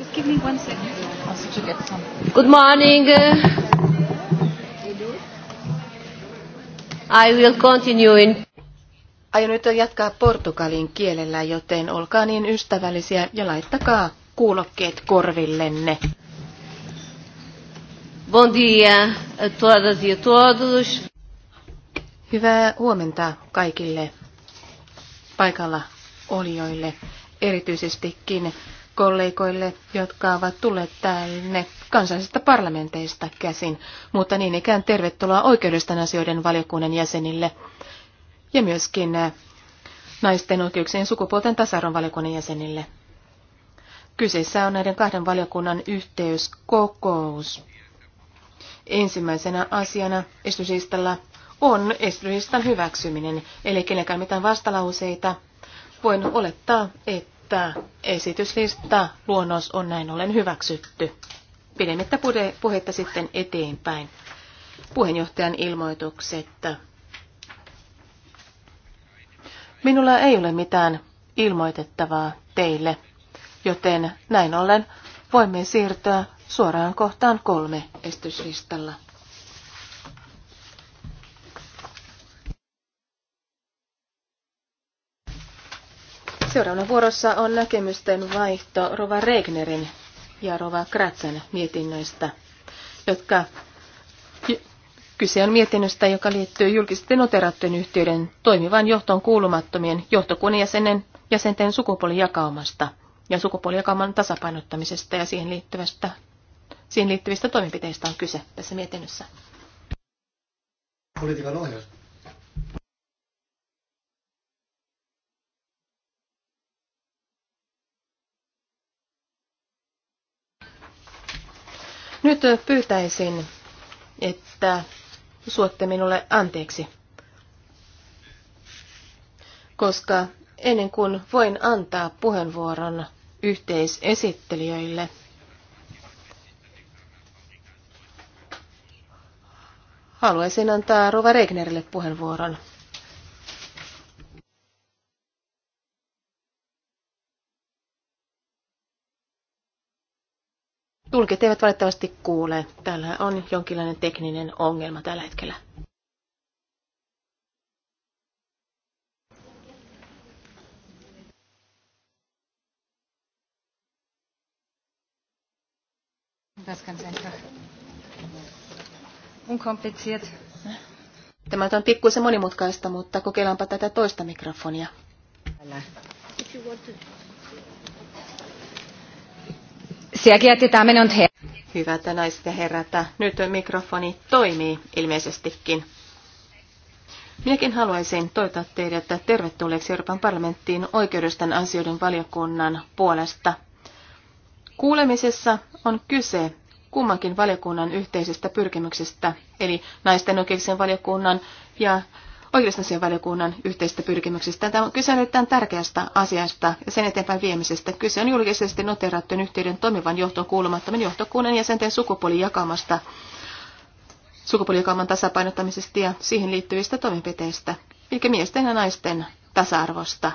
Just give me one second. I'll see get some. Good morning. I will continue in... Aion nyt jatkaa portugalin kielellä, joten olkaa niin ystävällisiä ja laittakaa kuulokkeet korvillenne. Bom dia a todas e a todos. Hyvää huomenta kaikille paikalla olijoille, erityisestikin kollegoille, jotka ovat tulleet tänne kansallisista parlamenteista käsin, mutta niin ikään tervetuloa oikeudellisten asioiden valiokunnan jäsenille ja myöskin äh, naisten oikeuksien sukupuolten tasa-arvon valiokunnan jäsenille. Kyseessä on näiden kahden valiokunnan yhteyskokous. Ensimmäisenä asiana esityslistalla on esityslistan hyväksyminen, eli kenenkään mitään vastalauseita. Voin olettaa, että että esityslista luonnos on näin ollen hyväksytty. Pidemmittä puhetta sitten eteenpäin. Puheenjohtajan ilmoitukset. Minulla ei ole mitään ilmoitettavaa teille, joten näin ollen voimme siirtyä suoraan kohtaan kolme esityslistalla. Seuraavana vuorossa on näkemysten vaihto Rova Regnerin ja Rova Kratzen mietinnöistä, jotka Kyse on mietinnöstä, joka liittyy julkisten noterattujen yhtiöiden toimivan johtoon kuulumattomien johtokunnan jäsenten sukupuolijakaumasta ja sukupuolijakauman tasapainottamisesta ja siihen liittyvästä siihen liittyvistä toimenpiteistä on kyse tässä mietinnössä. Politiikan ohjaus. Nyt pyytäisin, että suotte minulle anteeksi, koska ennen kuin voin antaa puheenvuoron yhteisesittelijöille, haluaisin antaa Rova Regnerille puheenvuoron. Tulkit eivät valitettavasti kuule. Täällä on jonkinlainen tekninen ongelma tällä hetkellä. Tämä on pikkuisen monimutkaista, mutta kokeillaanpa tätä toista mikrofonia. If you want to Sehr geehrte Damen und Herren. Hyvät naiset ja herrat, nyt mikrofoni toimii ilmeisestikin. Minäkin haluaisin toivottaa teidät tervetulleeksi Euroopan parlamenttiin oikeudesten asioiden valiokunnan puolesta. Kuulemisessa on kyse kummankin valiokunnan yhteisestä pyrkimyksestä, eli naisten oikeuksien valiokunnan ja oikeusasianvaliokunnan valiokunnan yhteistä pyrkimyksistä. Tämä on kyse erittäin tärkeästä asiasta ja sen eteenpäin viemisestä. Kyse on julkisesti noterattujen yhteyden toimivan johtoon kuulumattoman johtokunnan jäsenten sukupuolijakamasta sukupuolijakauman tasapainottamisesta ja siihen liittyvistä toimenpiteistä, eli miesten ja naisten tasa-arvosta.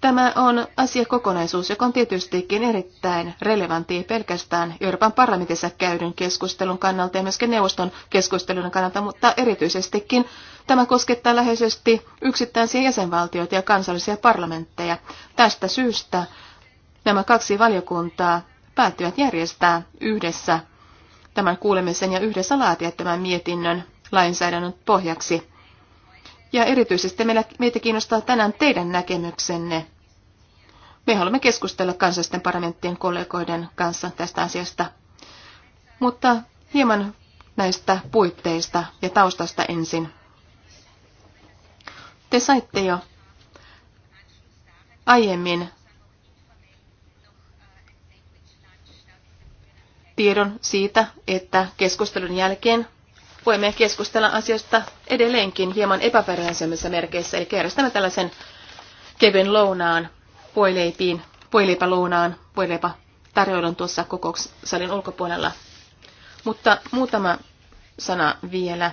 Tämä on asiakokonaisuus, joka on tietystikin erittäin relevantti pelkästään Euroopan parlamentissa käydyn keskustelun kannalta ja myöskin neuvoston keskustelun kannalta, mutta erityisestikin tämä koskettaa läheisesti yksittäisiä jäsenvaltioita ja kansallisia parlamentteja. Tästä syystä nämä kaksi valiokuntaa päättyvät järjestää yhdessä tämän kuulemisen ja yhdessä laatia tämän mietinnön lainsäädännön pohjaksi. Ja erityisesti meitä kiinnostaa tänään teidän näkemyksenne. Me haluamme keskustella kansallisten parlamenttien kollegoiden kanssa tästä asiasta. Mutta hieman näistä puitteista ja taustasta ensin. Te saitte jo aiemmin tiedon siitä, että keskustelun jälkeen voimme keskustella asiasta edelleenkin hieman epäperäisemmissä merkeissä, eli järjestämme tällaisen kevyen lounaan, puileipiin, puileipälounaan, puileipa tarjoilun tuossa kokoussalin ulkopuolella. Mutta muutama sana vielä.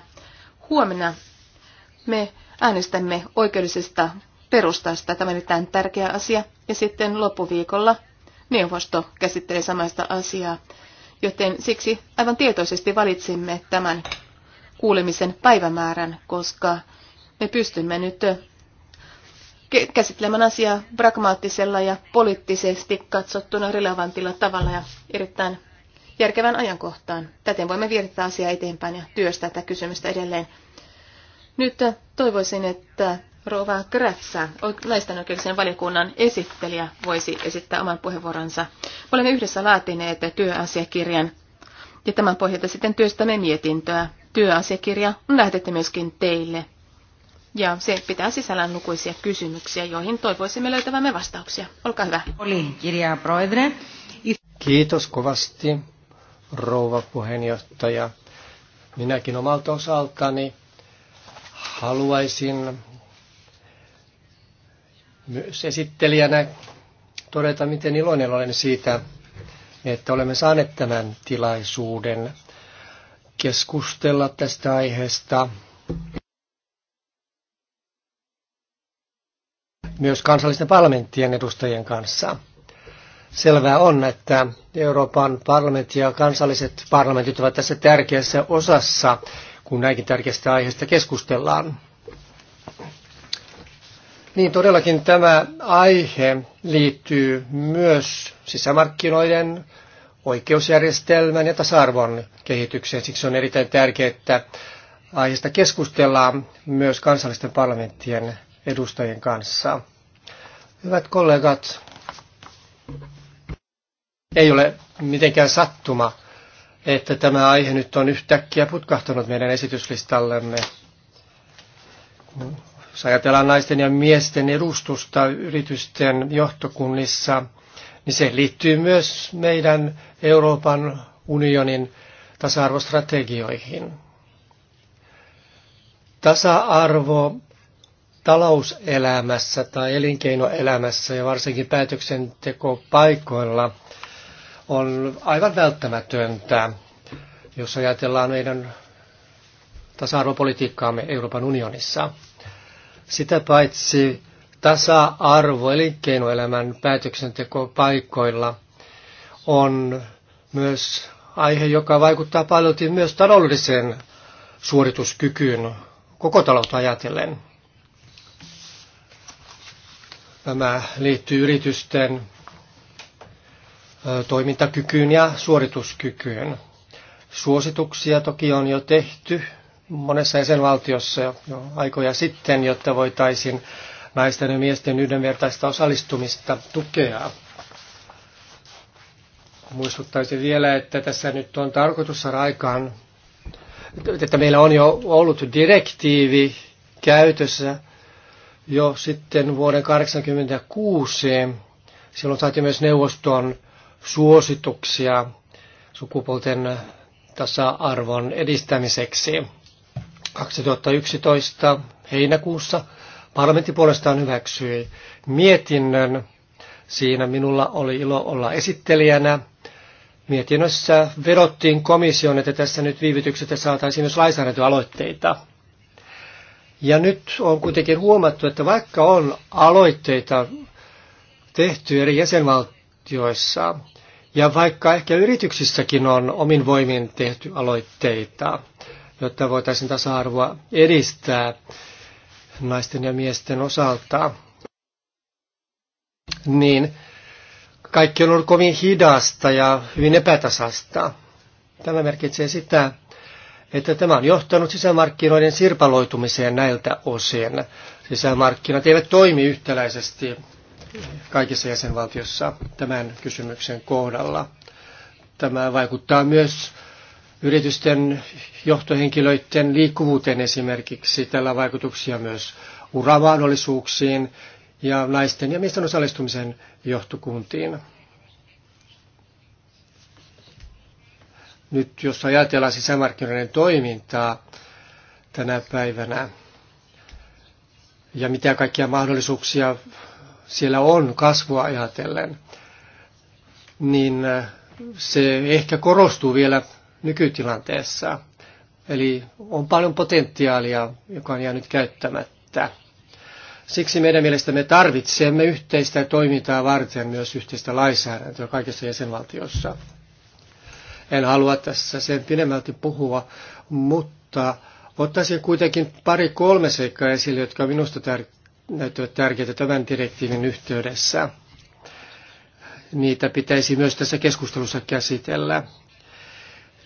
Huomenna me äänestämme oikeudellisesta perustasta. Tämä on erittäin tärkeä asia. Ja sitten loppuviikolla neuvosto käsittelee samaista asiaa, joten siksi aivan tietoisesti valitsimme tämän kuulemisen päivämäärän, koska me pystymme nyt käsittelemään asiaa pragmaattisella ja poliittisesti katsottuna relevantilla tavalla ja erittäin järkevään ajankohtaan. Täten voimme viedä asiaa eteenpäin ja työstää tätä kysymystä edelleen. Nyt toivoisin, että Rova Kratsa, naisten oikeuksien valiokunnan esittelijä, voisi esittää oman puheenvuoronsa. Olemme yhdessä laatineet työasiakirjan ja tämän pohjalta sitten työstämme mietintöä, työasiakirja on lähetetty myöskin teille. Ja se pitää sisällään lukuisia kysymyksiä, joihin toivoisimme löytävämme vastauksia. Olkaa hyvä. Oli kirja Proedre. Kiitos kovasti, rouva puheenjohtaja. Minäkin omalta osaltani haluaisin myös esittelijänä todeta, miten iloinen olen siitä, että olemme saaneet tämän tilaisuuden keskustella tästä aiheesta. myös kansallisten parlamenttien edustajien kanssa. Selvää on, että Euroopan parlamentti ja kansalliset parlamentit ovat tässä tärkeässä osassa, kun näinkin tärkeästä aiheesta keskustellaan. Niin todellakin tämä aihe liittyy myös sisämarkkinoiden oikeusjärjestelmän ja tasa-arvon kehitykseen. Siksi on erittäin tärkeää, että aiheesta keskustellaan myös kansallisten parlamenttien edustajien kanssa. Hyvät kollegat, ei ole mitenkään sattuma, että tämä aihe nyt on yhtäkkiä putkahtanut meidän esityslistallemme. Jos ajatellaan naisten ja miesten edustusta yritysten johtokunnissa, niin se liittyy myös meidän Euroopan unionin tasa-arvostrategioihin. Tasa-arvo talouselämässä tai elinkeinoelämässä ja varsinkin päätöksentekopaikoilla on aivan välttämätöntä, jos ajatellaan meidän tasa-arvopolitiikkaamme Euroopan unionissa. Sitä paitsi tasa-arvo elinkeinoelämän päätöksentekopaikoilla on myös aihe, joka vaikuttaa paljon myös taloudelliseen suorituskykyyn koko taloutta ajatellen. Tämä liittyy yritysten toimintakykyyn ja suorituskykyyn. Suosituksia toki on jo tehty monessa jäsenvaltiossa jo aikoja sitten, jotta voitaisiin naisten ja miesten yhdenvertaista osallistumista tukea. Muistuttaisin vielä, että tässä nyt on tarkoitus saada aikaan, että meillä on jo ollut direktiivi käytössä jo sitten vuoden 1986. Silloin saatiin myös neuvoston suosituksia sukupuolten tasa-arvon edistämiseksi. 2011 heinäkuussa Parlamentti puolestaan hyväksyi mietinnön. Siinä minulla oli ilo olla esittelijänä. Mietinnössä vedottiin komission, että tässä nyt viivytyksestä saataisiin myös lainsäädäntöaloitteita. Ja nyt on kuitenkin huomattu, että vaikka on aloitteita tehty eri jäsenvaltioissa, ja vaikka ehkä yrityksissäkin on omin voimin tehty aloitteita, jotta voitaisiin tasa-arvoa edistää, naisten ja miesten osalta, niin kaikki on ollut kovin hidasta ja hyvin epätasasta. Tämä merkitsee sitä, että tämä on johtanut sisämarkkinoiden sirpaloitumiseen näiltä osin. Sisämarkkinat eivät toimi yhtäläisesti kaikissa jäsenvaltiossa tämän kysymyksen kohdalla. Tämä vaikuttaa myös yritysten johtohenkilöiden liikkuvuuteen esimerkiksi. Tällä on vaikutuksia myös uramahdollisuuksiin ja naisten ja miesten osallistumisen johtokuntiin. Nyt jos ajatellaan sisämarkkinoiden toimintaa tänä päivänä ja mitä kaikkia mahdollisuuksia siellä on kasvua ajatellen, niin se ehkä korostuu vielä nykytilanteessa. Eli on paljon potentiaalia, joka on jäänyt käyttämättä. Siksi meidän mielestämme tarvitsemme yhteistä toimintaa varten myös yhteistä lainsäädäntöä kaikissa jäsenvaltioissa. En halua tässä sen pidemmälti puhua, mutta ottaisin kuitenkin pari kolme seikkaa esille, jotka minusta tär- näyttävät tärkeitä tämän direktiivin yhteydessä. Niitä pitäisi myös tässä keskustelussa käsitellä.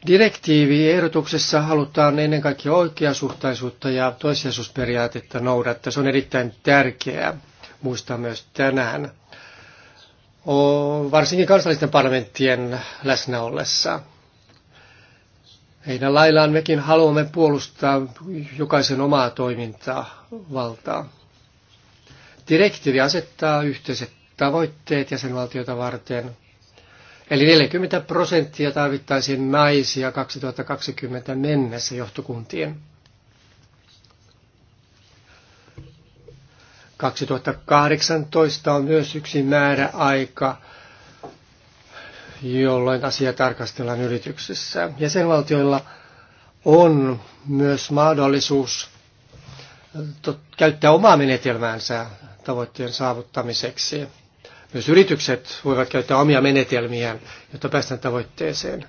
Direktiivi Direktiivi-ehdotuksessa halutaan ennen kaikkea oikeasuhtaisuutta ja toissijaisuusperiaatetta noudattaa. Se on erittäin tärkeää muistaa myös tänään, varsinkin kansallisten parlamenttien läsnä ollessa. Heidän laillaan mekin haluamme puolustaa jokaisen omaa toimintaa, valtaa. Direktiivi asettaa yhteiset tavoitteet jäsenvaltiota varten – Eli 40 prosenttia tarvittaisiin naisia 2020 mennessä johtokuntien. 2018 on myös yksi määräaika, jolloin asia tarkastellaan yrityksessä. Jäsenvaltioilla on myös mahdollisuus käyttää omaa menetelmäänsä tavoitteen saavuttamiseksi. Myös yritykset voivat käyttää omia menetelmiään, jotta päästään tavoitteeseen.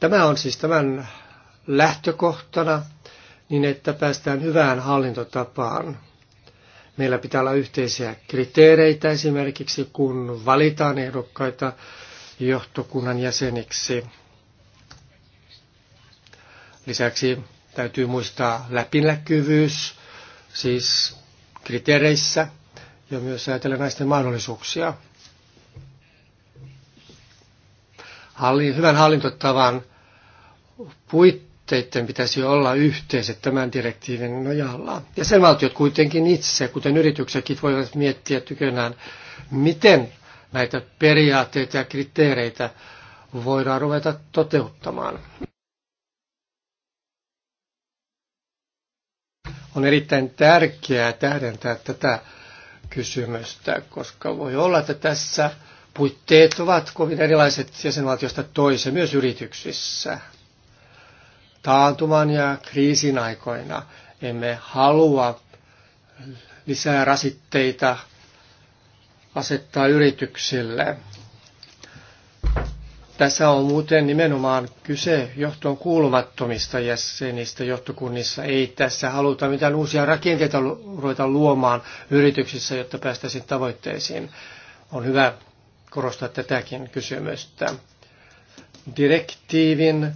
Tämä on siis tämän lähtökohtana, niin että päästään hyvään hallintotapaan. Meillä pitää olla yhteisiä kriteereitä esimerkiksi, kun valitaan ehdokkaita johtokunnan jäseniksi. Lisäksi täytyy muistaa läpinäkyvyys, siis kriteereissä – ja myös ajatella naisten mahdollisuuksia. Hallin, hyvän hallintotavan puitteiden pitäisi olla yhteiset tämän direktiivin nojalla. Ja sen valtiot kuitenkin itse, kuten yrityksetkin, voivat miettiä tykönään, miten näitä periaatteita ja kriteereitä voidaan ruveta toteuttamaan. On erittäin tärkeää tähdentää tätä kysymystä, koska voi olla, että tässä puitteet ovat kovin erilaiset jäsenvaltiosta toiseen myös yrityksissä. Taantuman ja kriisin aikoina emme halua lisää rasitteita asettaa yrityksille. Tässä on muuten nimenomaan kyse johtoon kuulumattomista jäsenistä johtokunnissa. Ei tässä haluta mitään uusia rakenteita ruveta luomaan yrityksissä, jotta päästäisiin tavoitteisiin. On hyvä korostaa tätäkin kysymystä. Direktiivin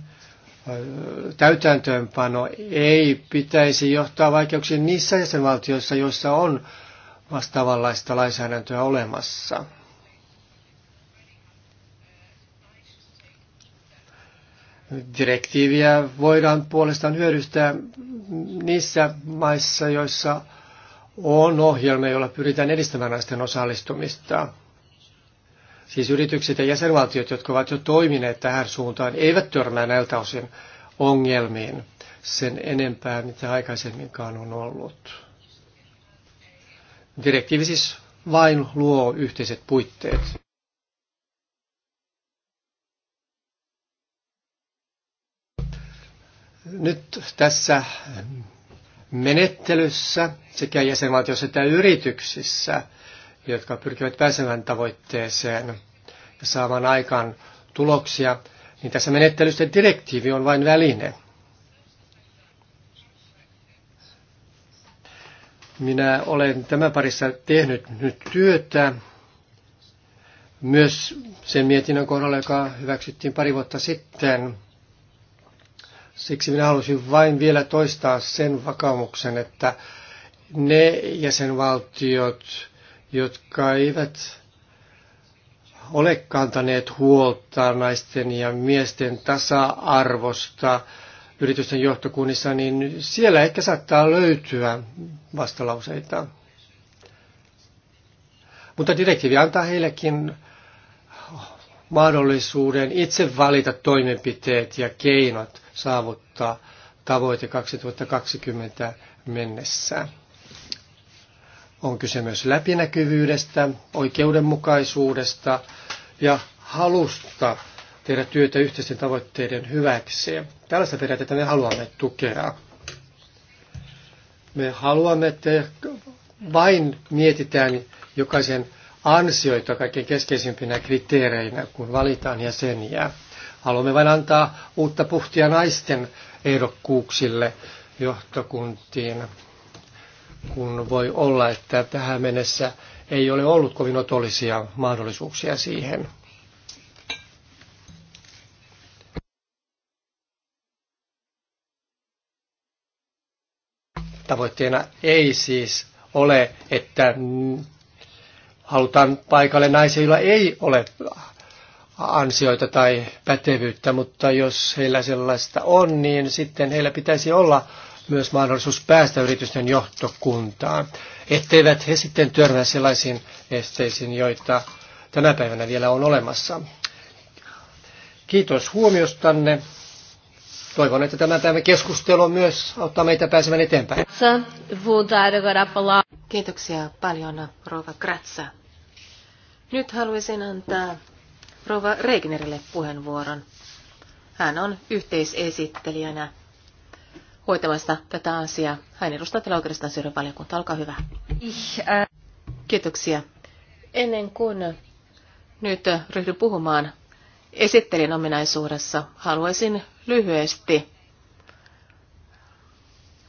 täytäntöönpano ei pitäisi johtaa vaikeuksiin niissä jäsenvaltioissa, joissa on vastaavanlaista lainsäädäntöä olemassa. Direktiiviä voidaan puolestaan hyödyntää niissä maissa, joissa on ohjelma, jolla pyritään edistämään naisten osallistumista. Siis yritykset ja jäsenvaltiot, jotka ovat jo toimineet tähän suuntaan, eivät törmää näiltä osin ongelmiin sen enempää, mitä aikaisemminkaan on ollut. Direktiivi siis vain luo yhteiset puitteet. Nyt tässä menettelyssä sekä jäsenvaltioissa että yrityksissä, jotka pyrkivät pääsemään tavoitteeseen ja saamaan aikaan tuloksia, niin tässä menettelystä direktiivi on vain väline. Minä olen tämän parissa tehnyt nyt työtä myös sen mietinnön kohdalla, joka hyväksyttiin pari vuotta sitten – Siksi minä halusin vain vielä toistaa sen vakaumuksen, että ne jäsenvaltiot, jotka eivät ole kantaneet huolta naisten ja miesten tasa-arvosta yritysten johtokunnissa, niin siellä ehkä saattaa löytyä vastalauseita. Mutta direktiivi antaa heillekin mahdollisuuden itse valita toimenpiteet ja keinot saavuttaa tavoite 2020 mennessä. On kyse myös läpinäkyvyydestä, oikeudenmukaisuudesta ja halusta tehdä työtä yhteisten tavoitteiden hyväksi. Tällaista periaatetta me haluamme tukea. Me haluamme, että vain mietitään jokaisen ansioita kaikkein keskeisimpinä kriteereinä, kun valitaan jäseniä. Haluamme vain antaa uutta puhtia naisten ehdokkuuksille johtokuntiin, kun voi olla, että tähän mennessä ei ole ollut kovin otollisia mahdollisuuksia siihen. Tavoitteena ei siis ole, että halutaan paikalle naisia, joilla ei ole ansioita tai pätevyyttä, mutta jos heillä sellaista on, niin sitten heillä pitäisi olla myös mahdollisuus päästä yritysten johtokuntaan, etteivät he sitten törmää sellaisiin esteisiin, joita tänä päivänä vielä on olemassa. Kiitos huomiostanne. Toivon, että tämä tämä keskustelu myös auttaa meitä pääsemään eteenpäin. Kiitoksia paljon, Rova Kratsa. Nyt haluaisin antaa Rova Regnerille puheenvuoron. Hän on yhteisesittelijänä hoitamassa tätä asiaa. Hän edustaa täällä oikeastaan syyden valiokunta. Olkaa hyvä. Äh, Kiitoksia. Ennen kuin nyt ryhdy puhumaan esittelijän ominaisuudessa, haluaisin lyhyesti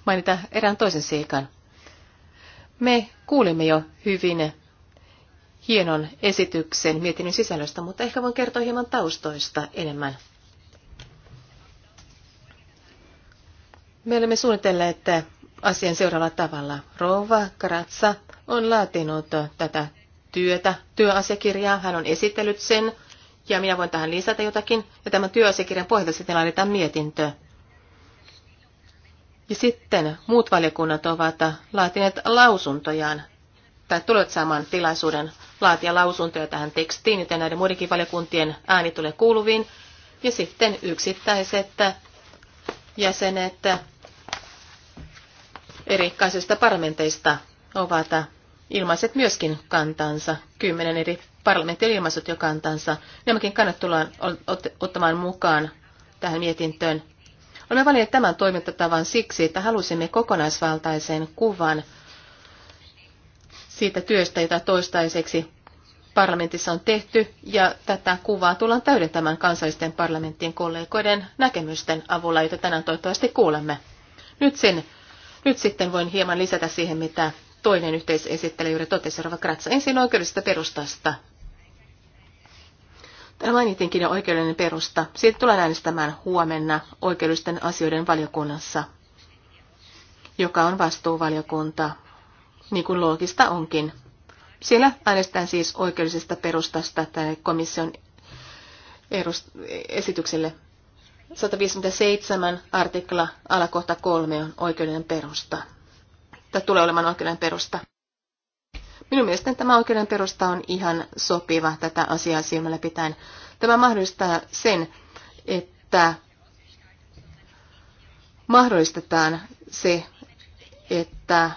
mainita erään toisen seikan. Me kuulimme jo hyvin hienon esityksen mietinnön sisällöstä, mutta ehkä voin kertoa hieman taustoista enemmän. Me olemme suunnitelleet asian seuraavalla tavalla. Rova Karatsa on laatinut tätä työtä, työasiakirjaa. Hän on esitellyt sen ja minä voin tähän lisätä jotakin. Ja tämän työasiakirjan pohjalta sitten laitetaan mietintö. Ja sitten muut valiokunnat ovat laatineet lausuntojaan tai tulevat saamaan tilaisuuden laatia lausuntoja tähän tekstiin, joten näiden muidenkin valiokuntien ääni tulee kuuluviin. Ja sitten yksittäiset jäsenet erikaisista parlamenteista ovat ilmaiset myöskin kantansa. Kymmenen eri parlamentti on ilmaisut jo kantansa. Nämäkin kannat tullaan ottamaan mukaan tähän mietintöön. Olemme valinneet tämän toimintatavan siksi, että halusimme kokonaisvaltaisen kuvan – siitä työstä, jota toistaiseksi parlamentissa on tehty, ja tätä kuvaa tullaan täydentämään kansallisten parlamenttien kollegoiden näkemysten avulla, joita tänään toivottavasti kuulemme. Nyt, sen, nyt sitten voin hieman lisätä siihen, mitä toinen yhteisesittely juuri totesi, Rova Kratsa. Ensin oikeudellisesta perustasta. Tämä mainitinkin jo oikeudellinen perusta. Siitä tullaan äänestämään huomenna oikeudellisten asioiden valiokunnassa, joka on vastuuvaliokunta niin kuin loogista onkin. Siellä äänestetään siis oikeudellisesta perustasta tälle komission esitykselle. 157 artikla alakohta 3 on oikeuden perusta. Tämä tulee olemaan oikeuden perusta. Minun mielestäni tämä oikeuden perusta on ihan sopiva tätä asiaa silmällä pitäen. Tämä mahdollistaa sen, että mahdollistetaan se, että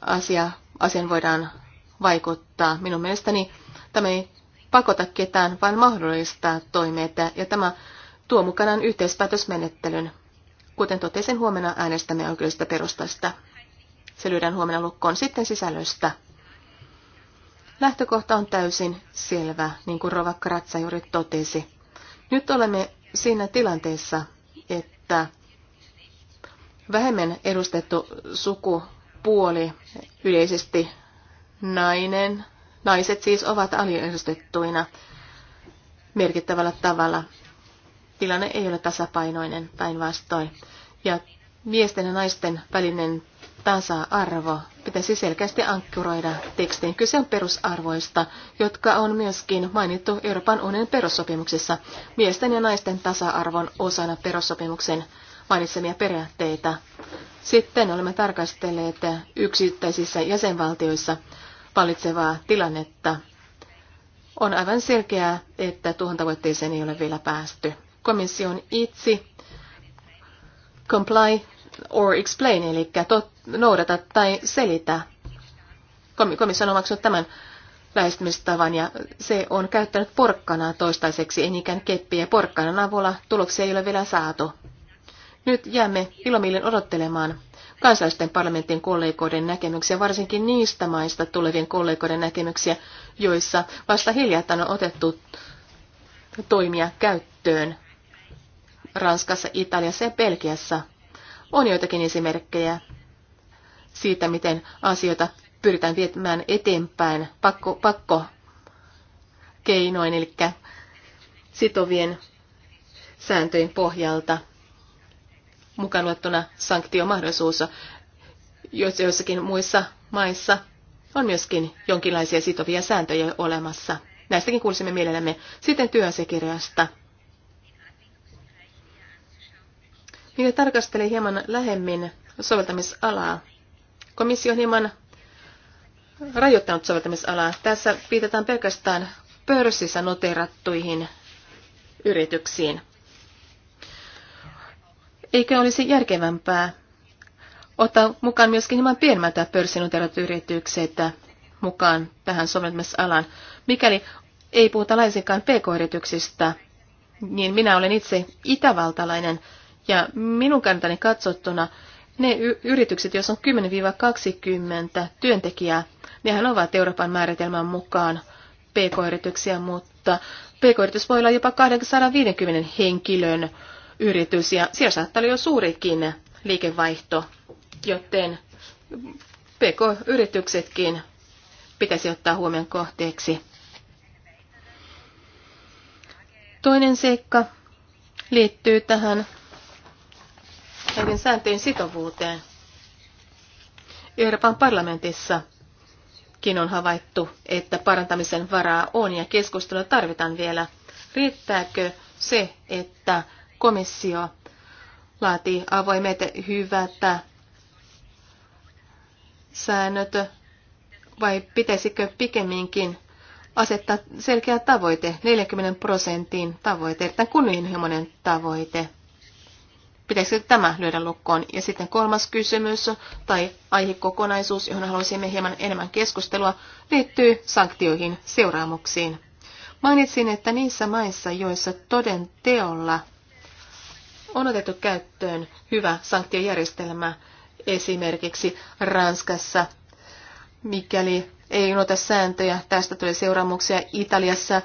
asia, asian voidaan vaikuttaa. Minun mielestäni tämä ei pakota ketään, vaan mahdollistaa toimeita, ja tämä tuo mukanaan yhteispäätösmenettelyn. Kuten totesin, huomenna äänestämme oikeudesta perustasta. Se lyödään huomenna lukkoon sitten sisällöstä. Lähtökohta on täysin selvä, niin kuin Rova Kratsa juuri totesi. Nyt olemme siinä tilanteessa, että vähemmän edustettu suku sukupuoli yleisesti nainen, naiset siis ovat aliedustettuina merkittävällä tavalla. Tilanne ei ole tasapainoinen päinvastoin. Ja miesten ja naisten välinen tasa-arvo pitäisi selkeästi ankkuroida tekstiin. Kyse on perusarvoista, jotka on myöskin mainittu Euroopan unionin perussopimuksessa. Miesten ja naisten tasa-arvon osana perussopimuksen mainitsemia periaatteita. Sitten olemme tarkastelleet yksittäisissä jäsenvaltioissa valitsevaa tilannetta. On aivan selkeää, että tuohon tavoitteeseen ei ole vielä päästy. Komission itse comply or explain, eli tot, noudata tai selitä. Komissio on omaksunut tämän lähestymistavan ja se on käyttänyt porkkanaa toistaiseksi, ei niinkään keppiä. Porkkanan avulla tuloksia ei ole vielä saatu. Nyt jäämme ilomielin odottelemaan kansallisten parlamentin kollegoiden näkemyksiä, varsinkin niistä maista tulevien kollegoiden näkemyksiä, joissa vasta hiljattain on otettu toimia käyttöön. Ranskassa, Italiassa ja Belgiassa on joitakin esimerkkejä siitä, miten asioita pyritään viemään eteenpäin pakko, pakko keinoin, eli sitovien sääntöjen pohjalta mukaan sanktiomahdollisuus. joissakin muissa maissa on myöskin jonkinlaisia sitovia sääntöjä olemassa. Näistäkin kuulisimme mielellämme sitten työasiakirjoista. Minä tarkastelin hieman lähemmin soveltamisalaa. Komissio on hieman rajoittanut soveltamisalaa. Tässä viitataan pelkästään pörssissä noterattuihin yrityksiin. Eikö olisi järkevämpää ottaa mukaan myöskin hieman pienemmät pörssinoterot yritykset mukaan tähän soveltamisalaan? Mikäli ei puhuta laisinkaan pk-yrityksistä, niin minä olen itse itävaltalainen ja minun kantani katsottuna ne yritykset, jos on 10-20 työntekijää, nehän ovat Euroopan määritelmän mukaan pk-yrityksiä, mutta pk-yritys voi olla jopa 250 henkilön yritys ja siellä saattaa olla jo suurikin liikevaihto, joten PK-yrityksetkin pitäisi ottaa huomioon kohteeksi. Toinen seikka liittyy tähän näiden sääntöjen sitovuuteen. Euroopan parlamentissa on havaittu, että parantamisen varaa on ja keskustelua tarvitaan vielä. Riittääkö se, että komissio laati avoimet hyvät säännöt vai pitäisikö pikemminkin asettaa selkeä tavoite, 40 prosentin tavoite, erittäin kunnianhimoinen tavoite. Pitäisikö tämä lyödä lukkoon? Ja sitten kolmas kysymys tai aihekokonaisuus, johon haluaisimme hieman enemmän keskustelua, liittyy sanktioihin, seuraamuksiin. Mainitsin, että niissä maissa, joissa toden teolla – on otettu käyttöön hyvä sanktiojärjestelmä esimerkiksi Ranskassa. Mikäli ei noita sääntöjä, tästä tulee seuraamuksia. Italiassa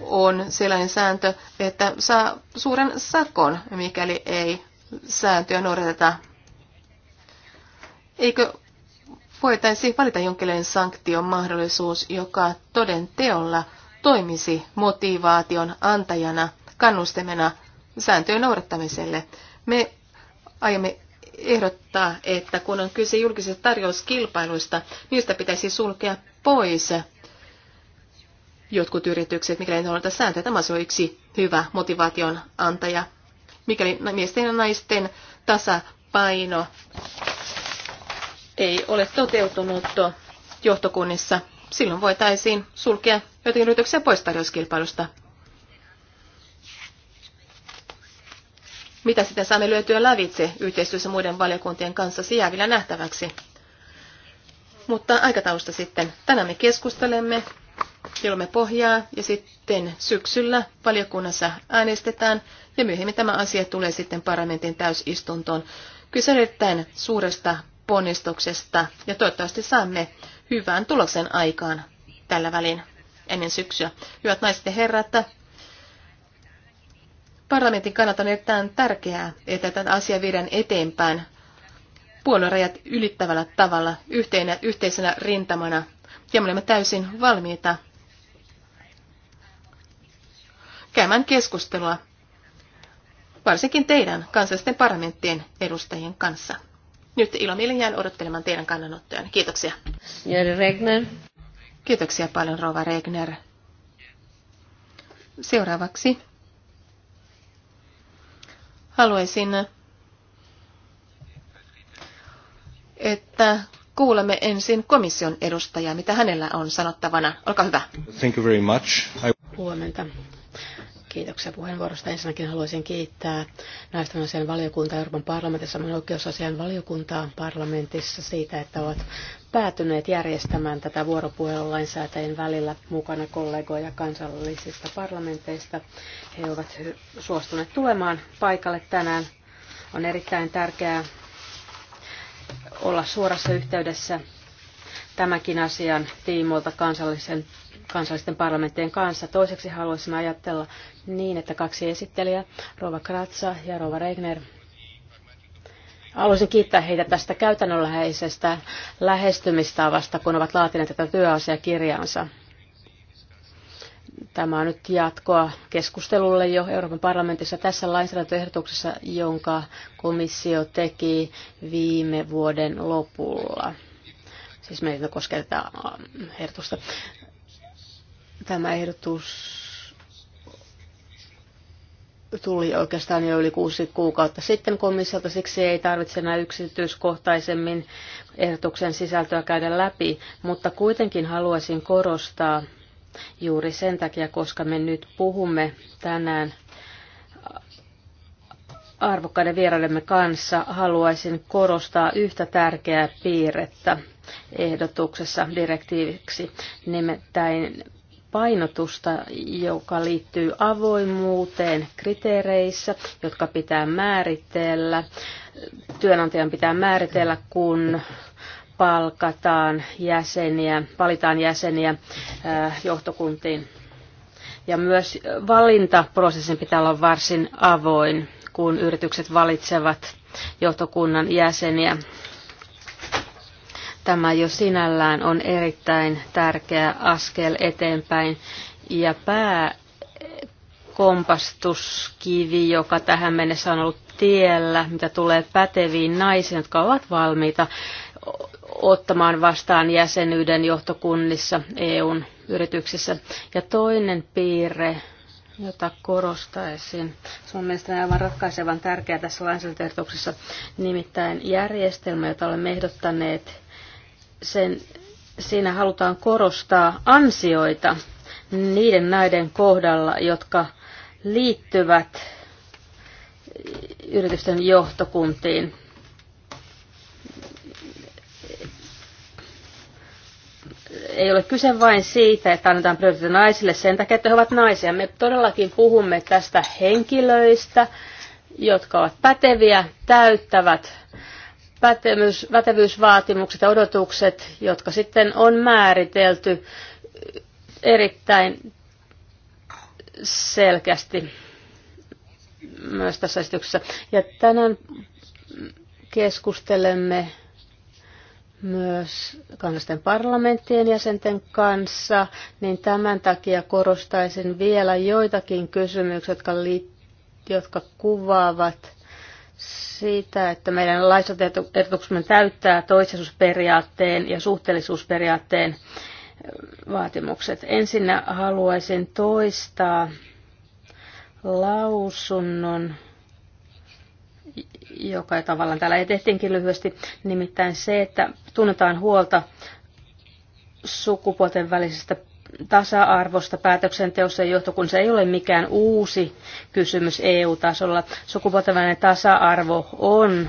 on sellainen sääntö, että saa suuren sakon, mikäli ei sääntöjä noudateta. Eikö voitaisiin valita jonkinlainen sanktion mahdollisuus, joka toden teolla toimisi motivaation antajana, kannustemena sääntöjen noudattamiselle. Me aiomme ehdottaa, että kun on kyse julkisista tarjouskilpailuista, niistä pitäisi sulkea pois jotkut yritykset, mikäli ei noudata sääntöjä. Tämä on yksi hyvä motivaation antaja. Mikäli miesten ja naisten tasapaino ei ole toteutunut johtokunnissa, silloin voitaisiin sulkea jotakin yrityksiä pois tarjouskilpailusta. Mitä sitä saamme lyötyä lävitse yhteistyössä muiden valiokuntien kanssa, se jää vielä nähtäväksi. Mutta aikatausta sitten. Tänään me keskustelemme, jolloin me pohjaa ja sitten syksyllä valiokunnassa äänestetään ja myöhemmin tämä asia tulee sitten parlamentin täysistuntoon. Kyse erittäin suuresta ponnistuksesta ja toivottavasti saamme hyvän tuloksen aikaan tällä välin ennen syksyä. Hyvät naiset ja herrat, Parlamentin kannalta on erittäin tärkeää, että tämän asia viedään eteenpäin puoluerajat ylittävällä tavalla yhteenä, yhteisenä rintamana. Ja me olemme täysin valmiita käymään keskustelua, varsinkin teidän kansallisten parlamenttien edustajien kanssa. Nyt ilomielin jään odottelemaan teidän kannanottojanne. Kiitoksia. Regner. Kiitoksia paljon, Rova Regner. Seuraavaksi Haluaisin, että kuulemme ensin komission edustajaa, mitä hänellä on sanottavana. Olkaa hyvä. Thank you very much. I... Huomenta. Kiitoksia puheenvuorosta. Ensinnäkin haluaisin kiittää naisten asian valiokuntaa Euroopan parlamentissa, samoin oikeusasian valiokuntaa parlamentissa siitä, että ovat päätyneet järjestämään tätä vuoropuhelua lainsäätäjien välillä mukana kollegoja kansallisista parlamenteista. He ovat suostuneet tulemaan paikalle tänään. On erittäin tärkeää olla suorassa yhteydessä tämänkin asian tiimoilta kansallisen, kansallisten parlamenttien kanssa. Toiseksi haluaisin ajatella niin, että kaksi esittelijää, Rova Kratsa ja Rova Regner, Haluaisin kiittää heitä tästä käytännönläheisestä lähestymistavasta, kun ovat laatineet tätä työasiakirjaansa. Tämä on nyt jatkoa keskustelulle jo Euroopan parlamentissa tässä lainsäädäntöehdotuksessa, jonka komissio teki viime vuoden lopulla. Siis meitä koskee tätä äh, ehdotusta. Tämä ehdotus tuli oikeastaan jo yli kuusi kuukautta sitten komissiolta, siksi ei tarvitse enää yksityiskohtaisemmin ehdotuksen sisältöä käydä läpi, mutta kuitenkin haluaisin korostaa juuri sen takia, koska me nyt puhumme tänään arvokkaiden vierailemme kanssa, haluaisin korostaa yhtä tärkeää piirrettä ehdotuksessa direktiiviksi, nimittäin painotusta, joka liittyy avoimuuteen kriteereissä, jotka pitää määritellä. Työnantajan pitää määritellä, kun palkataan jäseniä, valitaan jäseniä äh, johtokuntiin. Ja myös valintaprosessin pitää olla varsin avoin, kun yritykset valitsevat johtokunnan jäseniä Tämä jo sinällään on erittäin tärkeä askel eteenpäin ja pääkompastuskivi, joka tähän mennessä on ollut tiellä, mitä tulee päteviin naisiin, jotka ovat valmiita ottamaan vastaan jäsenyyden johtokunnissa EUn yrityksissä. Ja toinen piirre, jota korostaisin, se on mielestäni aivan ratkaisevan tärkeä tässä lainsäädäntöehdotuksessa, nimittäin järjestelmä, jota olemme ehdottaneet sen, siinä halutaan korostaa ansioita niiden näiden kohdalla, jotka liittyvät yritysten johtokuntiin. Ei ole kyse vain siitä, että annetaan prioriteetti naisille sen takia, että he ovat naisia. Me todellakin puhumme tästä henkilöistä, jotka ovat päteviä, täyttävät pätevyys, pätevyysvaatimukset ja odotukset, jotka sitten on määritelty erittäin selkeästi myös tässä esityksessä. Ja tänään keskustelemme myös kansallisten parlamenttien jäsenten kanssa, niin tämän takia korostaisin vielä joitakin kysymyksiä, jotka, li, jotka kuvaavat siitä, että meidän lainsäädäntöehdotuksemme täyttää toisensuusperiaatteen ja suhteellisuusperiaatteen äh, vaatimukset. Ensinnä haluaisin toistaa lausunnon, joka tavallaan täällä tehtiinkin lyhyesti, nimittäin se, että tunnetaan huolta sukupuolten välisestä tasa-arvosta päätöksenteossa ja johtokunnassa ei ole mikään uusi kysymys EU-tasolla. Sukupuolten välinen tasa-arvo on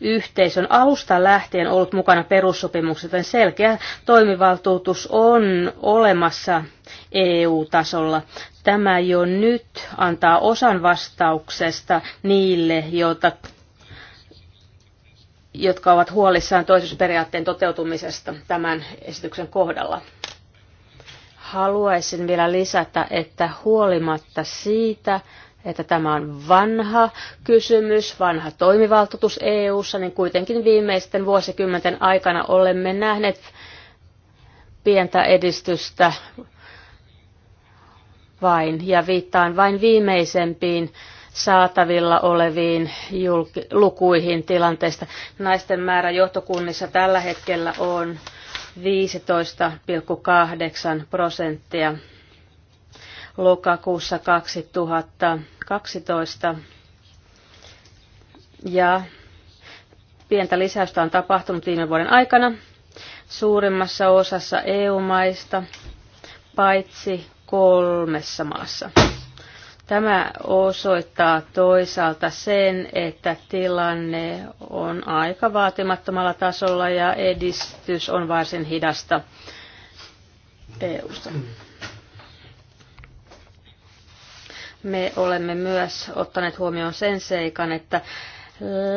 yhteisön alusta lähtien ollut mukana perussopimuksessa, joten selkeä toimivaltuutus on olemassa EU-tasolla. Tämä jo nyt antaa osan vastauksesta niille, joita, jotka ovat huolissaan toisuusperiaatteen toteutumisesta tämän esityksen kohdalla haluaisin vielä lisätä, että huolimatta siitä, että tämä on vanha kysymys, vanha toimivaltuutus EU-ssa, niin kuitenkin viimeisten vuosikymmenten aikana olemme nähneet pientä edistystä vain, ja viittaan vain viimeisempiin saatavilla oleviin julk- lukuihin tilanteesta. Naisten määrä johtokunnissa tällä hetkellä on 15,8 prosenttia lokakuussa 2012. Ja pientä lisäystä on tapahtunut viime vuoden aikana suurimmassa osassa EU-maista, paitsi kolmessa maassa. Tämä osoittaa toisaalta sen, että tilanne on aika vaatimattomalla tasolla ja edistys on varsin hidasta EUsta. Me olemme myös ottaneet huomioon sen seikan, että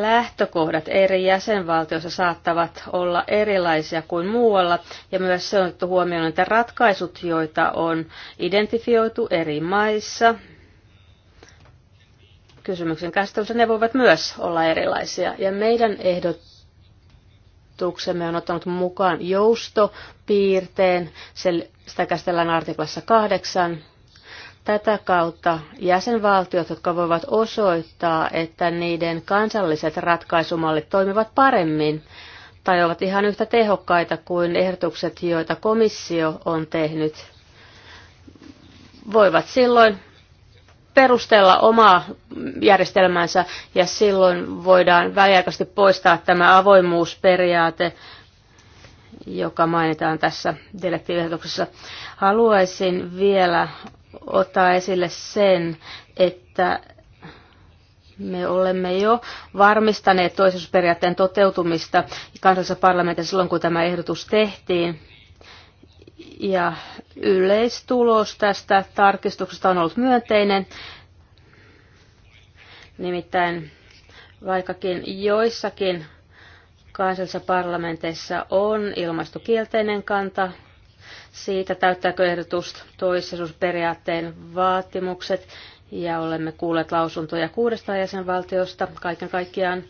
lähtökohdat eri jäsenvaltioissa saattavat olla erilaisia kuin muualla, ja myös se on otettu huomioon, että ratkaisut, joita on identifioitu eri maissa, kysymyksen käsittelyssä, ne voivat myös olla erilaisia. Ja meidän ehdotuksemme on ottanut mukaan joustopiirteen, sitä käsitellään artiklassa 8. Tätä kautta jäsenvaltiot, jotka voivat osoittaa, että niiden kansalliset ratkaisumallit toimivat paremmin tai ovat ihan yhtä tehokkaita kuin ehdotukset, joita komissio on tehnyt, voivat silloin perustella omaa järjestelmäänsä ja silloin voidaan väliaikaisesti poistaa tämä avoimuusperiaate, joka mainitaan tässä direktiivehdotuksessa. Haluaisin vielä ottaa esille sen, että me olemme jo varmistaneet toisuusperiaatteen toteutumista kansallisessa parlamentissa silloin, kun tämä ehdotus tehtiin ja yleistulos tästä tarkistuksesta on ollut myönteinen. Nimittäin vaikkakin joissakin kansallisissa parlamenteissa on ilmaistu kielteinen kanta siitä, täyttääkö ehdotus toissijaisuusperiaatteen vaatimukset, ja olemme kuulleet lausuntoja kuudesta jäsenvaltiosta kaiken kaikkiaan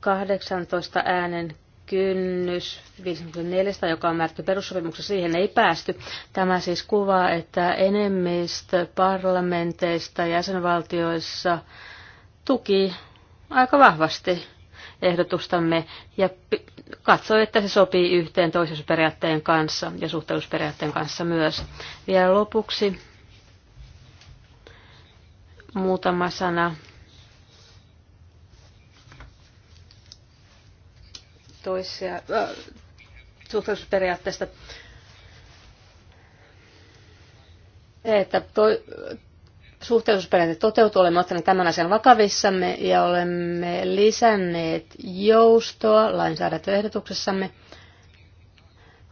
18 äänen kynnys 54, joka on määrätty perussopimuksessa, siihen ei päästy. Tämä siis kuvaa, että enemmistö parlamenteista jäsenvaltioissa tuki aika vahvasti ehdotustamme ja katsoi, että se sopii yhteen toisuusperiaatteen kanssa ja suhteellisuusperiaatteen kanssa myös. Vielä lopuksi muutama sana toisia, äh, suhteellisuusperiaatteesta, että to, suhteellisuusperiaate toteutuu, olemme ottaneet tämän asian vakavissamme ja olemme lisänneet joustoa lainsäädäntöehdotuksessamme.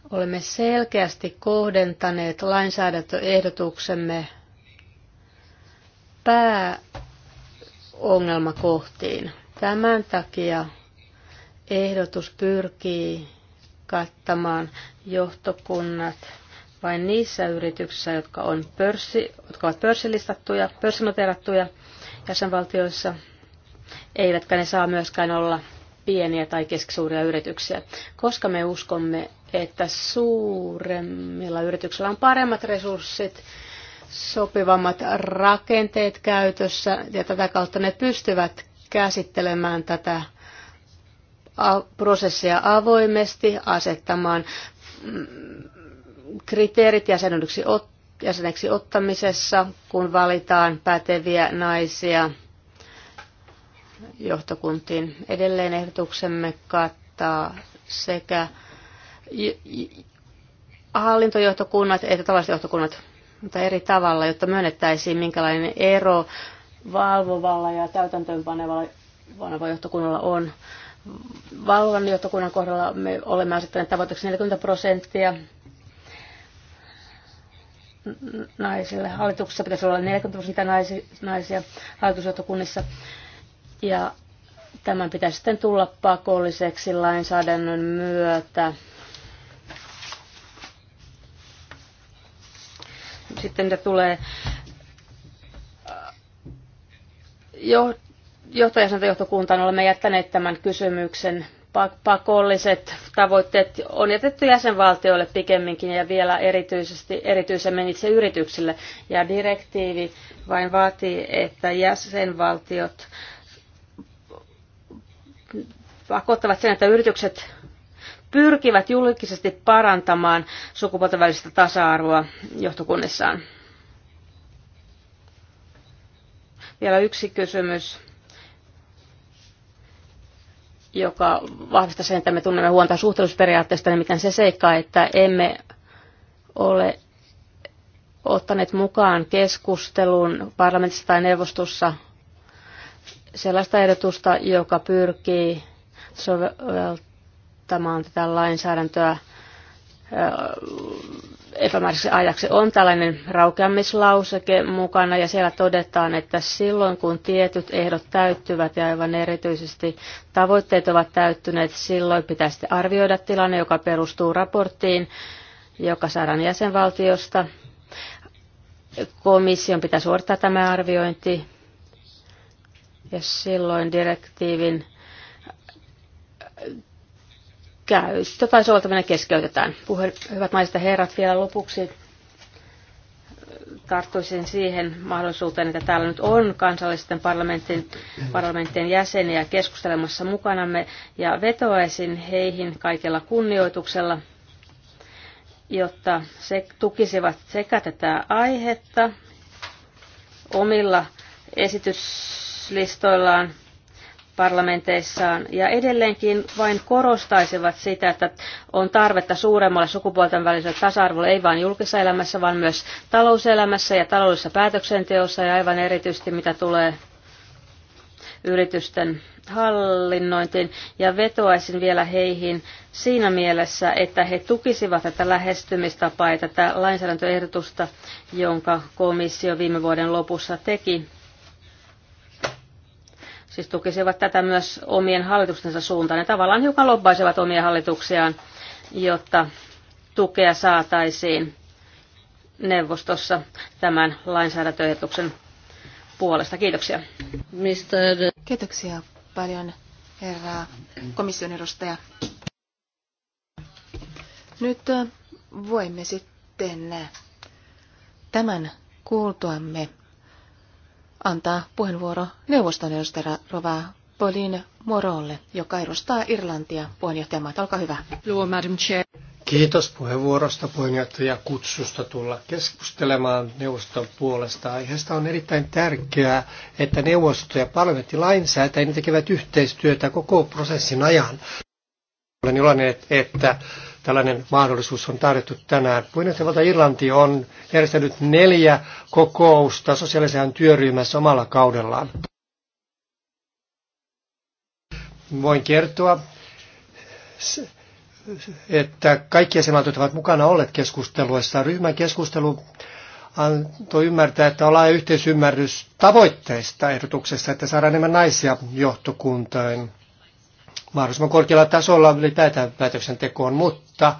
Olemme selkeästi kohdentaneet lainsäädäntöehdotuksemme pääongelmakohtiin. Tämän takia ehdotus pyrkii kattamaan johtokunnat vain niissä yrityksissä, jotka, on pörssi, jotka ovat pörssilistattuja, pörssinoteerattuja jäsenvaltioissa, eivätkä ne saa myöskään olla pieniä tai keskisuuria yrityksiä, koska me uskomme, että suuremmilla yrityksillä on paremmat resurssit, sopivammat rakenteet käytössä ja tätä kautta ne pystyvät käsittelemään tätä prosesseja avoimesti asettamaan mm, kriteerit jäseneksi, ot, jäseneksi ottamisessa, kun valitaan päteviä naisia johtokuntiin. Edelleen ehdotuksemme kattaa sekä hallintojohtokunnat että tavalliset johtokunnat, mutta eri tavalla, jotta myönnettäisiin minkälainen ero valvovalla ja täytäntöönpanevalla johtokunnalla on valvonnan johtokunnan kohdalla me olemme asettaneet tavoitteeksi 40 prosenttia naisille. Hallituksessa pitäisi olla 40 prosenttia naisia hallitusjohtokunnissa. Ja tämän pitäisi sitten tulla pakolliseksi lainsäädännön myötä. Sitten mitä tulee äh, jo johtokuntaan olemme jättäneet tämän kysymyksen. Pakolliset tavoitteet on jätetty jäsenvaltioille pikemminkin ja vielä erityisesti, erityisemmin itse yrityksille. Ja direktiivi vain vaatii, että jäsenvaltiot pakottavat sen, että yritykset pyrkivät julkisesti parantamaan sukupuolten välistä tasa-arvoa johtokunnissaan. Vielä yksi kysymys joka vahvistaa sen, että me tunnemme huonta suhteellisuusperiaatteesta, nimittäin se seikka, että emme ole ottaneet mukaan keskustelun parlamentissa tai neuvostossa sellaista ehdotusta, joka pyrkii soveltamaan tätä lainsäädäntöä epämääräiseksi ajaksi on tällainen raukeamislauseke mukana ja siellä todetaan, että silloin kun tietyt ehdot täyttyvät ja aivan erityisesti tavoitteet ovat täyttyneet, silloin pitäisi arvioida tilanne, joka perustuu raporttiin, joka saadaan jäsenvaltiosta. Komission pitää suorittaa tämä arviointi ja silloin direktiivin käyttö tai soveltaminen keskeytetään. Puhe, hyvät naiset ja herrat, vielä lopuksi tarttuisin siihen mahdollisuuteen, että täällä nyt on kansallisten parlamentin, parlamenttien jäseniä keskustelemassa mukanamme ja vetoaisin heihin kaikella kunnioituksella, jotta se tukisivat sekä tätä aihetta omilla esityslistoillaan parlamenteissaan ja edelleenkin vain korostaisivat sitä, että on tarvetta suuremmalle sukupuolten väliselle tasa-arvolle ei vain julkisessa elämässä, vaan myös talouselämässä ja taloudellisessa päätöksenteossa ja aivan erityisesti mitä tulee yritysten hallinnointiin ja vetoaisin vielä heihin siinä mielessä, että he tukisivat tätä lähestymistapaa ja tätä lainsäädäntöehdotusta, jonka komissio viime vuoden lopussa teki siis tukisivat tätä myös omien hallitustensa suuntaan. Ne tavallaan hiukan lobbaisivat omia hallituksiaan, jotta tukea saataisiin neuvostossa tämän lainsäädäntöehdotuksen puolesta. Kiitoksia. Mister... Kiitoksia paljon, herra komission edustaja. Nyt äh, voimme sitten tämän kuultuamme antaa puheenvuoro neuvoston edustajana Rova Pauline Morolle, joka edustaa Irlantia puheenjohtajamaat. Olkaa hyvä. Kiitos puheenvuorosta puheenjohtaja kutsusta tulla keskustelemaan neuvoston puolesta. Aiheesta on erittäin tärkeää, että neuvosto ja parlamentti lainsäätäjät tekevät yhteistyötä koko prosessin ajan. Olen iloinen, että tällainen mahdollisuus on tarjottu tänään. Puheenjohtajavalta Irlanti on järjestänyt neljä kokousta sosiaalisen työryhmässä omalla kaudellaan. Voin kertoa, että kaikki jäsenvaltiot ovat mukana olleet keskusteluissa. Ryhmän keskustelu antoi ymmärtää, että on laaja yhteisymmärrys tavoitteista ehdotuksessa, että saadaan enemmän naisia johtokuntaan mahdollisimman korkealla tasolla ylipäätään päätöksentekoon, mutta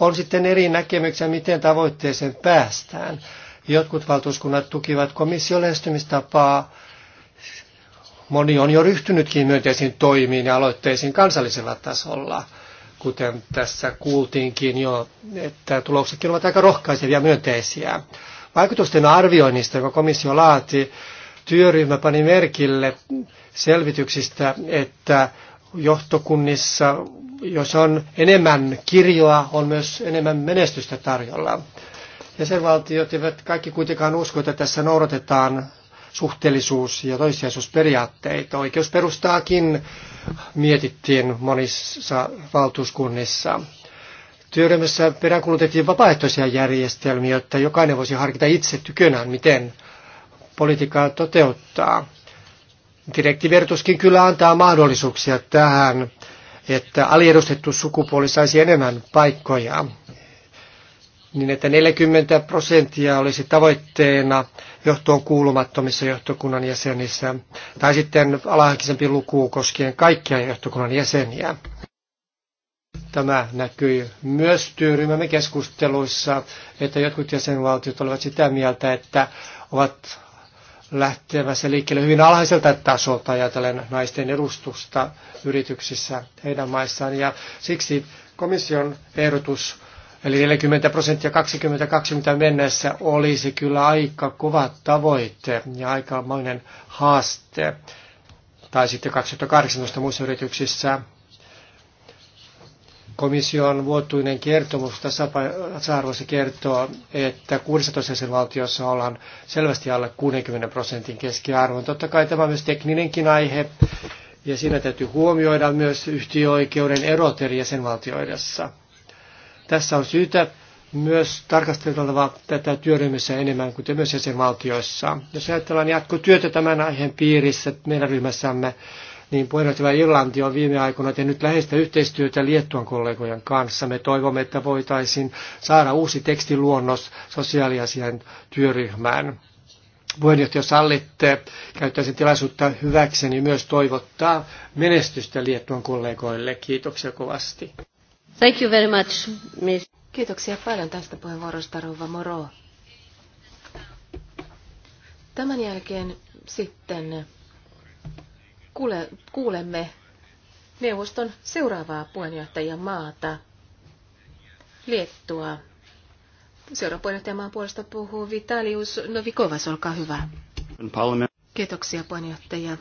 on sitten eri näkemyksiä, miten tavoitteeseen päästään. Jotkut valtuuskunnat tukivat komission lähestymistapaa. Moni on jo ryhtynytkin myönteisiin toimiin ja aloitteisiin kansallisella tasolla, kuten tässä kuultiinkin jo, että tuloksetkin ovat aika rohkaisevia ja myönteisiä. Vaikutusten arvioinnista, joka komissio laati, työryhmä pani merkille selvityksistä, että johtokunnissa, jos on enemmän kirjoa, on myös enemmän menestystä tarjolla. Jäsenvaltiot eivät kaikki kuitenkaan usko, että tässä noudatetaan suhteellisuus- ja toissijaisuusperiaatteita. Oikeusperustaakin mietittiin monissa valtuuskunnissa. Työryhmässä peräänkulutettiin vapaaehtoisia järjestelmiä, jotta jokainen voisi harkita itse tykönään, miten politiikkaa toteuttaa. Direktivertuskin kyllä antaa mahdollisuuksia tähän, että aliedustettu sukupuoli saisi enemmän paikkoja, niin että 40 prosenttia olisi tavoitteena johtoon kuulumattomissa johtokunnan jäsenissä, tai sitten alhaisempi luku koskien kaikkia johtokunnan jäseniä. Tämä näkyy myös työryhmämme keskusteluissa, että jotkut jäsenvaltiot olivat sitä mieltä, että ovat lähtevässä liikkeelle hyvin alhaiselta tasolta ajatellen naisten edustusta yrityksissä heidän maissaan. Ja siksi komission ehdotus, eli 40 prosenttia 2020 mennessä, olisi kyllä aika kova tavoite ja aikamoinen haaste. Tai sitten 2018 muissa yrityksissä Komission vuotuinen kertomus tasa-arvoista kertoo, että 16 jäsenvaltiossa ollaan selvästi alle 60 prosentin keskiarvon. Totta kai tämä on myös tekninenkin aihe, ja siinä täytyy huomioida myös yhtiöoikeuden erot eri jäsenvaltioidessa. Tässä on syytä myös tarkasteltava tätä työryhmässä enemmän kuin myös jäsenvaltioissa. Jos ajatellaan jatkotyötä tämän aiheen piirissä meidän ryhmässämme, niin puheenjohtaja Irlanti on viime aikoina tehnyt läheistä yhteistyötä Liettuan kollegojen kanssa. Me toivomme, että voitaisiin saada uusi tekstiluonnos sosiaaliasian työryhmään. Puheenjohtaja, jos sallitte, käyttäisin tilaisuutta hyväkseni myös toivottaa menestystä Liettuan kollegoille. Kiitoksia kovasti. Thank you very much, miss. Kiitoksia paljon tästä puheenvuorosta, Rouva Moro. Tämän jälkeen sitten kuule, kuulemme neuvoston seuraavaa puheenjohtajia maata, Liettua. Seuraavan puheenjohtajamaan puolesta puhuu Vitalius Novikovas, olkaa hyvä. Kiitoksia puheenjohtaja.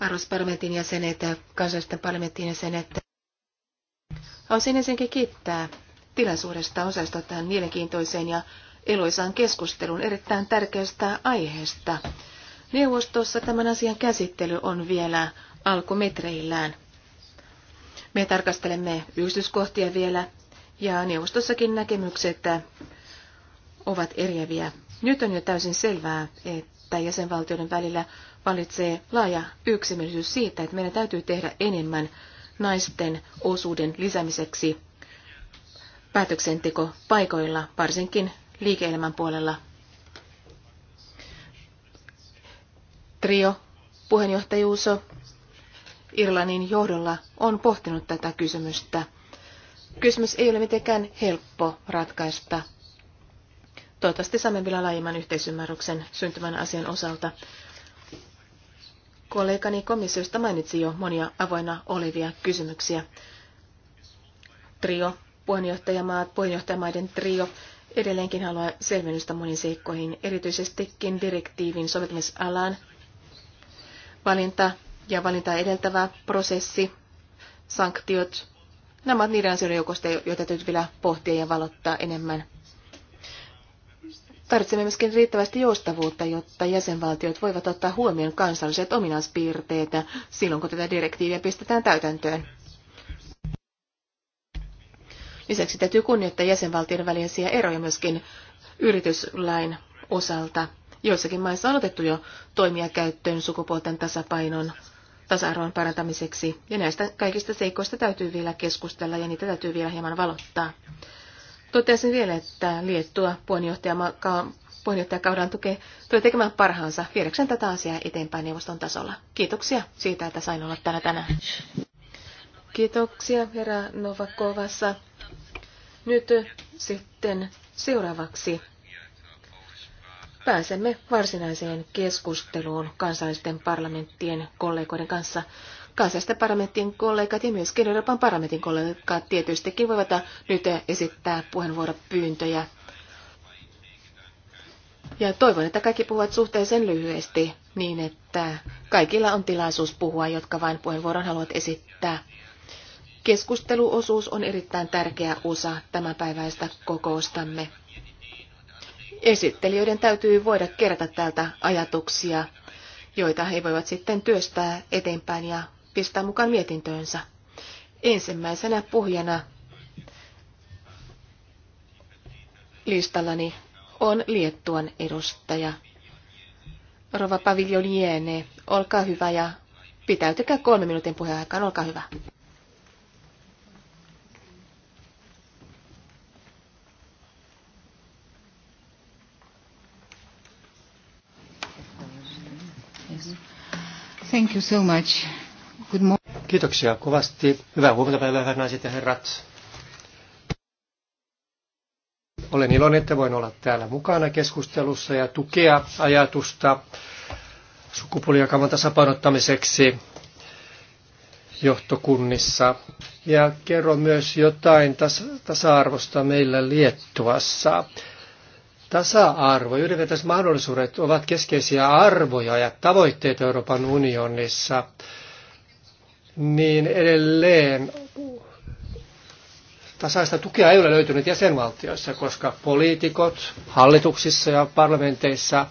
Arvoisa parlamentin jäsenet ja kansallisten parlamentin jäsenet. Haluaisin ensinnäkin kiittää tilaisuudesta osallistua tähän mielenkiintoiseen ja eloisaan keskusteluun erittäin tärkeästä aiheesta, Neuvostossa tämän asian käsittely on vielä alkumetreillään. Me tarkastelemme yksityiskohtia vielä ja neuvostossakin näkemykset ovat eriäviä. Nyt on jo täysin selvää, että jäsenvaltioiden välillä valitsee laaja yksimielisyys siitä, että meidän täytyy tehdä enemmän naisten osuuden lisäämiseksi päätöksenteko paikoilla, varsinkin liike-elämän puolella trio puheenjohtajuuso Irlannin johdolla on pohtinut tätä kysymystä. Kysymys ei ole mitenkään helppo ratkaista. Toivottavasti saamme vielä laajemman yhteisymmärryksen syntymän asian osalta. Kollegani komissiosta mainitsi jo monia avoinna olevia kysymyksiä. Trio, puheenjohtajamaat, puheenjohtajamaiden trio edelleenkin haluaa selvennystä moniin seikkoihin, erityisestikin direktiivin soveltamisalaan valinta ja valinta edeltävä prosessi, sanktiot. Nämä ovat niiden asioiden joukosta, joita täytyy vielä pohtia ja valottaa enemmän. Tarvitsemme myöskin riittävästi joustavuutta, jotta jäsenvaltiot voivat ottaa huomioon kansalliset ominaispiirteet silloin, kun tätä direktiiviä pistetään täytäntöön. Lisäksi täytyy kunnioittaa jäsenvaltioiden välisiä eroja myöskin yrityslain osalta. Joissakin maissa on otettu jo toimia käyttöön sukupuolten tasapainon tasa-arvon parantamiseksi, ja näistä kaikista seikoista täytyy vielä keskustella, ja niitä täytyy vielä hieman valottaa. Totesin vielä, että Liettua puheenjohtajakaudan tukee tulee tekemään parhaansa viedäkseen tätä asiaa eteenpäin neuvoston tasolla. Kiitoksia siitä, että sain olla täällä tänään. Kiitoksia, herra Novakovassa. Nyt sitten seuraavaksi pääsemme varsinaiseen keskusteluun kansallisten parlamenttien kollegoiden kanssa. Kansallisten parlamenttien kollegat ja myöskin Euroopan parlamentin kollegat tietystikin voivat nyt esittää puheenvuoropyyntöjä. Ja toivon, että kaikki puhuvat suhteellisen lyhyesti niin, että kaikilla on tilaisuus puhua, jotka vain puheenvuoron haluat esittää. Keskusteluosuus on erittäin tärkeä osa tämänpäiväistä kokoustamme esittelijöiden täytyy voida kerätä täältä ajatuksia, joita he voivat sitten työstää eteenpäin ja pistää mukaan mietintöönsä. Ensimmäisenä puhjana listallani on Liettuan edustaja. Rova Paviljoniene, olkaa hyvä ja pitäytykää kolmen minuutin puheenaikaan, olkaa hyvä. Thank you so much. Good morning. Kiitoksia kovasti. Hyvää huomenta päivää, hyvät naiset ja herrat. Olen iloinen, että voin olla täällä mukana keskustelussa ja tukea ajatusta sukupuolijakaman tasapainottamiseksi johtokunnissa. Ja kerron myös jotain tasa-arvosta meillä Liettuassa. Tasa-arvo, yhdenvertaiset mahdollisuudet ovat keskeisiä arvoja ja tavoitteita Euroopan unionissa, niin edelleen tasaista tukea ei ole löytynyt jäsenvaltioissa, koska poliitikot hallituksissa ja parlamenteissa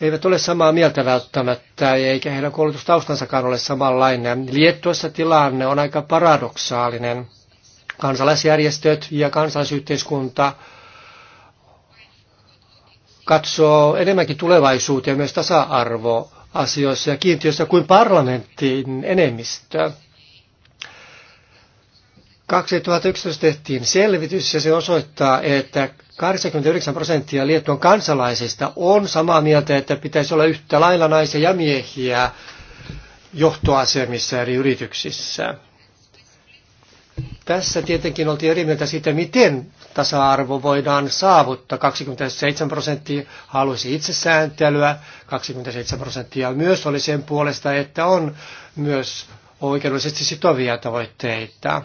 eivät ole samaa mieltä välttämättä, eikä heidän koulutustaustansakaan ole samanlainen. Liettuessa tilanne on aika paradoksaalinen. Kansalaisjärjestöt ja kansalaisyhteiskunta – katsoo enemmänkin tulevaisuuteen myös tasa-arvoasioissa ja kiintiöissä kuin parlamentin enemmistö. 2011 tehtiin selvitys ja se osoittaa, että 89 prosenttia Liettuan kansalaisista on samaa mieltä, että pitäisi olla yhtä lailla naisia ja miehiä johtoasemissa eri yrityksissä. Tässä tietenkin oltiin eri mieltä siitä, miten tasa-arvo voidaan saavuttaa. 27 prosenttia halusi itsesääntelyä, 27 prosenttia myös oli sen puolesta, että on myös oikeudellisesti sitovia tavoitteita.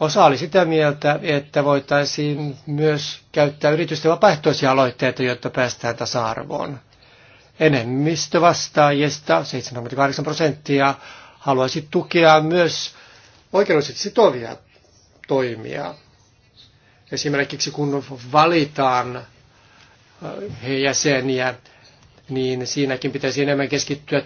Osa oli sitä mieltä, että voitaisiin myös käyttää yritysten vapaaehtoisia aloitteita, jotta päästään tasa-arvoon. Enemmistö vastaajista, 78 prosenttia, haluaisi tukea myös oikeudellisesti sitovia toimia. Esimerkiksi kun valitaan äh, jäseniä, niin siinäkin pitäisi enemmän keskittyä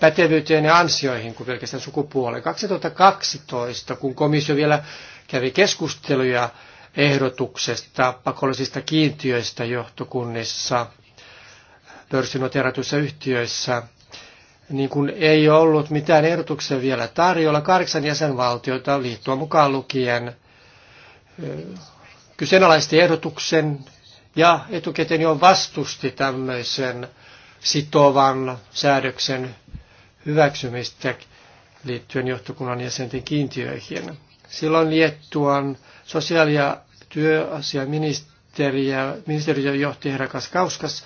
pätevyyteen ja ansioihin kuin pelkästään sukupuoleen. 2012, kun komissio vielä kävi keskusteluja ehdotuksesta pakollisista kiintiöistä johtokunnissa pörssinoteratuissa yhtiöissä, niin kun ei ollut mitään ehdotuksia vielä tarjolla. Kahdeksan jäsenvaltiota liittoa mukaan lukien kyseenalaisti ehdotuksen ja etukäteen jo vastusti tämmöisen sitovan säädöksen hyväksymistä liittyen johtokunnan jäsenten kiintiöihin. Silloin Liettuan sosiaali- ja työasiaministeriö johti herra Kauskas,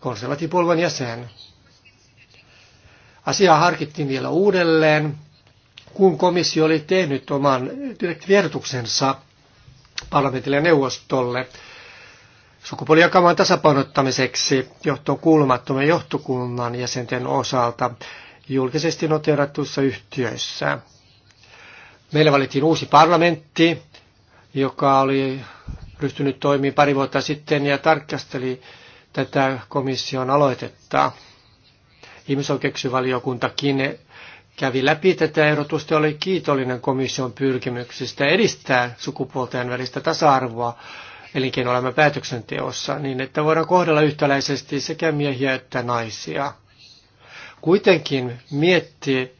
konservatiipuolueen jäsen. Asiaa harkittiin vielä uudelleen, kun komissio oli tehnyt oman direktivertuksensa parlamentille ja neuvostolle sukupuolijakaman tasapainottamiseksi johtoon kuulumattoman johtokunnan jäsenten osalta julkisesti noteerattuissa yhtiöissä. Meillä valittiin uusi parlamentti, joka oli ryhtynyt toimiin pari vuotta sitten ja tarkasteli tätä komission aloitetta. Ihmisoikeuksivaliokuntakin kävi läpi tätä ehdotusta ja oli kiitollinen komission pyrkimyksistä edistää sukupuolten välistä tasa-arvoa elinkeinoelämän päätöksenteossa niin, että voidaan kohdella yhtäläisesti sekä miehiä että naisia. Kuitenkin mietti,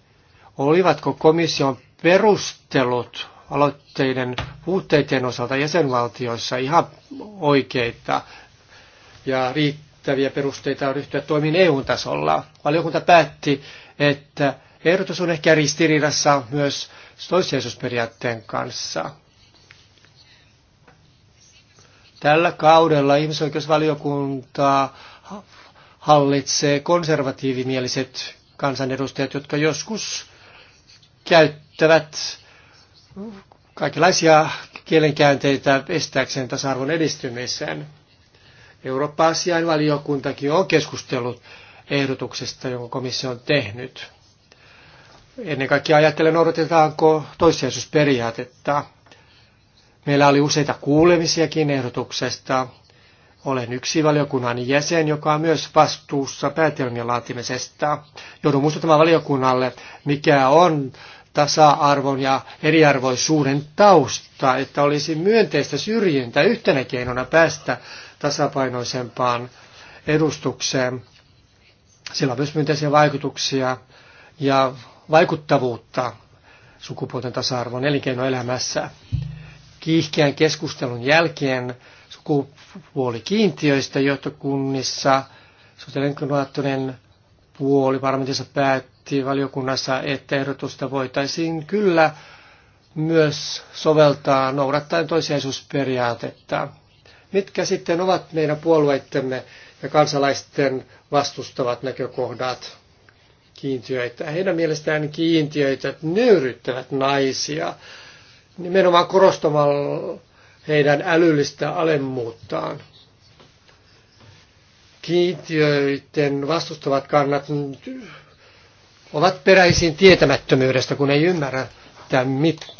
olivatko komission perustelut aloitteiden puutteiden osalta jäsenvaltioissa ihan oikeita ja riittäviä riittäviä perusteita on ryhtyä toimiin EU-tasolla. Valiokunta päätti, että ehdotus on ehkä ristiriidassa myös toissijaisuusperiaatteen kanssa. Tällä kaudella ihmisoikeusvaliokunta hallitsee konservatiivimieliset kansanedustajat, jotka joskus käyttävät kaikenlaisia kielenkäänteitä estääkseen tasa-arvon edistymiseen. Eurooppa-asiain valiokuntakin on keskustellut ehdotuksesta, jonka komissio on tehnyt. Ennen kaikkea ajattelen, noudatetaanko toissijaisuusperiaatetta. Meillä oli useita kuulemisiakin ehdotuksesta. Olen yksi valiokunnan jäsen, joka on myös vastuussa päätelmien laatimisesta. Joudun muistuttamaan valiokunnalle, mikä on tasa-arvon ja eriarvoisuuden tausta, että olisi myönteistä syrjintä yhtenä keinona päästä tasapainoisempaan edustukseen. Sillä on myös myönteisiä vaikutuksia ja vaikuttavuutta sukupuolten tasa-arvon elinkeinoelämässä. Kiihkeän keskustelun jälkeen sukupuolikiintiöistä johtokunnissa sosiaalinen puoli parlamentissa päätti valiokunnassa, että ehdotusta voitaisiin kyllä myös soveltaa noudattaen toisiaisuusperiaatetta. Mitkä sitten ovat meidän puolueittemme ja kansalaisten vastustavat näkökohdat kiintiöitä? Heidän mielestään kiintiöitä nöyryttävät naisia nimenomaan korostamalla heidän älyllistä alemmuuttaan. Kiintiöiden vastustavat kannat ovat peräisin tietämättömyydestä, kun ei ymmärrä,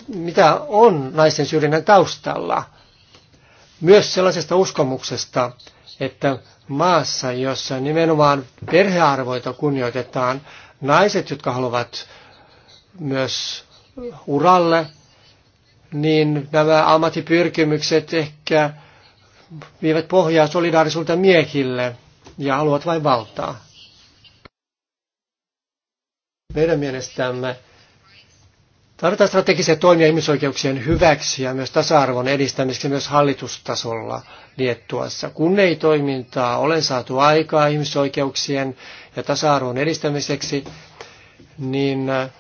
mitä on naisten syrjinnän taustalla – myös sellaisesta uskomuksesta, että maassa, jossa nimenomaan perhearvoita kunnioitetaan, naiset, jotka haluavat myös uralle, niin nämä ammattipyrkimykset ehkä vievät pohjaa solidaarisuutta miehille ja haluavat vain valtaa. Meidän mielestämme Tarvitaan strategisia toimia ihmisoikeuksien hyväksi ja myös tasa-arvon edistämiseksi myös hallitustasolla Liettuassa. Kun ei toimintaa ole saatu aikaa ihmisoikeuksien ja tasa-arvon edistämiseksi, niin äh,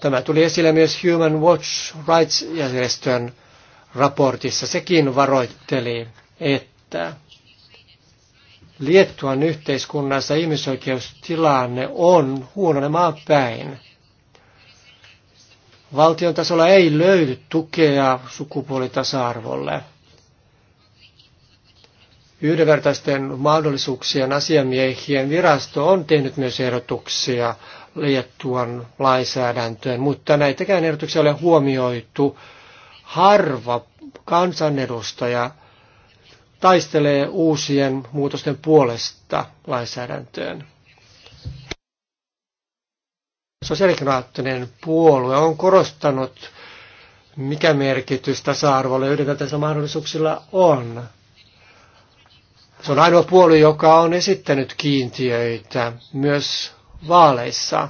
tämä tuli esille myös Human Watch Rights-järjestön raportissa. Sekin varoitteli, että Liettuan yhteiskunnassa ihmisoikeustilanne on huononemaan päin. Valtion tasolla ei löydy tukea sukupuolitasa-arvolle. Yhdenvertaisten mahdollisuuksien asiamiehien virasto on tehnyt myös ehdotuksia Liettuan lainsäädäntöön, mutta näitäkään ehdotuksia ei ole huomioitu. Harva kansanedustaja taistelee uusien muutosten puolesta lainsäädäntöön sosiaalidemokraattinen puolue on korostanut, mikä merkitys tasa arvolle yhdenvertaisilla mahdollisuuksilla on. Se on ainoa puolue, joka on esittänyt kiintiöitä myös vaaleissa.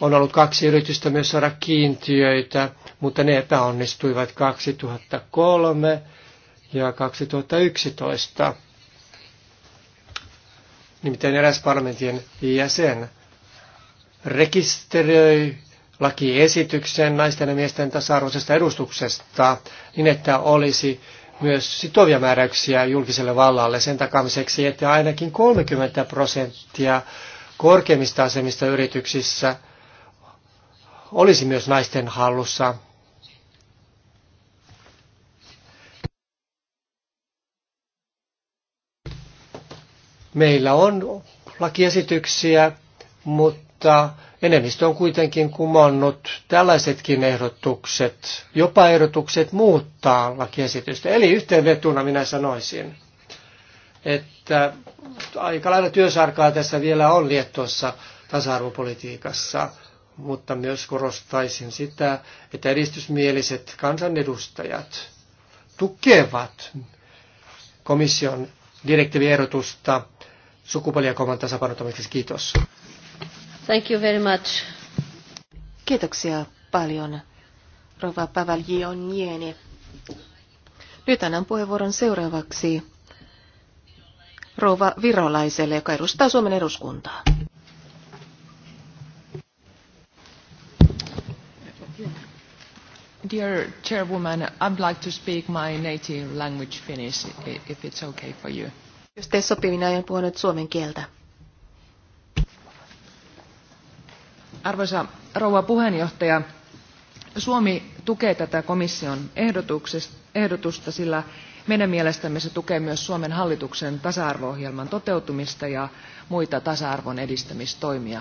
On ollut kaksi yritystä myös saada kiintiöitä, mutta ne epäonnistuivat 2003 ja 2011 nimittäin eräs parlamentin jäsen rekisteröi lakiesityksen naisten ja miesten tasa-arvoisesta edustuksesta niin, että olisi myös sitovia määräyksiä julkiselle vallalle sen takamiseksi, että ainakin 30 prosenttia korkeimmista asemista yrityksissä olisi myös naisten hallussa Meillä on lakiesityksiä, mutta enemmistö on kuitenkin kumannut tällaisetkin ehdotukset, jopa ehdotukset muuttaa lakiesitystä. Eli yhteenvetuna minä sanoisin, että aika lailla työsarkaa tässä vielä on Liettuossa tasa-arvopolitiikassa, mutta myös korostaisin sitä, että edistysmieliset kansanedustajat tukevat komission direktiivierotusta sukupuolijakoman tasapainottamiseksi. Kiitos. Thank you very much. Kiitoksia paljon, Rova Pavaljionieni. Nyt annan puheenvuoron seuraavaksi Rova Virolaiselle, joka edustaa Suomen eduskuntaa. Dear Chairwoman, I'd like to speak my native language Finnish, if it's okay for you. Jos te sopivina en puhunut suomen kieltä. Arvoisa rouva puheenjohtaja, Suomi tukee tätä komission ehdotusta, sillä meidän mielestämme se tukee myös Suomen hallituksen tasa-arvo-ohjelman toteutumista ja muita tasa-arvon edistämistoimia.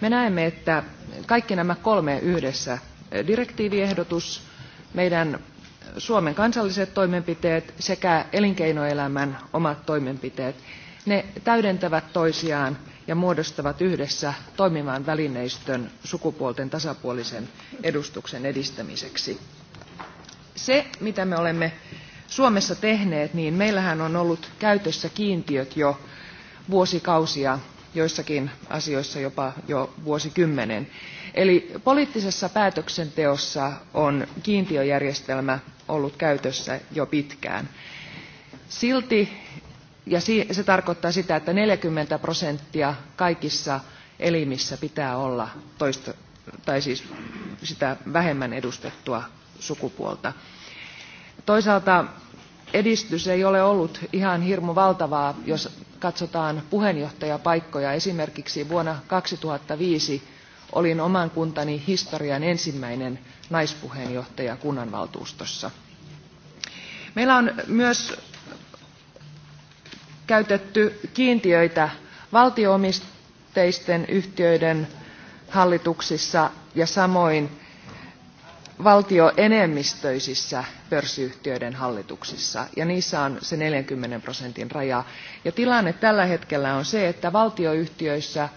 Me näemme, että kaikki nämä kolme yhdessä, direktiiviehdotus, meidän Suomen kansalliset toimenpiteet sekä elinkeinoelämän omat toimenpiteet, ne täydentävät toisiaan ja muodostavat yhdessä toimivan välineistön sukupuolten tasapuolisen edustuksen edistämiseksi. Se, mitä me olemme Suomessa tehneet, niin meillähän on ollut käytössä kiintiöt jo vuosikausia, joissakin asioissa jopa jo vuosikymmenen. Eli poliittisessa päätöksenteossa on kiintiöjärjestelmä ollut käytössä jo pitkään. Silti, ja se tarkoittaa sitä, että 40 prosenttia kaikissa elimissä pitää olla toista, tai siis sitä vähemmän edustettua sukupuolta. Toisaalta edistys ei ole ollut ihan hirmu valtavaa, jos katsotaan puheenjohtajapaikkoja. Esimerkiksi vuonna 2005 Olin oman kuntani historian ensimmäinen naispuheenjohtaja kunnanvaltuustossa. Meillä on myös käytetty kiintiöitä valtioomisteisten yhtiöiden hallituksissa ja samoin valtioenemmistöisissä pörssiyhtiöiden hallituksissa ja niissä on se 40 prosentin raja. Ja tilanne tällä hetkellä on se, että valtioyhtiöissä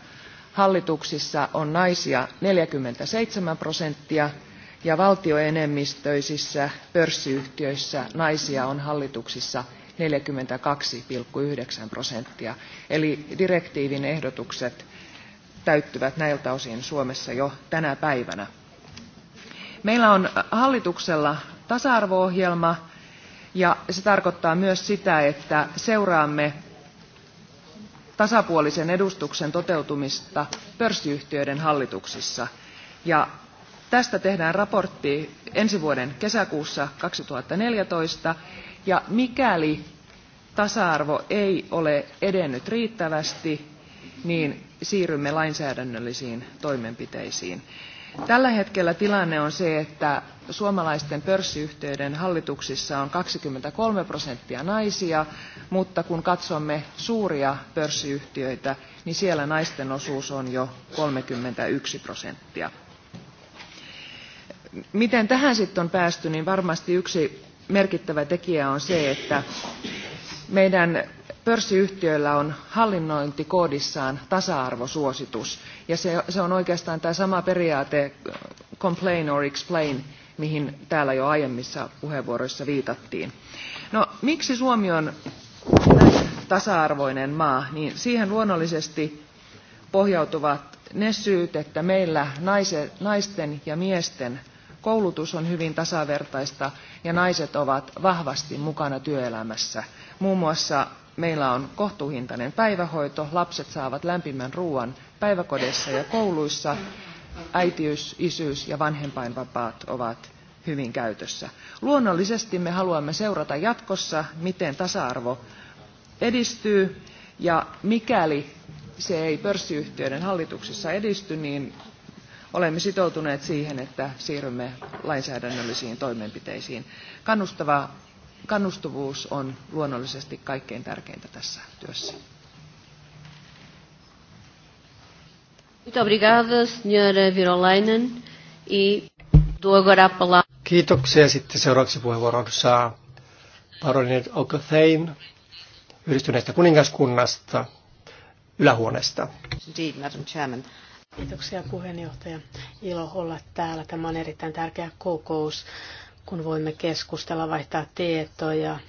hallituksissa on naisia neljäkymmentäseitsemän prosenttia ja valtioenemmistöisissä pörssiyhtiöissä naisia on hallituksissa neljäkymmentäkaksi yhdeksän prosenttia eli direktiivin ehdotukset täyttyvät näiltä osin suomessa jo tänä päivänä. meillä on hallituksella tasa arvo ohjelma ja se tarkoittaa myös sitä että seuraamme tasapuolisen edustuksen toteutumista pörssiyhtiöiden hallituksissa. Ja tästä tehdään raportti ensi vuoden kesäkuussa 2014, ja mikäli tasa-arvo ei ole edennyt riittävästi, niin siirrymme lainsäädännöllisiin toimenpiteisiin. Tällä hetkellä tilanne on se, että suomalaisten pörssiyhtiöiden hallituksissa on 23 prosenttia naisia, mutta kun katsomme suuria pörssiyhtiöitä, niin siellä naisten osuus on jo 31 prosenttia. Miten tähän sitten on päästy, niin varmasti yksi merkittävä tekijä on se, että meidän pörssiyhtiöillä on hallinnointikoodissaan tasa arvosuositus ja se, se on oikeastaan tämä sama periaate äh, complain or explain mihin täällä jo aiemmissa puheenvuoroissa viitattiin. No, miksi Suomi on näin tasa-arvoinen maa, niin siihen luonnollisesti pohjautuvat ne syyt, että meillä naise, naisten ja miesten koulutus on hyvin tasavertaista ja naiset ovat vahvasti mukana työelämässä. Muun muassa meillä on kohtuuhintainen päivähoito, lapset saavat lämpimän ruoan päiväkodeissa ja kouluissa, äitiys, isyys ja vanhempainvapaat ovat hyvin käytössä. Luonnollisesti me haluamme seurata jatkossa, miten tasa-arvo edistyy ja mikäli se ei pörssiyhtiöiden hallituksessa edisty, niin olemme sitoutuneet siihen, että siirrymme lainsäädännöllisiin toimenpiteisiin. Kannustava kannustuvuus on luonnollisesti kaikkein tärkeintä tässä työssä. E Kiitoksia. Sitten seuraavaksi puheenvuoron saa Baronet Ogothein yhdistyneestä kuningaskunnasta ylähuoneesta. Indeed, Madam Chairman. Kiitoksia puheenjohtaja. Ilo olla täällä. Tämä on erittäin tärkeä kokous kun voimme keskustella, vaihtaa tietoja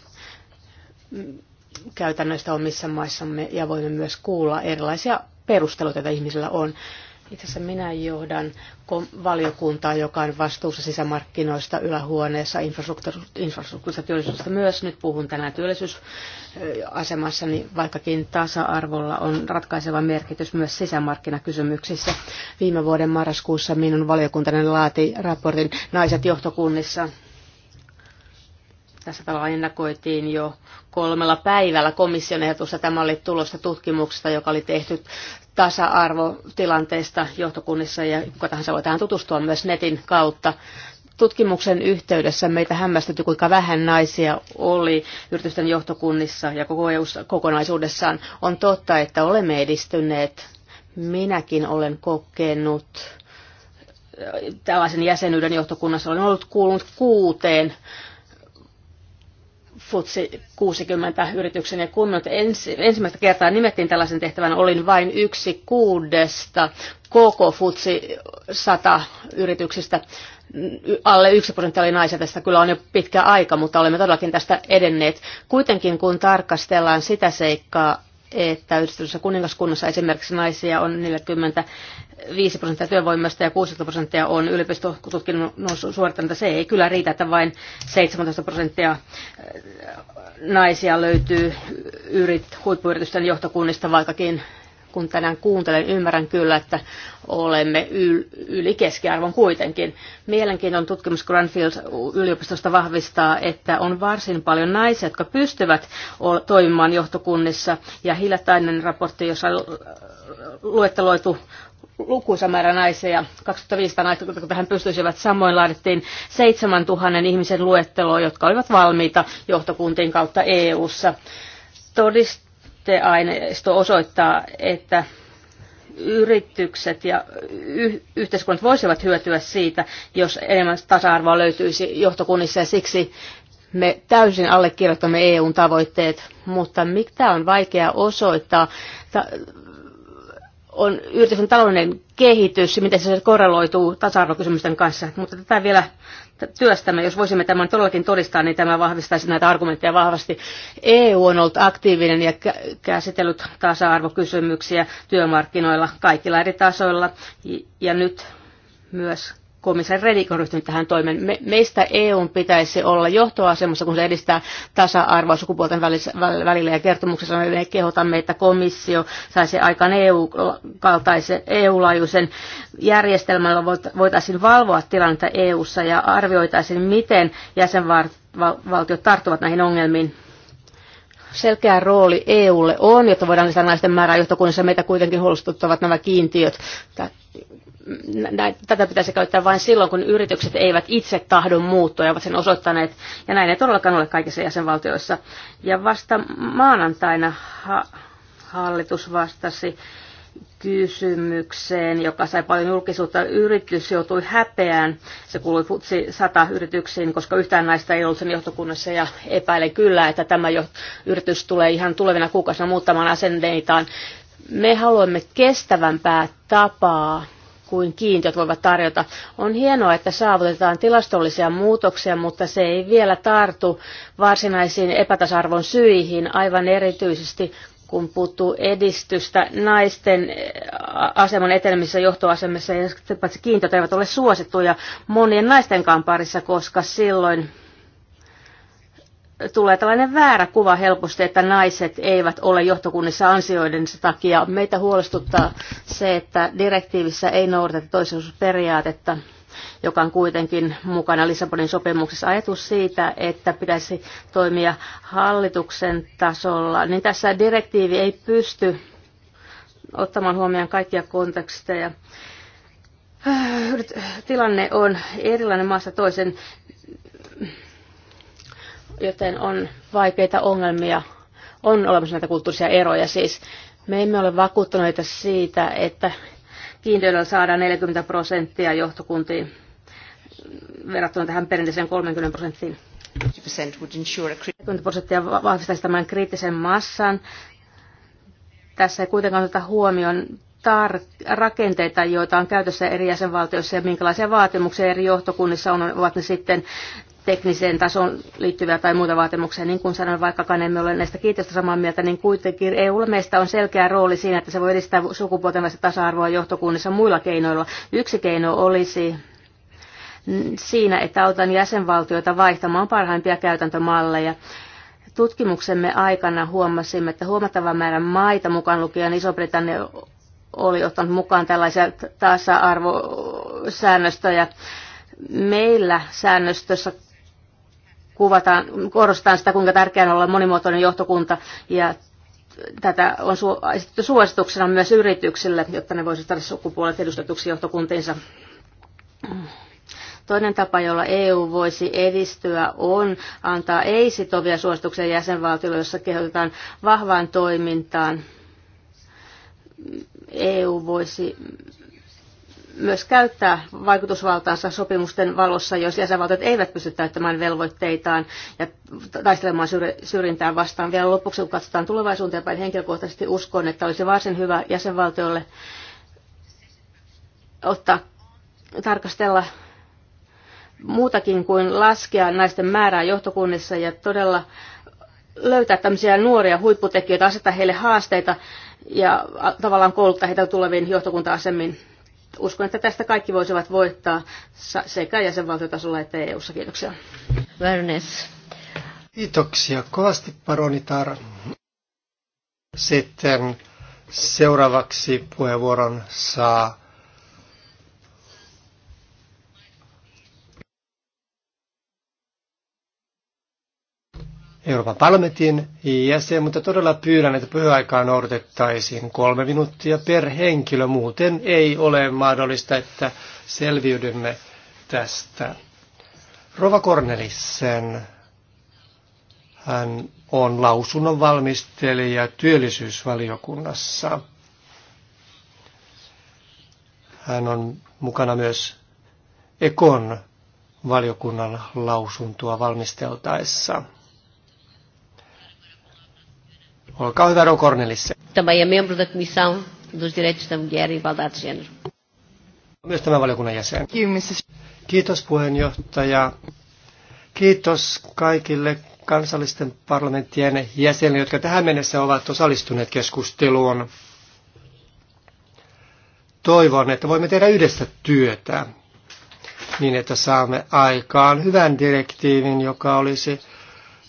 käytännöistä omissa maissamme ja voimme myös kuulla erilaisia perusteluita, joita ihmisillä on. Itse asiassa minä johdan valiokuntaa, joka on vastuussa sisämarkkinoista ylähuoneessa, infrastruktuurista, työllisyydestä myös. Nyt puhun tänään työllisyysasemassa, niin vaikkakin tasa-arvolla on ratkaiseva merkitys myös sisämarkkinakysymyksissä. Viime vuoden marraskuussa minun valiokuntani laati raportin Naiset johtokunnissa tässä tavalla ennakoitiin jo kolmella päivällä komission ehdotusta. Tämä oli tulosta tutkimuksesta, joka oli tehty tasa-arvotilanteesta johtokunnissa ja kuka tahansa voi tähän tutustua myös netin kautta tutkimuksen yhteydessä meitä hämmästytti, kuinka vähän naisia oli yritysten johtokunnissa ja koko EU kokonaisuudessaan. On totta, että olemme edistyneet. Minäkin olen kokenut tällaisen jäsenyyden johtokunnassa. Olen ollut kuulunut kuuteen Futsi 60 yrityksen ja kun minut ensimmäistä kertaa nimettiin tällaisen tehtävän, olin vain yksi kuudesta koko Futsi 100 yrityksistä. Alle 1 prosenttia oli naisia, tästä kyllä on jo pitkä aika, mutta olemme todellakin tästä edenneet. Kuitenkin kun tarkastellaan sitä seikkaa, että yhdistyneessä kuningaskunnassa esimerkiksi naisia on 45 prosenttia työvoimasta ja 60 prosenttia on yliopistotutkinnon suorittamista. Se ei kyllä riitä, että vain 17 prosenttia äh, naisia löytyy yrit, huippuyritysten johtokunnista, vaikkakin kun tänään kuuntelen, ymmärrän kyllä, että olemme yli keskiarvon kuitenkin. Mielenkiintoinen tutkimus Granfield yliopistosta vahvistaa, että on varsin paljon naisia, jotka pystyvät toimimaan johtokunnissa. Ja hiljattainen raportti, jossa luetteloitu lukuisa määrä naisia, 2500 naista, jotka tähän pystyisivät. Samoin laadittiin 7000 ihmisen luettelo, jotka olivat valmiita johtokuntiin kautta EU-ssa. Todist- näytteaineisto osoittaa, että yritykset ja y- yhteiskunnat voisivat hyötyä siitä, jos enemmän tasa-arvoa löytyisi johtokunnissa ja siksi me täysin allekirjoitamme EUn tavoitteet, mutta mitä on vaikea osoittaa, on yritysten taloudellinen kehitys miten se korreloituu tasa-arvokysymysten kanssa, mutta tätä vielä työstämme. Jos voisimme tämän todellakin todistaa, niin tämä vahvistaisi näitä argumentteja vahvasti. EU on ollut aktiivinen ja käsitellyt tasa-arvokysymyksiä työmarkkinoilla kaikilla eri tasoilla ja nyt myös komissaari Redik on ryhtynyt tähän toimeen. Me, meistä EUn pitäisi olla johtoasemassa, kun se edistää tasa-arvoa sukupuolten välillä ja kertomuksessa me kehotamme, että komissio saisi aikaan EU-kaltaisen, EU-laajuisen järjestelmän, jolla voitaisiin valvoa tilannetta EUssa ja arvioitaisiin, miten jäsenvaltiot tarttuvat näihin ongelmiin selkeä rooli EUlle on, jotta voidaan lisätä naisten määrää johtokunnissa. Meitä kuitenkin huolestuttavat nämä kiintiöt tätä pitäisi käyttää vain silloin, kun yritykset eivät itse tahdon muuttua ja ovat sen osoittaneet. Ja näin ei todellakaan ole kaikissa jäsenvaltioissa. Ja vasta maanantaina ha- hallitus vastasi kysymykseen, joka sai paljon julkisuutta. Yritys joutui häpeään. Se kuului futsi 100 yrityksiin, koska yhtään näistä ei ollut sen johtokunnassa ja epäilen kyllä, että tämä jo, yritys tulee ihan tulevina kuukausina muuttamaan asenteitaan. Me haluamme kestävämpää tapaa kuin kiintiöt voivat tarjota. On hienoa, että saavutetaan tilastollisia muutoksia, mutta se ei vielä tartu varsinaisiin epätasarvon syihin, aivan erityisesti kun puuttuu edistystä naisten äh, aseman etenemisessä johtoasemassa ja paitsi kiintiöt eivät ole suosittuja monien naistenkaan parissa, koska silloin tulee tällainen väärä kuva helposti, että naiset eivät ole johtokunnissa ansioidensa takia. Meitä huolestuttaa se, että direktiivissä ei noudateta toisuusperiaatetta joka on kuitenkin mukana Lissabonin sopimuksessa. Ajatus siitä, että pitäisi toimia hallituksen tasolla, niin tässä direktiivi ei pysty ottamaan huomioon kaikkia konteksteja. Äh, tilanne on erilainen maassa toisen joten on vaikeita ongelmia. On olemassa näitä kulttuurisia eroja siis. Me emme ole vakuuttuneita siitä, että kiintiöillä saadaan 40 prosenttia johtokuntiin verrattuna tähän perinteiseen 30 prosenttiin. 40 prosenttia vahvistaisi tämän kriittisen massan. Tässä ei kuitenkaan oteta huomioon tar- rakenteita, joita on käytössä eri jäsenvaltioissa ja minkälaisia vaatimuksia eri johtokunnissa on, ovat ne sitten tekniseen tasoon liittyviä tai muita vaatimuksia. Niin kuin sanoin, vaikkakaan emme ole näistä kiitosta samaa mieltä, niin kuitenkin eu meistä on selkeä rooli siinä, että se voi edistää sukupuolten välistä tasa-arvoa johtokunnissa muilla keinoilla. Yksi keino olisi siinä, että autan jäsenvaltioita vaihtamaan parhaimpia käytäntömalleja. Tutkimuksemme aikana huomasimme, että huomattava määrä maita, mukaan lukien Iso-Britannia, oli ottanut mukaan tällaisia tasa-arvosäännöstöjä. Meillä säännöstössä kuvataan, korostetaan sitä, kuinka tärkeää on olla monimuotoinen johtokunta ja tätä on esitetty suosituksena myös yrityksille, jotta ne voisivat saada sukupuolet edustetuksi johtokuntiinsa. Toinen tapa, jolla EU voisi edistyä, on antaa ei-sitovia suosituksia jäsenvaltioille, joissa kehotetaan vahvaan toimintaan. EU voisi myös käyttää vaikutusvaltaansa sopimusten valossa, jos jäsenvaltiot eivät pysty täyttämään velvoitteitaan ja taistelemaan syrjintää vastaan. Vielä lopuksi, kun katsotaan tulevaisuuteen päin, henkilökohtaisesti uskon, että olisi varsin hyvä jäsenvaltiolle ottaa tarkastella muutakin kuin laskea naisten määrää johtokunnissa ja todella löytää tämmöisiä nuoria huipputekijöitä, asettaa heille haasteita ja tavallaan kouluttaa heitä tuleviin johtokunta-asemiin uskon, että tästä kaikki voisivat voittaa sekä jäsenvaltiotasolla että EU-ssa. Kiitoksia. Värnes. Kiitoksia kovasti, paronitar. Sitten seuraavaksi puheenvuoron saa Euroopan parlamentin jäsen, mutta todella pyydän, että pyhäaikaa noudatettaisiin kolme minuuttia per henkilö. Muuten ei ole mahdollista, että selviydymme tästä. Rova Kornelissen, hän on lausunnon valmistelija työllisyysvaliokunnassa. Hän on mukana myös Ekon valiokunnan lausuntoa valmisteltaessa. Olkaa hyvä, Rou Cornelisse. Também é membro da Comissão dos Direitos da Mulher e Igualdade de Gênero. Myös tämän valiokunnan jäsen. Kiitos puheenjohtaja. Kiitos kaikille kansallisten parlamenttien jäsenille, jotka tähän mennessä ovat osallistuneet keskusteluun. Toivon, että voimme tehdä yhdessä työtä niin, että saamme aikaan hyvän direktiivin, joka olisi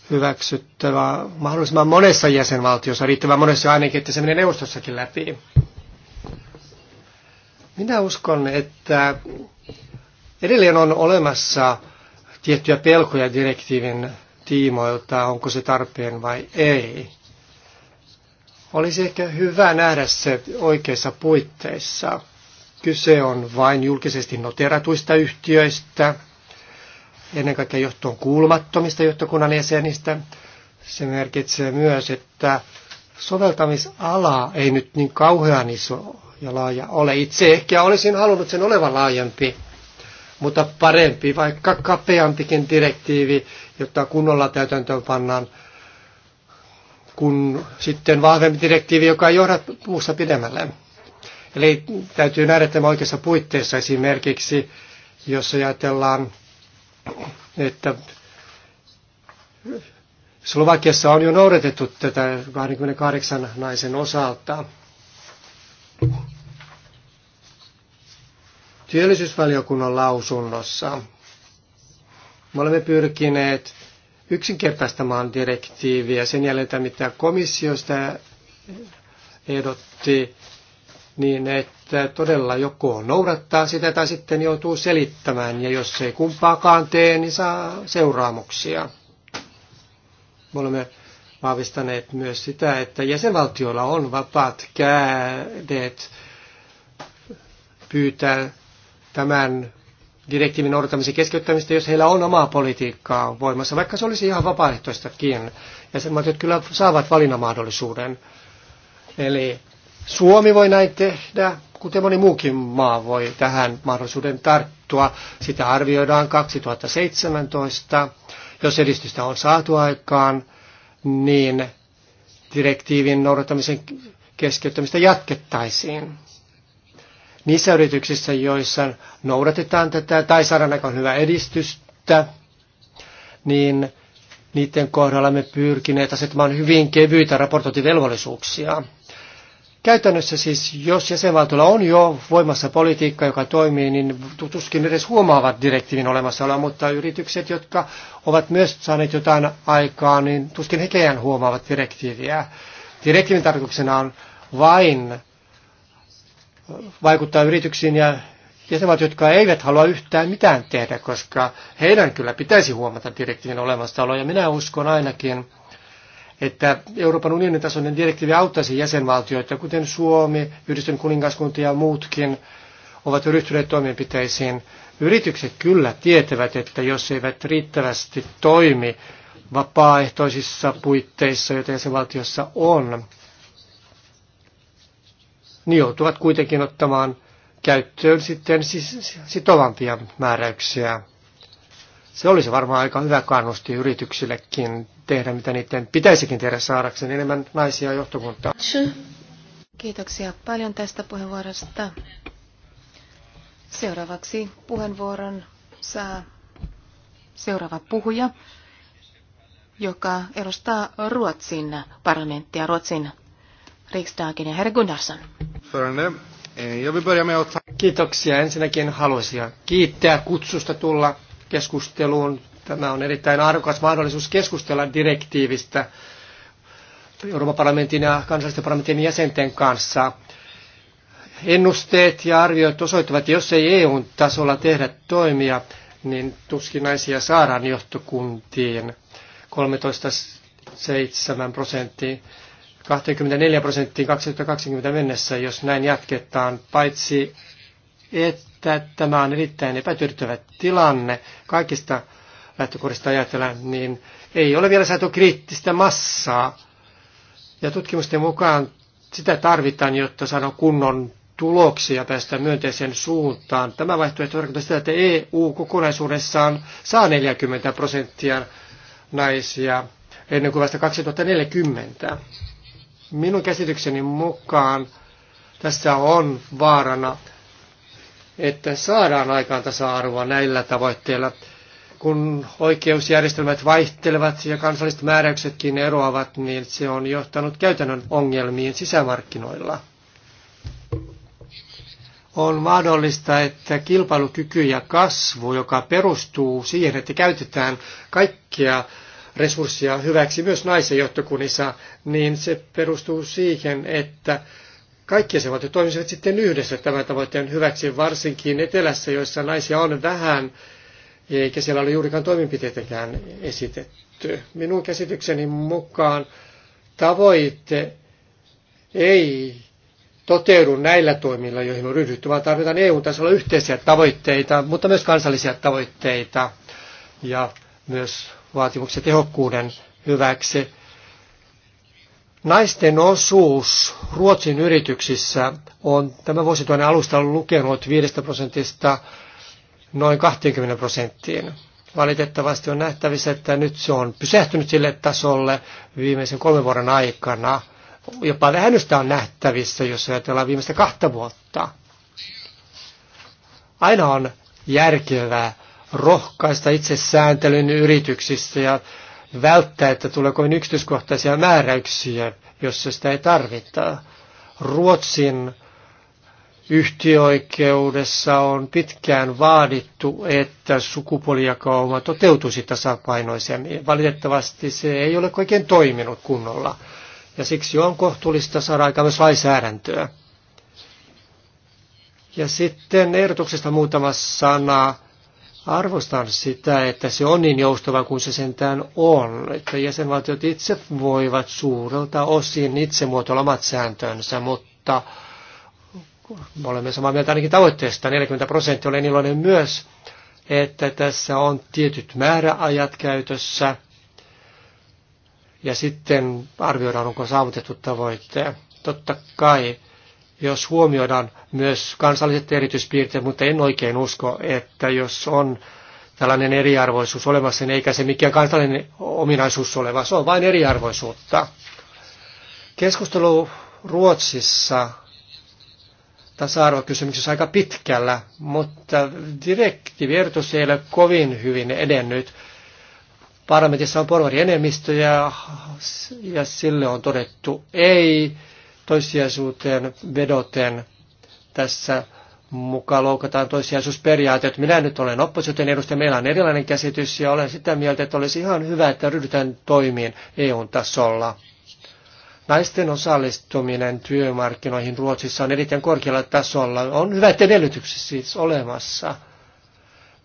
hyväksyttävä mahdollisimman monessa jäsenvaltiossa, riittävän monessa ainakin, että se menee neuvostossakin läpi. Minä uskon, että edelleen on olemassa tiettyjä pelkoja direktiivin tiimoilta, onko se tarpeen vai ei. Olisi ehkä hyvä nähdä se oikeissa puitteissa. Kyse on vain julkisesti noteratuista yhtiöistä, ennen kaikkea johtuen kuulumattomista johtokunnan jäsenistä. Se merkitsee myös, että soveltamisala ei nyt niin kauhean iso ja laaja ole. Itse ehkä olisin halunnut sen olevan laajempi, mutta parempi, vaikka kapeampikin direktiivi, jotta kunnolla täytäntöön pannaan, kun sitten vahvempi direktiivi, joka ei johda muussa pidemmälle. Eli täytyy nähdä tämä oikeassa puitteissa esimerkiksi, jos ajatellaan että Slovakiassa on jo noudatettu tätä 28 naisen osalta. Työllisyysvaliokunnan lausunnossa me olemme pyrkineet yksinkertaistamaan direktiiviä sen jälkeen mitä komissiosta ehdotti, niin että että todella joko noudattaa sitä tai sitten joutuu selittämään, ja jos ei kumpaakaan tee, niin saa seuraamuksia. Me olemme vahvistaneet myös sitä, että jäsenvaltioilla on vapaat kädet pyytää tämän direktiivin noudattamisen keskeyttämistä, jos heillä on omaa politiikkaa voimassa, vaikka se olisi ihan vapaaehtoistakin. että kyllä saavat valinnanmahdollisuuden. Eli Suomi voi näin tehdä, kuten moni muukin maa voi tähän mahdollisuuden tarttua. Sitä arvioidaan 2017. Jos edistystä on saatu aikaan, niin direktiivin noudattamisen keskeyttämistä jatkettaisiin. Niissä yrityksissä, joissa noudatetaan tätä tai saadaan aika hyvää edistystä, niin niiden kohdalla me pyrkineet asettamaan hyvin kevyitä raportointivelvollisuuksia Käytännössä siis, jos jäsenvaltiolla on jo voimassa politiikka, joka toimii, niin tuskin edes huomaavat direktiivin olemassaoloa, mutta yritykset, jotka ovat myös saaneet jotain aikaa, niin tuskin hekeän huomaavat direktiiviä. Direktiivin tarkoituksena on vain vaikuttaa yrityksiin ja jäsenvaltiot, jotka eivät halua yhtään mitään tehdä, koska heidän kyllä pitäisi huomata direktiivin olemassaoloa. Ja minä uskon ainakin, että Euroopan unionin tasoinen direktiivi auttaisi jäsenvaltioita, kuten Suomi, Yhdistön kuningaskunta ja muutkin ovat ryhtyneet toimenpiteisiin. Yritykset kyllä tietävät, että jos eivät riittävästi toimi vapaaehtoisissa puitteissa, joita jäsenvaltiossa on, niin joutuvat kuitenkin ottamaan käyttöön sitten sitovampia määräyksiä. Se olisi varmaan aika hyvä kannusti yrityksillekin tehdä, mitä niiden pitäisikin tehdä saadakseen enemmän naisia johtokuntaa. Kiitoksia paljon tästä puheenvuorosta. Seuraavaksi puheenvuoron saa seuraava puhuja, joka edustaa Ruotsin parlamenttia, Ruotsin riksdagen ja herra Gunnarsson. Eh, Kiitoksia. Ensinnäkin haluaisin kiittää kutsusta tulla keskusteluun. Tämä on erittäin arvokas mahdollisuus keskustella direktiivistä Euroopan parlamentin ja kansallisten parlamentin jäsenten kanssa. Ennusteet ja arviot osoittavat, että jos ei eu tasolla tehdä toimia, niin tuskin naisia saadaan johtokuntiin 13,7 prosenttiin 24 prosenttiin 2020 mennessä, jos näin jatketaan, paitsi että että tämä on erittäin epätyrtyvä tilanne kaikista lähtökohdista ajatella, niin ei ole vielä saatu kriittistä massaa. Ja tutkimusten mukaan sitä tarvitaan, jotta saadaan kunnon tuloksia päästä myönteiseen suuntaan. Tämä vaihtoehto tarkoittaa sitä, että EU kokonaisuudessaan saa 40 prosenttia naisia ennen kuin vasta 2040. Minun käsitykseni mukaan tässä on vaarana että saadaan aikaan tasa-arvoa näillä tavoitteilla, kun oikeusjärjestelmät vaihtelevat ja kansalliset määräyksetkin eroavat, niin se on johtanut käytännön ongelmiin sisämarkkinoilla. On mahdollista, että kilpailukyky ja kasvu, joka perustuu siihen, että käytetään kaikkia resursseja hyväksi myös naisen johtokunnissa, niin se perustuu siihen, että kaikki jäsenvaltiot toimisivat sitten yhdessä tämän tavoitteen hyväksi, varsinkin etelässä, joissa naisia on vähän, eikä siellä ole juurikaan toimenpiteitäkään esitetty. Minun käsitykseni mukaan tavoite ei toteudu näillä toimilla, joihin on ryhdytty, vaan tarvitaan EU-tasolla yhteisiä tavoitteita, mutta myös kansallisia tavoitteita ja myös vaatimuksia tehokkuuden hyväksi. Naisten osuus Ruotsin yrityksissä on tämä vuosituhannen alusta lukenut 5 prosentista noin 20 prosenttiin. Valitettavasti on nähtävissä, että nyt se on pysähtynyt sille tasolle viimeisen kolmen vuoden aikana. Jopa vähennystä on nähtävissä, jos ajatellaan viimeistä kahta vuotta. Aina on järkevää rohkaista itse sääntelyn yrityksissä ja välttää, että tuleeko yksityiskohtaisia määräyksiä, jos sitä ei tarvita. Ruotsin yhtiöoikeudessa on pitkään vaadittu, että sukupuolijakauma toteutuisi tasapainoisemmin. Valitettavasti se ei ole oikein toiminut kunnolla. Ja siksi on kohtuullista saada aika myös lainsäädäntöä. Ja sitten ehdotuksesta muutama sana Arvostan sitä, että se on niin joustava kuin se sentään on, että jäsenvaltiot itse voivat suurelta osin itse muotoilla omat sääntönsä, mutta me olemme samaa mieltä ainakin tavoitteesta, 40 prosenttia olen iloinen myös, että tässä on tietyt määräajat käytössä ja sitten arvioidaan, onko saavutettu tavoitteet. Totta kai jos huomioidaan myös kansalliset erityispiirteet, mutta en oikein usko, että jos on tällainen eriarvoisuus olemassa, niin eikä se mikään kansallinen ominaisuus ole, vaan se on vain eriarvoisuutta. Keskustelu Ruotsissa tasa-arvokysymyksessä aika pitkällä, mutta direktiiviertus ei ole kovin hyvin edennyt. Parlamentissa on porvarienemmistö ja, ja sille on todettu ei toissijaisuuteen vedoten tässä mukaan loukataan toissijaisuusperiaatteet. Minä nyt olen opposition edustaja, meillä on erilainen käsitys ja olen sitä mieltä, että olisi ihan hyvä, että ryhdytään toimiin EUn tasolla. Naisten osallistuminen työmarkkinoihin Ruotsissa on erittäin korkealla tasolla. On hyvät edellytykset siis olemassa.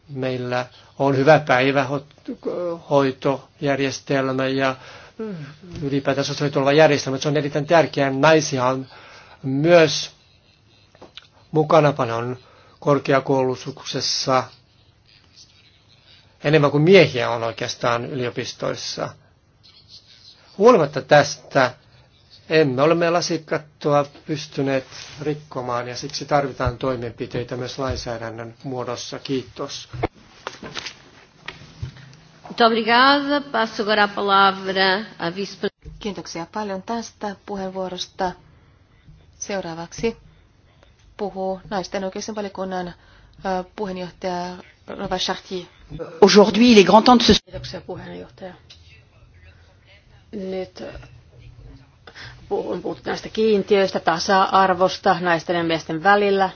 Meillä on hyvä päivähoitojärjestelmä ja ylipäätään sosiaaliturvajärjestelmä. Se on erittäin tärkeää. Naisia on myös paljon korkeakoulutuksessa enemmän kuin miehiä on oikeastaan yliopistoissa. Huolimatta tästä emme ole me lasikattoa pystyneet rikkomaan ja siksi tarvitaan toimenpiteitä myös lainsäädännön muodossa. Kiitos. Kiitoksia paljon tästä puheenvuorosta. Seuraavaksi puhuu naisten oikeuksien valikunnan puheenjohtaja Rova Chartier. Aujourd'hui, il est grand temps de se... Kiitoksia puheenjohtaja. Nyt on puhuttu näistä kiintiöistä, tasa-arvosta naisten ja miesten välillä.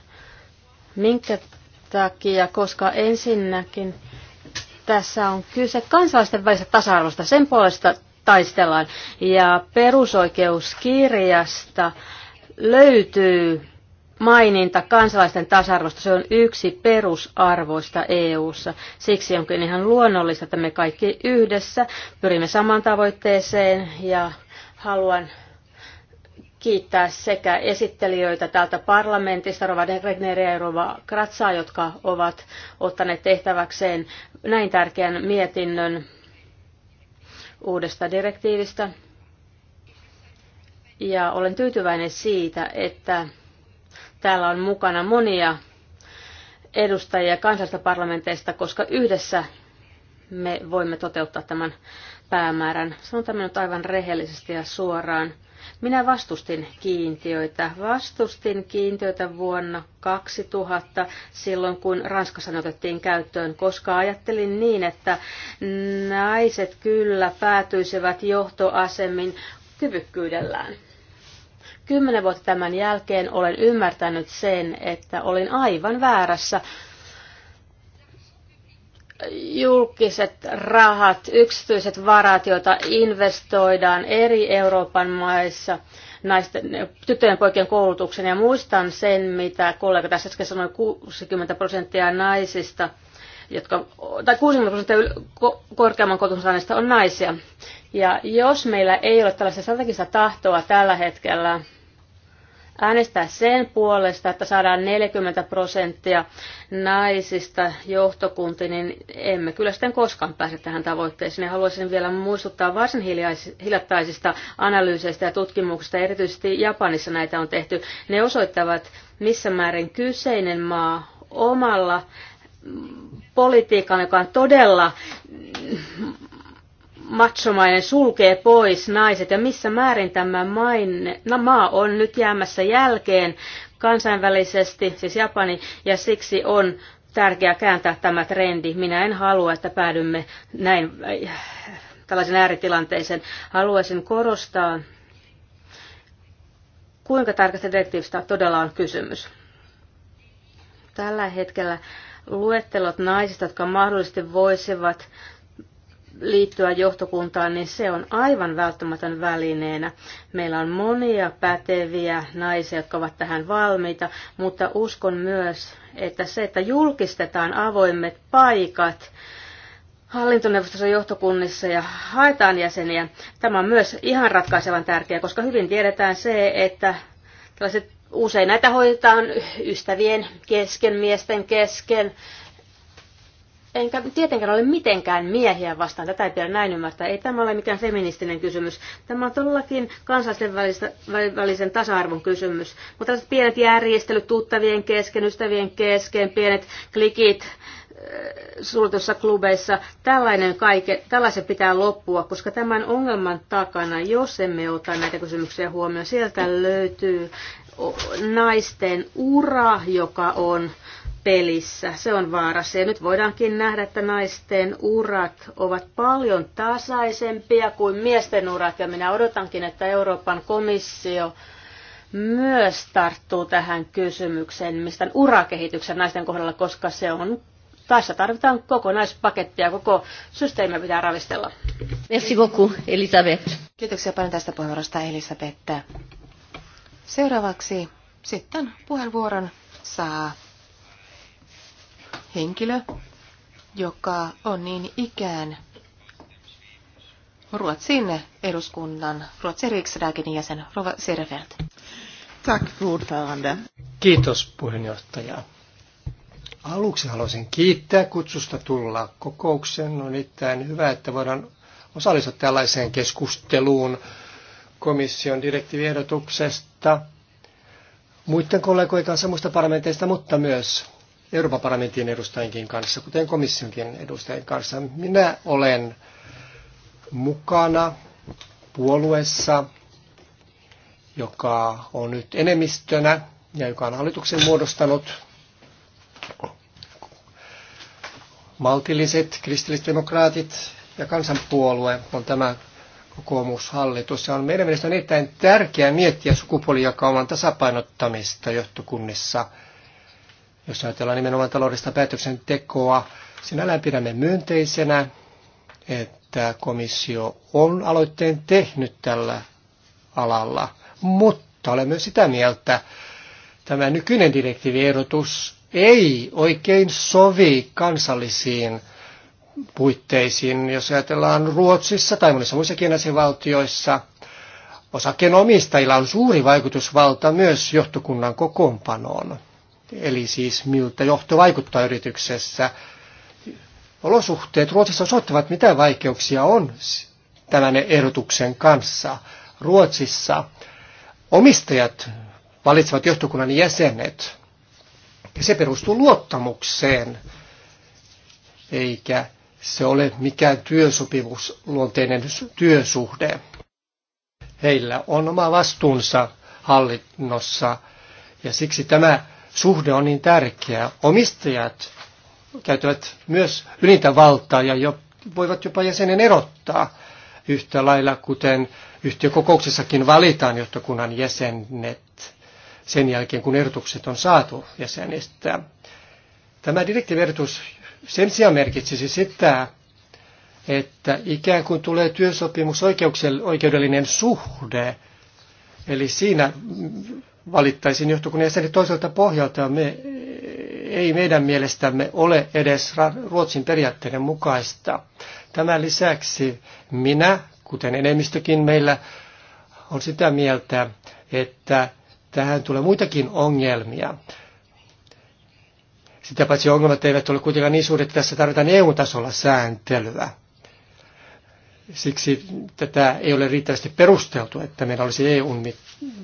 Minkä takia? Koska ensinnäkin tässä on kyse kansalaisten välisestä tasa-arvosta. Sen puolesta taistellaan. Ja perusoikeuskirjasta löytyy maininta kansalaisten tasa-arvosta. Se on yksi perusarvoista EU:ssa. Siksi onkin ihan luonnollista, että me kaikki yhdessä pyrimme samaan tavoitteeseen ja haluan kiittää sekä esittelijöitä täältä parlamentista, Rova Regneria ja Rova Kratsaa, jotka ovat ottaneet tehtäväkseen näin tärkeän mietinnön uudesta direktiivistä. Ja olen tyytyväinen siitä, että täällä on mukana monia edustajia kansallisista parlamenteista, koska yhdessä me voimme toteuttaa tämän päämäärän. Sanon tämän nyt aivan rehellisesti ja suoraan. Minä vastustin kiintiöitä. Vastustin kiintiöitä vuonna 2000, silloin kun Ranskassa ne otettiin käyttöön, koska ajattelin niin, että naiset kyllä päätyisivät johtoasemin kyvykkyydellään. Kymmenen vuotta tämän jälkeen olen ymmärtänyt sen, että olin aivan väärässä julkiset rahat, yksityiset varat, joita investoidaan eri Euroopan maissa naisten, tyttöjen poikien koulutuksen. Ja muistan sen, mitä kollega tässä äsken sanoi, 60 prosenttia naisista, jotka, tai 60 prosenttia korkeamman koulutuksen on naisia. Ja jos meillä ei ole tällaista strategista tahtoa tällä hetkellä äänestää sen puolesta, että saadaan 40 prosenttia naisista johtokuntiin, niin emme kyllä sitten koskaan pääse tähän tavoitteeseen. Ja haluaisin vielä muistuttaa varsin hiljattaisista analyyseistä ja tutkimuksista, erityisesti Japanissa näitä on tehty. Ne osoittavat, missä määrin kyseinen maa omalla politiikan, joka on todella machomainen sulkee pois naiset ja missä määrin tämä maine, no, maa on nyt jäämässä jälkeen kansainvälisesti, siis Japani, ja siksi on tärkeää kääntää tämä trendi. Minä en halua, että päädymme näin äh, tällaisen ääritilanteeseen. Haluaisin korostaa, kuinka tarkasta direktiivistä todella on kysymys. Tällä hetkellä luettelot naisista, jotka mahdollisesti voisivat liittyä johtokuntaan, niin se on aivan välttämätön välineenä. Meillä on monia päteviä naisia, jotka ovat tähän valmiita, mutta uskon myös, että se, että julkistetaan avoimet paikat hallintoneuvostossa johtokunnissa ja haetaan jäseniä, tämä on myös ihan ratkaisevan tärkeää, koska hyvin tiedetään se, että tällaiset usein näitä hoidetaan ystävien kesken, miesten kesken, enkä tietenkään ole mitenkään miehiä vastaan, tätä ei pidä näin ymmärtää. Ei tämä ole mikään feministinen kysymys. Tämä on todellakin kansallisen välisen tasa-arvon kysymys. Mutta tällaiset pienet järjestelyt tuttavien kesken, ystävien kesken, pienet klikit, äh, suljetussa klubeissa. Tällainen kaike, tällaisen pitää loppua, koska tämän ongelman takana, jos emme ota näitä kysymyksiä huomioon, sieltä löytyy naisten ura, joka on pelissä. Se on vaarassa. Ja nyt voidaankin nähdä, että naisten urat ovat paljon tasaisempia kuin miesten urat. Ja minä odotankin, että Euroopan komissio myös tarttuu tähän kysymykseen, mistä urakehityksen naisten kohdalla, koska se on tässä tarvitaan kokonaispakettia, koko systeemiä pitää ravistella. Merci beaucoup, Elisabeth. Kiitoksia paljon tästä puheenvuorosta, Elisabeth. Seuraavaksi sitten puheenvuoron saa henkilö, joka on niin ikään Ruotsin eduskunnan, Ruotsin riksdagen jäsen Rova Servelt. Tack, ordförande. Kiitos puheenjohtaja. Aluksi haluaisin kiittää kutsusta tulla kokoukseen. On erittäin hyvä, että voidaan osallistua tällaiseen keskusteluun komission direktiiviehdotuksesta muiden kollegojen kanssa muista parlamenteista, mutta myös Euroopan parlamentin edustajienkin kanssa, kuten komissionkin edustajien kanssa. Minä olen mukana puolueessa, joka on nyt enemmistönä ja joka on hallituksen muodostanut. Maltilliset kristillisdemokraatit ja kansanpuolue on tämä kokoomushallitus. Se on meidän mielestäni erittäin tärkeää miettiä sukupuolijakauman tasapainottamista johtokunnissa – jos ajatellaan nimenomaan taloudellista päätöksentekoa, sinällään pidämme myönteisenä, että komissio on aloitteen tehnyt tällä alalla, mutta olen myös sitä mieltä, tämä nykyinen direktiiviehdotus ei oikein sovi kansallisiin puitteisiin, jos ajatellaan Ruotsissa tai monissa muissakin jäsenvaltioissa. Osakkeenomistajilla on suuri vaikutusvalta myös johtokunnan kokoonpanoon eli siis miltä johto vaikuttaa yrityksessä. Olosuhteet Ruotsissa osoittavat, mitä vaikeuksia on tämän ehdotuksen kanssa. Ruotsissa omistajat valitsevat johtokunnan jäsenet, ja se perustuu luottamukseen, eikä se ole mikään työsopimusluonteinen työsuhde. Heillä on oma vastuunsa hallinnossa, ja siksi tämä suhde on niin tärkeä. Omistajat käyttävät myös ylintä valtaa ja jo, voivat jopa jäsenen erottaa yhtä lailla, kuten yhtiökokouksessakin valitaan johtokunnan jäsenet sen jälkeen, kun erotukset on saatu jäsenistä. Tämä direktiivertus sen sijaan merkitsisi sitä, että ikään kuin tulee työsopimus oikeudellinen suhde, eli siinä valittaisiin johtokunnan toiselta pohjalta. Me, ei meidän mielestämme ole edes Ruotsin periaatteiden mukaista. Tämän lisäksi minä, kuten enemmistökin meillä, on sitä mieltä, että tähän tulee muitakin ongelmia. Sitä paitsi ongelmat eivät ole kuitenkaan niin suuret, että tässä tarvitaan EU-tasolla sääntelyä. Siksi tätä ei ole riittävästi perusteltu, että meillä olisi EUn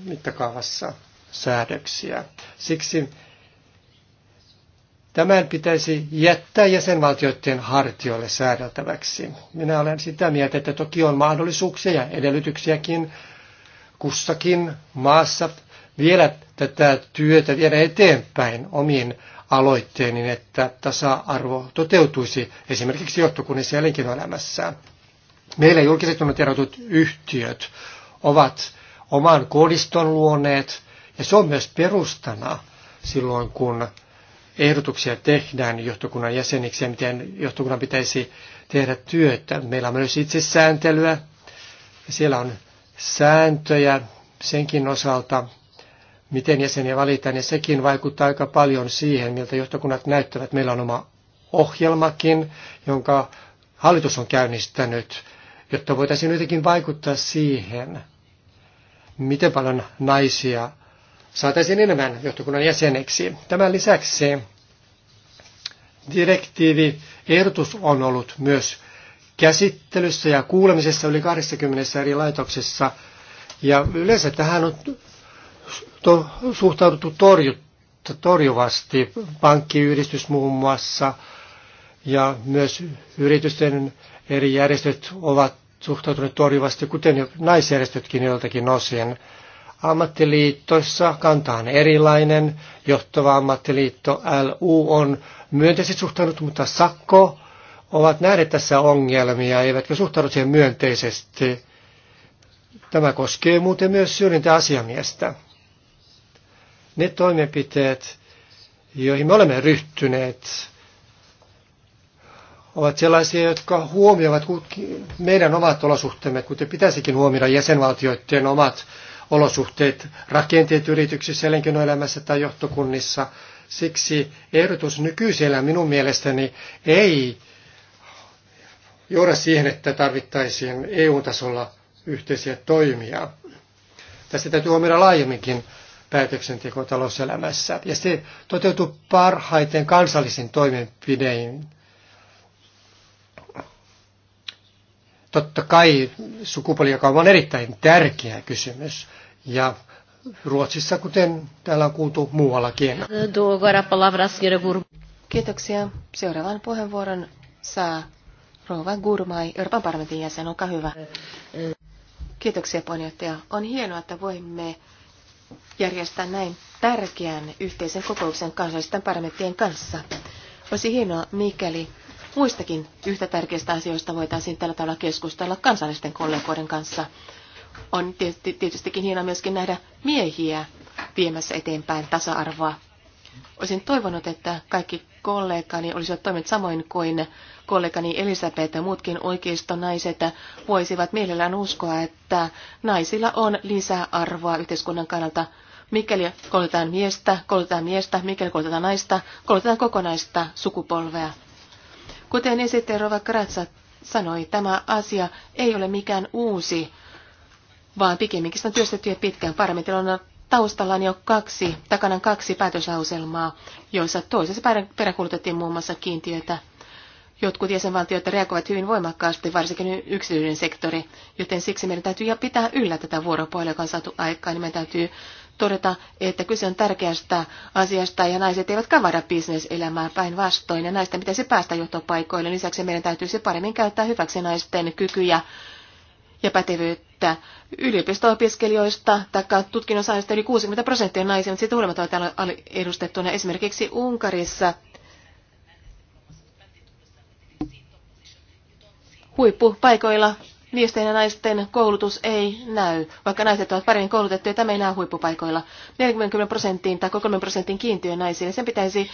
mittakaavassa säädöksiä. Siksi Tämän pitäisi jättää jäsenvaltioiden hartioille säädeltäväksi. Minä olen sitä mieltä, että toki on mahdollisuuksia ja edellytyksiäkin kussakin maassa vielä tätä työtä viedä eteenpäin omiin aloitteeni, niin että tasa-arvo toteutuisi esimerkiksi johtokunnissa ja elinkeinoelämässä. Meillä julkiset erotut yhtiöt ovat oman koodiston luoneet, ja se on myös perustana silloin, kun ehdotuksia tehdään johtokunnan jäseniksi ja miten johtokunnan pitäisi tehdä työtä. Meillä on myös itsesääntelyä ja siellä on sääntöjä senkin osalta, miten jäseniä valitaan ja sekin vaikuttaa aika paljon siihen, miltä johtokunnat näyttävät. Meillä on oma ohjelmakin, jonka hallitus on käynnistänyt, jotta voitaisiin jotenkin vaikuttaa siihen, miten paljon naisia saataisiin enemmän johtokunnan jäseneksi. Tämän lisäksi direktiivi ehdotus on ollut myös käsittelyssä ja kuulemisessa yli 20 eri laitoksessa. Ja yleensä tähän on to, suhtauduttu torju, torjuvasti, pankkiyhdistys muun muassa, ja myös yritysten eri järjestöt ovat suhtautuneet torjuvasti, kuten jo naisjärjestötkin joiltakin osin. Ammattiliitoissa kanta on erilainen. Johtava ammattiliitto LU on myönteisesti suhtautunut, mutta sakko ovat nähneet tässä ongelmia, eivätkä suhtaudu siihen myönteisesti. Tämä koskee muuten myös syrjintäasiamiestä. Ne toimenpiteet, joihin me olemme ryhtyneet, ovat sellaisia, jotka huomioivat meidän omat olosuhteemme, kuten pitäisikin huomioida jäsenvaltioiden omat olosuhteet, rakenteet yrityksissä, elinkeinoelämässä tai johtokunnissa. Siksi ehdotus nykyisellä minun mielestäni ei johda siihen, että tarvittaisiin EU-tasolla yhteisiä toimia. Tästä täytyy huomioida laajemminkin päätöksenteko talouselämässä. Ja se toteutuu parhaiten kansallisin toimenpidein. Totta kai joka on erittäin tärkeä kysymys, ja Ruotsissa, kuten täällä on kuultu muuallakin. Kiitoksia. Seuraavan puheenvuoron saa Rova Gurmai, Euroopan parlamentin jäsen, olkaa hyvä. Kiitoksia puheenjohtaja. On hienoa, että voimme järjestää näin tärkeän yhteisen kokouksen kansallisten parlamenttien kanssa. Olisi hienoa, mikäli muistakin yhtä tärkeistä asioista voitaisiin tällä tavalla keskustella kansallisten kollegoiden kanssa. On tietystikin hienoa myöskin nähdä miehiä viemässä eteenpäin tasa-arvoa. Olisin toivonut, että kaikki kollegani olisivat toimineet samoin kuin kollegani Elisabeth ja muutkin oikeistonaiset voisivat mielellään uskoa, että naisilla on lisäarvoa yhteiskunnan kannalta. Mikäli koulutetaan miestä, koulutetaan miestä, mikäli koulutetaan naista, koulutetaan kokonaista sukupolvea. Kuten esittäjä Rova Kratsa sanoi, tämä asia ei ole mikään uusi vaan pikemminkin sitä on työstetty jo pitkään. Parametrilla on jo kaksi, takana kaksi päätöslauselmaa, joissa toisessa peräkulutettiin muun muassa kiintiöitä. Jotkut jäsenvaltiot reagoivat hyvin voimakkaasti, varsinkin yksityinen sektori, joten siksi meidän täytyy pitää yllä tätä vuoropuolella, joka on saatu aikaan, niin meidän täytyy todeta, että kyse on tärkeästä asiasta ja naiset eivät kavada bisneselämää päinvastoin ja naisten pitäisi päästä johtopaikoille. Lisäksi meidän täytyisi paremmin käyttää hyväksi naisten kykyjä ja pätevyyttä että yliopisto-opiskelijoista tai tutkinnon saajista yli 60 prosenttia naisia, mutta siitä huolimatta täällä edustettuna esimerkiksi Unkarissa huippupaikoilla Miesten ja naisten koulutus ei näy, vaikka naiset ovat paremmin koulutettuja, tämä ei näy huippupaikoilla. 40 prosenttiin tai 3 prosentin kiintiö naisiin, sen pitäisi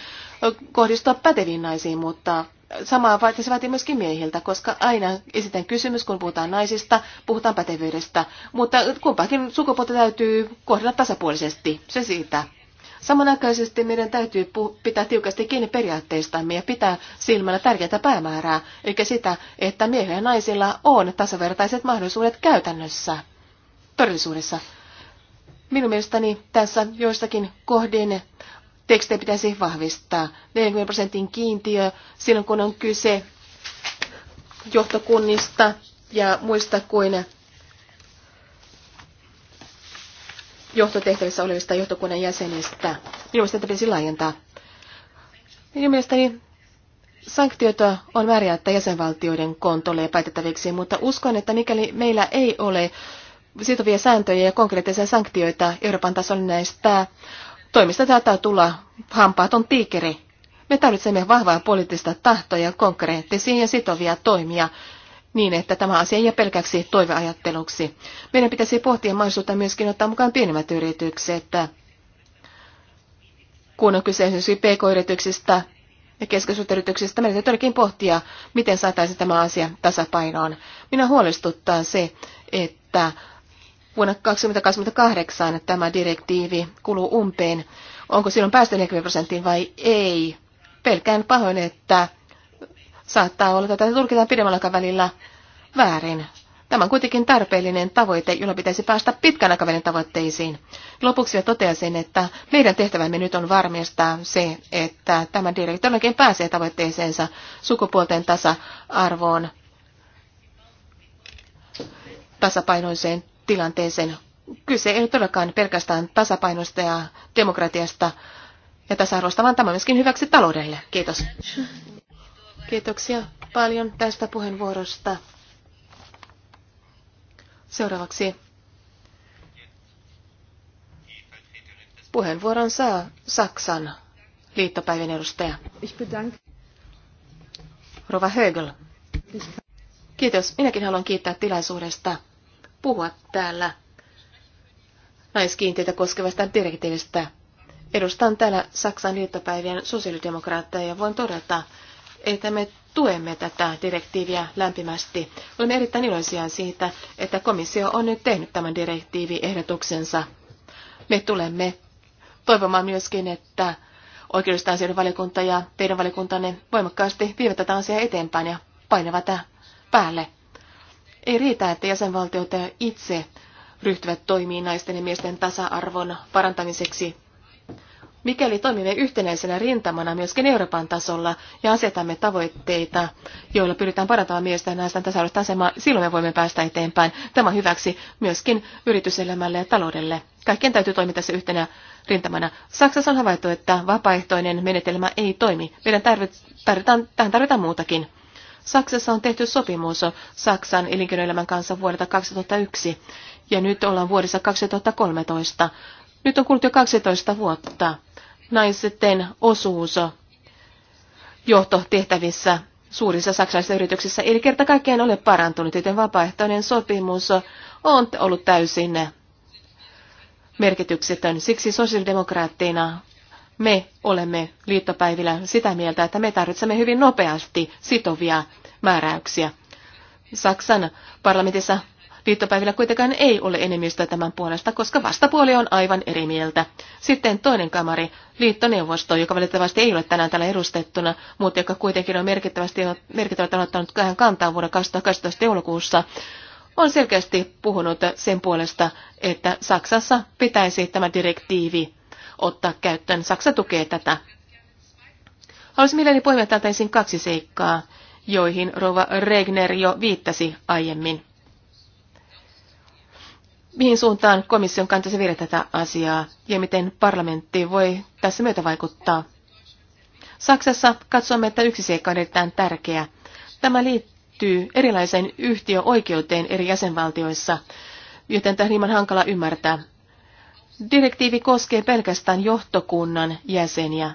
kohdistua päteviin naisiin, mutta samaa vaatii, se vaatii myöskin miehiltä, koska aina esitän kysymys, kun puhutaan naisista, puhutaan pätevyydestä. Mutta kumpaakin sukupuolta täytyy kohdella tasapuolisesti, se siitä. Samanaikaisesti meidän täytyy pitää tiukasti kiinni periaatteistamme ja pitää silmällä tärkeää päämäärää, eli sitä, että miehillä ja naisilla on tasavertaiset mahdollisuudet käytännössä, todellisuudessa. Minun mielestäni tässä joissakin kohdin tekstejä pitäisi vahvistaa. 40 prosentin kiintiö silloin, kun on kyse johtokunnista ja muista kuin johtotehtävissä olevista johtokunnan jäsenistä. Minun tätä pitäisi laajentaa. Minun mielestäni sanktioita on määrä jäsenvaltioiden kontolle ja päätettäviksi, mutta uskon, että mikäli meillä ei ole sitovia sääntöjä ja konkreettisia sanktioita Euroopan tasolla näistä toimista saattaa tulla hampaaton tiikeri. Me tarvitsemme vahvaa poliittista tahtoa ja konkreettisia ja sitovia toimia niin, että tämä asia ei jää pelkäksi toiveajatteluksi. Meidän pitäisi pohtia mahdollisuutta myöskin ottaa mukaan pienemmät yritykset, kun on kyse esimerkiksi pk-yrityksistä ja keskisuurista yrityksistä. Meidän täytyy todellakin pohtia, miten saataisiin tämä asia tasapainoon. Minä huolestuttaa se, että vuonna 2028 tämä direktiivi kuluu umpeen. Onko silloin päästy 40 prosenttiin vai ei? Pelkään pahoin, että Saattaa olla, että tätä tulkitaan pidemmällä aikavälillä väärin. Tämä on kuitenkin tarpeellinen tavoite, jolla pitäisi päästä pitkän aikavälin tavoitteisiin. Lopuksi toteaisin, että meidän tehtävämme nyt on varmistaa se, että tämä direktiivi pääsee tavoitteeseensa sukupuolten tasa-arvoon, tasapainoiseen tilanteeseen. Kyse ei ole todellakaan pelkästään tasapainosta ja demokratiasta ja tasa-arvosta, vaan tämä on myöskin hyväksi taloudelle. Kiitos. Kiitoksia paljon tästä puheenvuorosta. Seuraavaksi puheenvuoron saa Saksan liittopäivän edustaja. Rova Högel. Kiitos. Minäkin haluan kiittää tilaisuudesta puhua täällä naiskiintiötä koskevasta direktiivistä. Edustan täällä Saksan liittopäivien sosiaalidemokraatteja ja voin todeta, että me tuemme tätä direktiiviä lämpimästi. Olemme erittäin iloisia siitä, että komissio on nyt tehnyt tämän direktiiviehdotuksensa. Me tulemme toivomaan myöskin, että oikeudellisten asioiden valiokunta ja teidän valiokuntanne voimakkaasti viivät tätä asiaa eteenpäin ja painavat päälle. Ei riitä, että jäsenvaltiot itse ryhtyvät toimiin naisten ja miesten tasa-arvon parantamiseksi mikäli toimimme yhtenäisenä rintamana myöskin Euroopan tasolla ja asetamme tavoitteita, joilla pyritään parantamaan miesten ja naisten tasa asemaa, silloin me voimme päästä eteenpäin. Tämä hyväksi myöskin yrityselämälle ja taloudelle. Kaikkien täytyy toimia tässä yhtenä rintamana. Saksassa on havaittu, että vapaaehtoinen menetelmä ei toimi. Meidän tarvitaan, tähän tarvitaan muutakin. Saksassa on tehty sopimus Saksan elinkeinoelämän kanssa vuodelta 2001 ja nyt ollaan vuodessa 2013. Nyt on kulunut jo 12 vuotta. Naisten osuus johtotehtävissä suurissa saksalaisissa yrityksissä Eli kerta kaikkiaan ole parantunut, joten vapaaehtoinen sopimus on ollut täysin merkityksetön. Siksi sosiaalidemokraatteina me olemme liittopäivillä sitä mieltä, että me tarvitsemme hyvin nopeasti sitovia määräyksiä. Saksan parlamentissa Liittopäivillä kuitenkaan ei ole enemmistöä tämän puolesta, koska vastapuoli on aivan eri mieltä. Sitten toinen kamari, liittoneuvosto, joka valitettavasti ei ole tänään täällä edustettuna, mutta joka kuitenkin on merkittävästi, merkittävästi ottanut kahden kantaa vuoden 2012 joulukuussa, on selkeästi puhunut sen puolesta, että Saksassa pitäisi tämä direktiivi ottaa käyttöön. Saksa tukee tätä. Haluaisin mielelläni poimia täältä ensin kaksi seikkaa, joihin Rova Regner jo viittasi aiemmin mihin suuntaan komission kantaisi viedä tätä asiaa ja miten parlamentti voi tässä myötä vaikuttaa. Saksassa katsomme, että yksi seikka on erittäin tärkeä. Tämä liittyy erilaiseen yhtiöoikeuteen eri jäsenvaltioissa, joten tämä on hieman hankala ymmärtää. Direktiivi koskee pelkästään johtokunnan jäseniä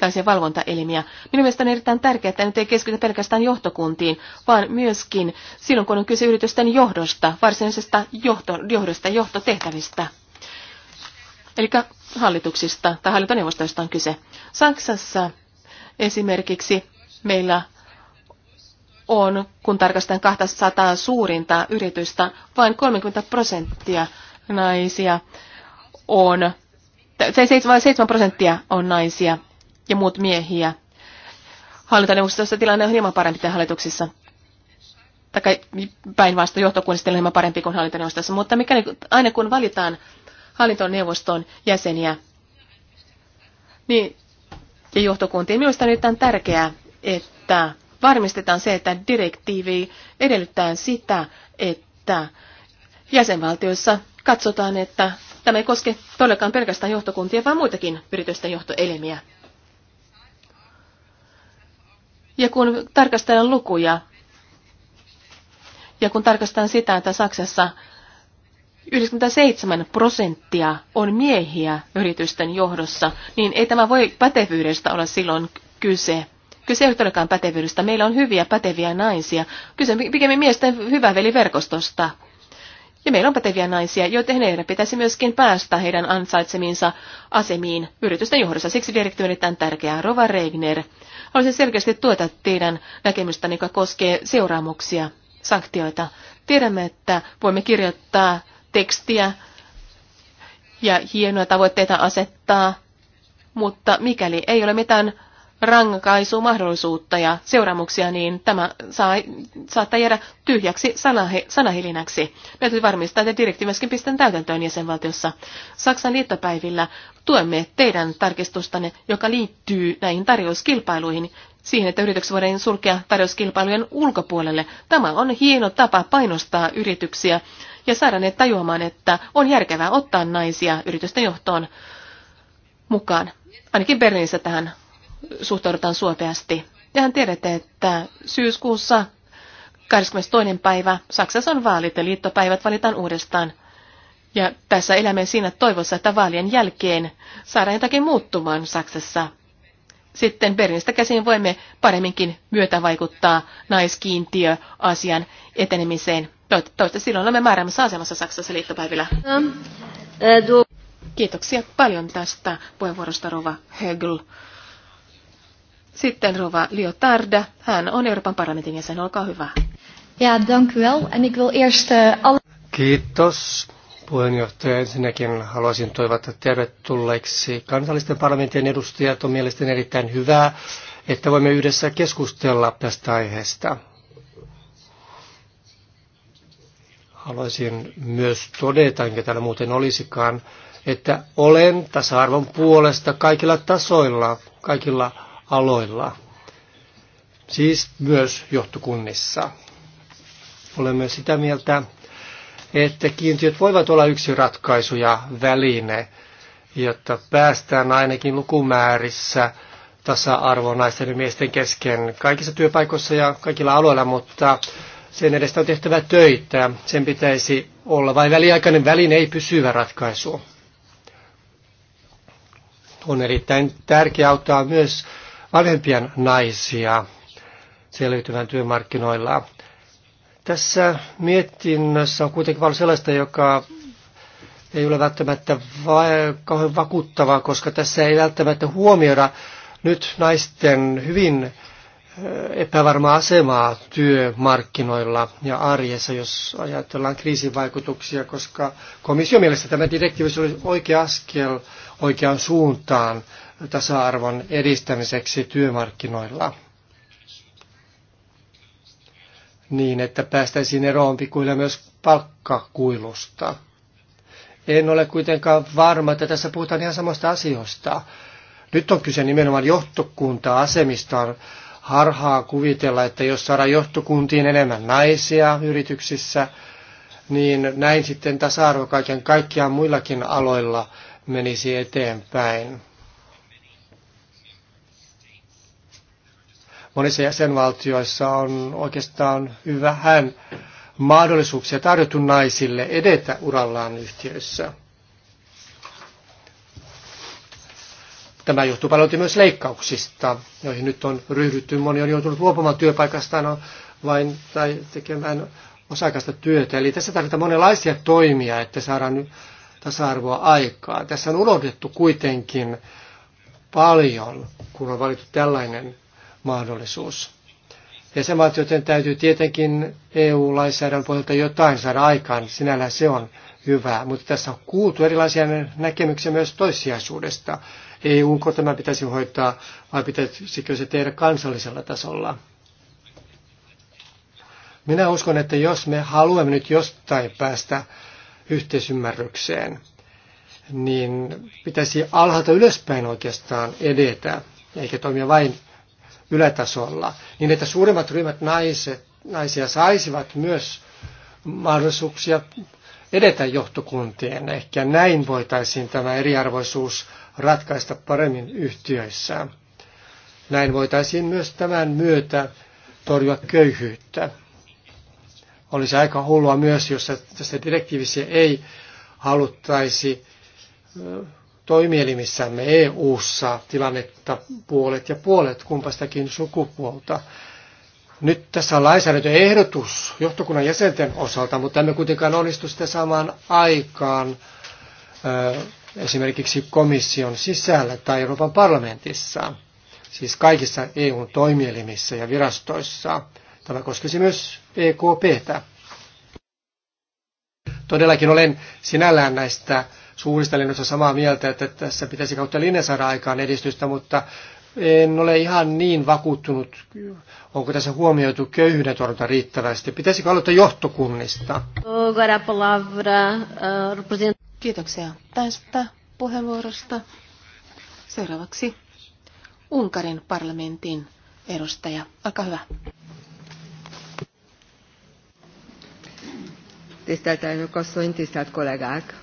tällaisia valvontaelimiä. Minun mielestäni on erittäin tärkeää, että nyt ei keskitytä pelkästään johtokuntiin, vaan myöskin silloin, kun on kyse yritysten johdosta, varsinaisesta johto, johdosta, johtotehtävistä. Eli hallituksista tai hallintoneuvostoista on kyse. Saksassa esimerkiksi meillä on, kun tarkastetaan 200 suurinta yritystä, vain 30 prosenttia naisia on, 7 prosenttia on naisia ja muut miehiä. Hallintoneuvostossa tilanne on hieman parempi kuin hallituksissa. Tai päinvastoin johtokunnista on hieman parempi kuin hallintoneuvostossa. Mutta mikäli, aina kun valitaan hallintoneuvoston jäseniä niin, ja johtokuntiin, minusta nyt on tärkeää, että varmistetaan se, että direktiivi edellyttää sitä, että jäsenvaltioissa katsotaan, että tämä ei koske todellakaan pelkästään johtokuntia, vaan muitakin yritysten johtoelimiä. Ja kun tarkastellaan lukuja, ja kun tarkastellaan sitä, että Saksassa 97 prosenttia on miehiä yritysten johdossa, niin ei tämä voi pätevyydestä olla silloin kyse. Kyse ei todellakaan pätevyydestä. Meillä on hyviä päteviä naisia. Kyse on pikemmin miesten verkostosta. Ja meillä on päteviä naisia, joten heidän pitäisi myöskin päästä heidän ansaitsemiinsa asemiin yritysten johdossa. Siksi direktiivi on erittäin tärkeää. Rova Regner Haluaisin selkeästi tuota teidän näkemystä, joka koskee seuraamuksia, sanktioita. Tiedämme, että voimme kirjoittaa tekstiä ja hienoja tavoitteita asettaa, mutta mikäli ei ole mitään rankaisumahdollisuutta ja seuraamuksia, niin tämä saa, saattaa jäädä tyhjäksi sanahe, sanahilinäksi. Täytyy varmistaa, että direkti myöskin pistän täytäntöön jäsenvaltiossa. Saksan liittopäivillä tuemme teidän tarkistustanne, joka liittyy näihin tarjouskilpailuihin, siihen, että yritykset voidaan sulkea tarjouskilpailujen ulkopuolelle. Tämä on hieno tapa painostaa yrityksiä ja saada ne tajuamaan, että on järkevää ottaa naisia yritysten johtoon mukaan. Ainakin Berliinissä tähän suhtaudutaan suopeasti. Tehän tiedätte, että syyskuussa 22. päivä Saksassa on vaalit ja liittopäivät valitaan uudestaan. Ja tässä elämme siinä toivossa, että vaalien jälkeen saadaan jotakin muuttumaan Saksassa. Sitten Berlinistä käsin voimme paremminkin myötä vaikuttaa naiskiintiö asian etenemiseen. Toivottavasti silloin olemme määräämässä asemassa Saksassa liittopäivillä. Ähm, äh, Kiitoksia paljon tästä puheenvuorosta, Rova Högl. Sitten Rova Liotarda, hän on Euroopan parlamentin jäsen, olkaa hyvä. Ja, dank u wel. En ik wil eerst eh, alle... Kiitos puheenjohtaja. Ensinnäkin haluaisin toivottaa tervetulleeksi kansallisten parlamentin edustajat. On mielestäni erittäin hyvää, että voimme yhdessä keskustella tästä aiheesta. Haluaisin myös todeta, enkä täällä muuten olisikaan, että olen tasa-arvon puolesta kaikilla tasoilla, kaikilla aloilla, siis myös johtokunnissa. Olemme sitä mieltä, että kiintiöt voivat olla yksi ratkaisu ja väline, jotta päästään ainakin lukumäärissä tasa-arvoon naisten ja miesten kesken kaikissa työpaikoissa ja kaikilla aloilla, mutta sen edestä on tehtävä töitä. Sen pitäisi olla vain väliaikainen väline, ei pysyvä ratkaisu. On erittäin tärkeää auttaa myös alempien naisia selviytymään työmarkkinoilla. Tässä mietinnössä on kuitenkin paljon sellaista, joka ei ole välttämättä va- kauhean vakuuttavaa, koska tässä ei välttämättä huomioida nyt naisten hyvin epävarmaa asemaa työmarkkinoilla ja arjessa, jos ajatellaan kriisin vaikutuksia, koska komission mielestä tämä direktiivi oli oikea askel oikeaan suuntaan tasa-arvon edistämiseksi työmarkkinoilla niin, että päästäisiin eroon pikkuhiljaa myös palkkakuilusta. En ole kuitenkaan varma, että tässä puhutaan ihan samasta asioista. Nyt on kyse nimenomaan johtokunta asemista harhaa kuvitella, että jos saadaan johtokuntiin enemmän naisia yrityksissä, niin näin sitten tasa-arvo kaiken kaikkiaan muillakin aloilla menisi eteenpäin. monissa jäsenvaltioissa on oikeastaan hyvähän mahdollisuuksia tarjottu naisille edetä urallaan yhtiöissä. Tämä johtuu paljon myös leikkauksista, joihin nyt on ryhdytty. Moni on joutunut luopumaan työpaikastaan no, vain tai tekemään osa työtä. Eli tässä tarvitaan monenlaisia toimia, että saadaan tasa-arvoa aikaa. Tässä on unohdettu kuitenkin paljon, kun on valittu tällainen mahdollisuus. joten täytyy tietenkin EU-lainsäädännön pohjalta jotain saada aikaan, sinällään se on hyvä, mutta tässä on kuultu erilaisia näkemyksiä myös toissijaisuudesta. EU-ko tämä pitäisi hoitaa vai pitäisikö se tehdä kansallisella tasolla? Minä uskon, että jos me haluamme nyt jostain päästä yhteisymmärrykseen, niin pitäisi alhaalta ylöspäin oikeastaan edetä, eikä toimia vain ylätasolla, niin että suuremmat ryhmät naiset, naisia saisivat myös mahdollisuuksia edetä johtokuntien. Ehkä näin voitaisiin tämä eriarvoisuus ratkaista paremmin yhtiöissä. Näin voitaisiin myös tämän myötä torjua köyhyyttä. Olisi aika hullua myös, jos tässä direktiivissä ei haluttaisi toimielimissämme EU-ssa tilannetta puolet ja puolet kumpastakin sukupuolta. Nyt tässä on lainsäädäntöehdotus johtokunnan jäsenten osalta, mutta emme kuitenkaan onnistu sitä samaan aikaan esimerkiksi komission sisällä tai Euroopan parlamentissa, siis kaikissa EUn toimielimissä ja virastoissa. Tämä koskisi myös EKPtä. Todellakin olen sinällään näistä suurista lennoista samaa mieltä, että tässä pitäisi kautta linja saada aikaan edistystä, mutta en ole ihan niin vakuuttunut, onko tässä huomioitu köyhyyden torjunta riittävästi. Pitäisikö aloittaa johtokunnista? Eh, Kiitoksia tästä puheenvuorosta. Seuraavaksi Unkarin parlamentin edustaja. Olkaa hyvä. Tisztelt elnök asszony, tisztelt kollégák!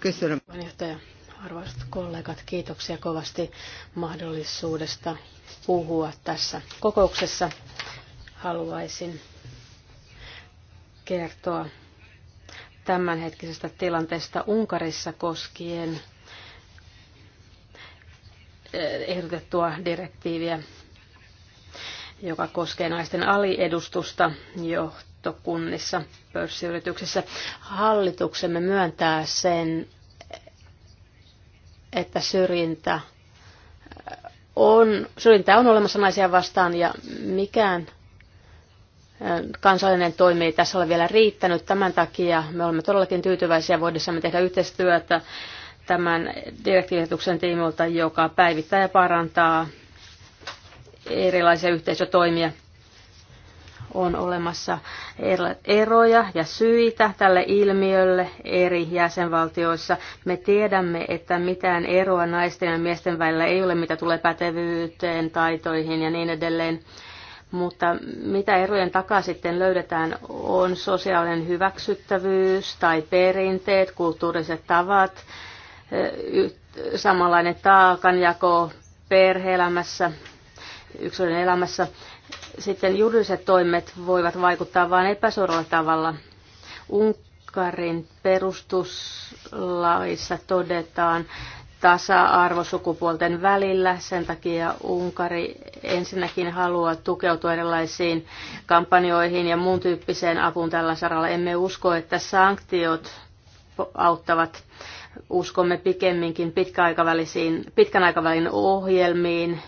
Köszönöm. Puheenjohtaja, arvoisat kollegat, kiitoksia kovasti mahdollisuudesta puhua tässä kokouksessa. Haluaisin kertoa tämänhetkisestä tilanteesta Unkarissa koskien eh, ehdotettua direktiiviä, joka koskee naisten aliedustusta, jo johtokunnissa pörssiyrityksessä. Hallituksemme myöntää sen, että syrjintä on, syrjintä on olemassa naisia vastaan ja mikään kansallinen toimi ei tässä ole vielä riittänyt. Tämän takia me olemme todellakin tyytyväisiä voidessamme tehdä yhteistyötä tämän direktiivisetuksen tiimoilta, joka päivittää ja parantaa erilaisia yhteisötoimia on olemassa eroja ja syitä tälle ilmiölle eri jäsenvaltioissa. Me tiedämme, että mitään eroa naisten ja miesten välillä ei ole, mitä tulee pätevyyteen, taitoihin ja niin edelleen. Mutta mitä erojen takaa sitten löydetään on sosiaalinen hyväksyttävyys tai perinteet, kulttuuriset tavat, samanlainen taakanjako perheelämässä, yksilön elämässä sitten juridiset toimet voivat vaikuttaa vain epäsuoralla tavalla. Unkarin perustuslaissa todetaan tasa-arvo sukupuolten välillä. Sen takia Unkari ensinnäkin haluaa tukeutua erilaisiin kampanjoihin ja muun tyyppiseen apuun tällä saralla. Emme usko, että sanktiot auttavat uskomme pikemminkin pitkän aikavälin ohjelmiin,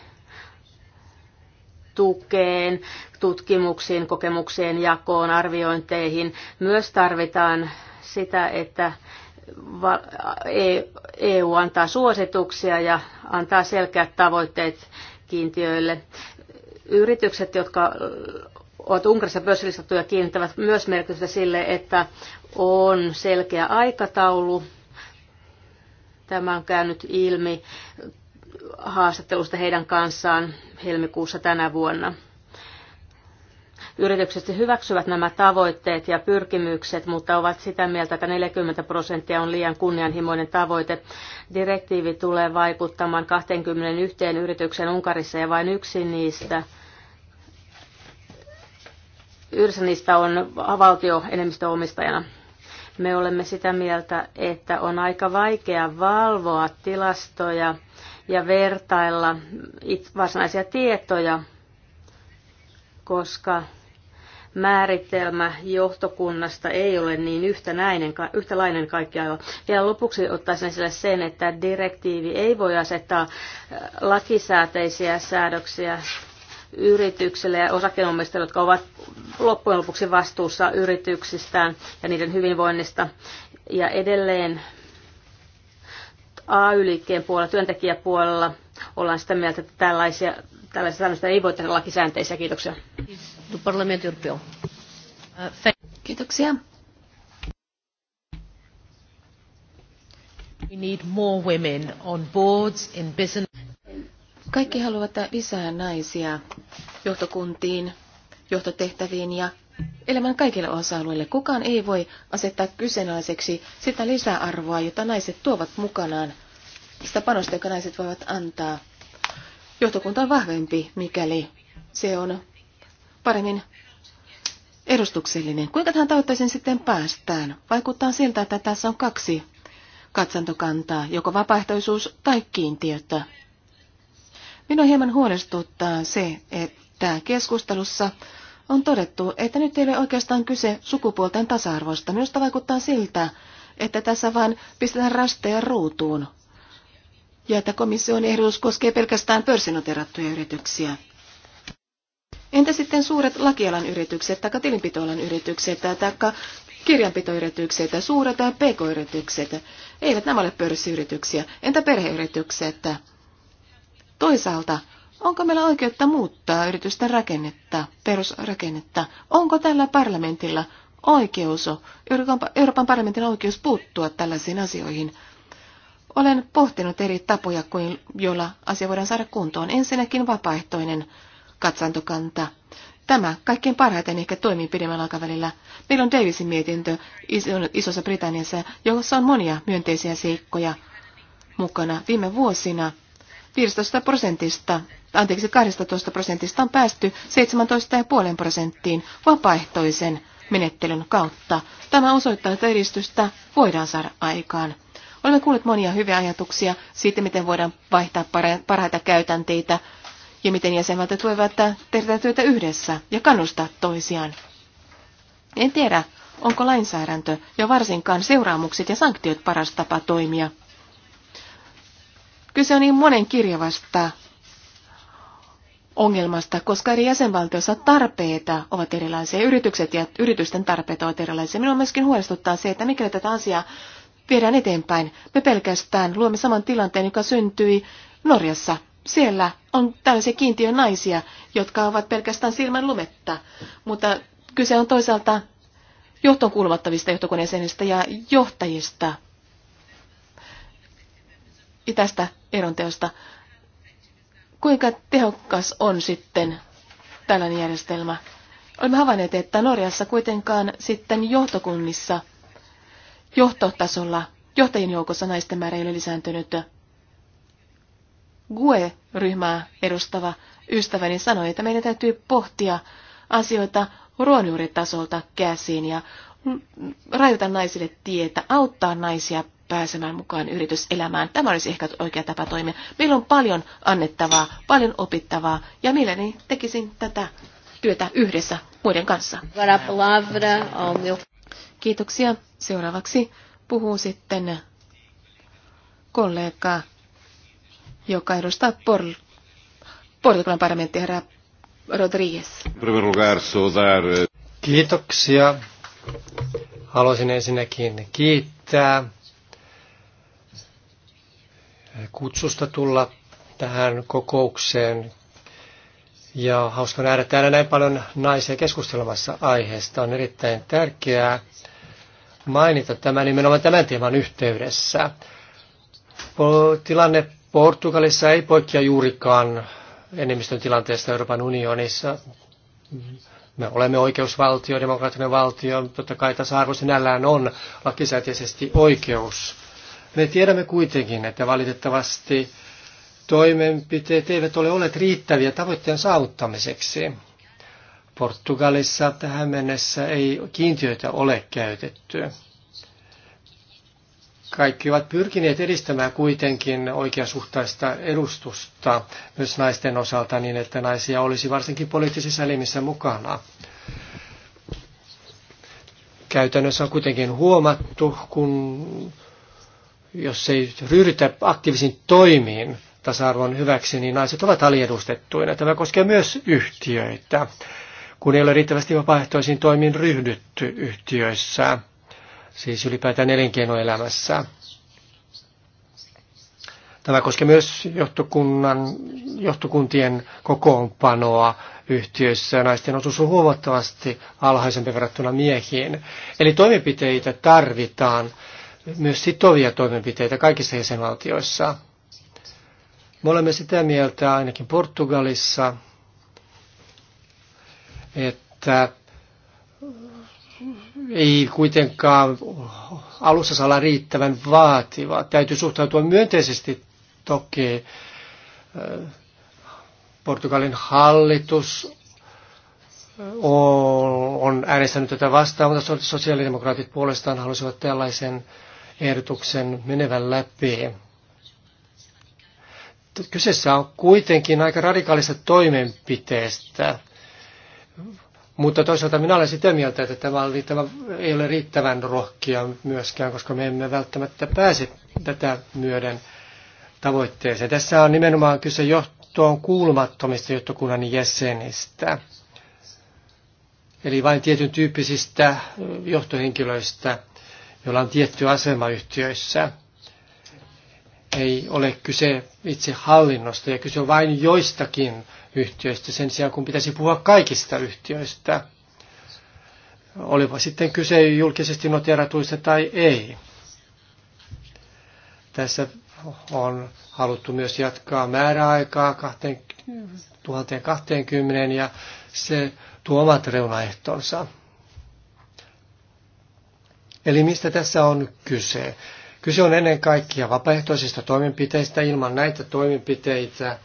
tukeen, tutkimuksiin, kokemuksien jakoon, arviointeihin. Myös tarvitaan sitä, että EU e antaa suosituksia ja antaa selkeät tavoitteet kiintiöille. Yritykset, jotka ovat Unkarissa pörssilistattuja, kiinnittävät myös merkitystä sille, että on selkeä aikataulu. Tämä on käynyt ilmi haastattelusta heidän kanssaan helmikuussa tänä vuonna. Yritykset hyväksyvät nämä tavoitteet ja pyrkimykset, mutta ovat sitä mieltä, että 40 prosenttia on liian kunnianhimoinen tavoite. Direktiivi tulee vaikuttamaan 21 yritykseen Unkarissa ja vain yksi niistä yhdessä niistä on valtio enemmistöomistajana. Me olemme sitä mieltä, että on aika vaikea valvoa tilastoja ja vertailla varsinaisia tietoja, koska määritelmä johtokunnasta ei ole niin yhtenäinen, yhtälainen kaikkialla. Vielä lopuksi ottaisin esille sen, että direktiivi ei voi asettaa lakisääteisiä säädöksiä yrityksille ja osakeomistajille, jotka ovat loppujen lopuksi vastuussa yrityksistään ja niiden hyvinvoinnista. Ja edelleen AY-liikkeen puolella, työntekijäpuolella ollaan sitä mieltä, että tällaisia, tällaisia säännöstä ei voi tehdä lakisäänteisiä. Kiitoksia. Eh, Kiitoksia. We need more women on boards in business. Kaikki haluavat lisää naisia johtokuntiin, johtotehtäviin ja elämän kaikille osa-alueille. Kukaan ei voi asettaa kyseenalaiseksi sitä lisäarvoa, jota naiset tuovat mukanaan, sitä panosta, joka naiset voivat antaa. Johtokunta on vahvempi, mikäli se on paremmin edustuksellinen. Kuinka tähän tavoitteeseen sitten päästään? Vaikuttaa siltä, että tässä on kaksi katsantokantaa, joko vapaaehtoisuus tai kiintiötä. Minua hieman huolestuttaa se, että keskustelussa on todettu, että nyt ei ole oikeastaan kyse sukupuolten tasa-arvosta. Minusta vaikuttaa siltä, että tässä vain pistetään rasteja ruutuun. Ja että komission ehdotus koskee pelkästään pörssinoterattuja yrityksiä. Entä sitten suuret lakialan yritykset tai tilinpitoalan yritykset tai kirjanpitoyritykset, suuret tai pk-yritykset? Eivät nämä ole pörssiyrityksiä. Entä perheyritykset? Toisaalta Onko meillä oikeutta muuttaa yritysten rakennetta, perusrakennetta? Onko tällä parlamentilla oikeus, Euroopan parlamentin oikeus puuttua tällaisiin asioihin? Olen pohtinut eri tapoja, kuin joilla asia voidaan saada kuntoon. Ensinnäkin vapaaehtoinen katsantokanta. Tämä kaikkein parhaiten ehkä toimii pidemmällä aikavälillä. Meillä on Davisin mietintö Isossa Britanniassa, jossa on monia myönteisiä seikkoja mukana. Viime vuosina 15 prosentista anteeksi, 12 prosentista on päästy 17,5 prosenttiin vapaaehtoisen menettelyn kautta. Tämä osoittaa, että edistystä voidaan saada aikaan. Olemme kuulleet monia hyviä ajatuksia siitä, miten voidaan vaihtaa parhaita käytänteitä ja miten jäsenvaltiot tulevat tehdä työtä yhdessä ja kannustaa toisiaan. En tiedä, onko lainsäädäntö ja varsinkaan seuraamukset ja sanktiot paras tapa toimia. Kyse on niin monen kirjavasta ongelmasta, koska eri jäsenvaltioissa tarpeita ovat erilaisia, yritykset ja yritysten tarpeet ovat erilaisia. Minua myöskin huolestuttaa se, että mikäli tätä asiaa viedään eteenpäin, me pelkästään luomme saman tilanteen, joka syntyi Norjassa. Siellä on tällaisia kiintiö naisia, jotka ovat pelkästään silmän lumetta, mutta kyse on toisaalta johtoon kuuluvattavista johtokoneeseenistä ja johtajista. Itästä eronteosta Kuinka tehokas on sitten tällainen järjestelmä? Olemme havainneet, että Norjassa kuitenkaan sitten johtokunnissa, johtotasolla, johtajien joukossa naisten määrä ei ole lisääntynyt. GUE-ryhmää edustava ystäväni sanoi, että meidän täytyy pohtia asioita ruonjuuritasolta käsiin ja rajoita naisille tietä, auttaa naisia pääsemään mukaan yrityselämään. Tämä olisi ehkä oikea tapa toimia. Meillä on paljon annettavaa, paljon opittavaa ja mielelläni tekisin tätä työtä yhdessä muiden kanssa. Kiitoksia. Seuraavaksi puhuu sitten kollega, joka edustaa Por- Portugalin parlamenttia, herra Rodriguez. Eh, Kiitoksia. Haluaisin ensinnäkin kiittää kutsusta tulla tähän kokoukseen. Ja hauska nähdä täällä näin paljon naisia keskustelemassa aiheesta. On erittäin tärkeää mainita tämä nimenomaan tämän teeman yhteydessä. Tilanne Portugalissa ei poikkea juurikaan enemmistön tilanteesta Euroopan unionissa. Me olemme oikeusvaltio, demokraattinen valtio, totta kai tasa-arvo sinällään on lakisääteisesti oikeus me tiedämme kuitenkin, että valitettavasti toimenpiteet eivät ole olleet riittäviä tavoitteen saavuttamiseksi. Portugalissa tähän mennessä ei kiintiöitä ole käytetty. Kaikki ovat pyrkineet edistämään kuitenkin oikeasuhtaista edustusta myös naisten osalta niin, että naisia olisi varsinkin poliittisissa elimissä mukana. Käytännössä on kuitenkin huomattu, kun jos ei ryhdytä aktiivisiin toimiin tasa-arvon hyväksi, niin naiset ovat aliedustettuina. Tämä koskee myös yhtiöitä, kun ei ole riittävästi vapaaehtoisiin toimiin ryhdytty yhtiöissä, siis ylipäätään elinkeinoelämässä. Tämä koskee myös johtokunnan, johtokuntien kokoonpanoa yhtiöissä. Naisten osuus on huomattavasti alhaisempi verrattuna miehiin. Eli toimenpiteitä tarvitaan myös sitovia toimenpiteitä kaikissa jäsenvaltioissa. Me olemme sitä mieltä ainakin Portugalissa, että ei kuitenkaan alussa saa olla riittävän vaativa. Täytyy suhtautua myönteisesti toki. Portugalin hallitus on äänestänyt tätä vastaan, mutta sosiaalidemokraatit puolestaan halusivat tällaisen ehdotuksen menevän läpi. Kyseessä on kuitenkin aika radikaalista toimenpiteestä, mutta toisaalta minä olen sitä mieltä, että tämä oli, tämä ei ole riittävän rohkea myöskään, koska me emme välttämättä pääse tätä myöden tavoitteeseen. Tässä on nimenomaan kyse johtoon kuulumattomista johtokunnan jäsenistä. Eli vain tietyn tyyppisistä johtohenkilöistä – jolla on tietty asema yhtiöissä. Ei ole kyse itse hallinnosta ja kyse on vain joistakin yhtiöistä sen sijaan, kun pitäisi puhua kaikista yhtiöistä. Olipa sitten kyse julkisesti noteratuista tai ei. Tässä on haluttu myös jatkaa määräaikaa 2020 ja se tuo omat reunaehtonsa. Eli mistä tässä on kyse? Kyse on ennen kaikkea vapaaehtoisista toimenpiteistä. Ilman näitä toimenpiteitä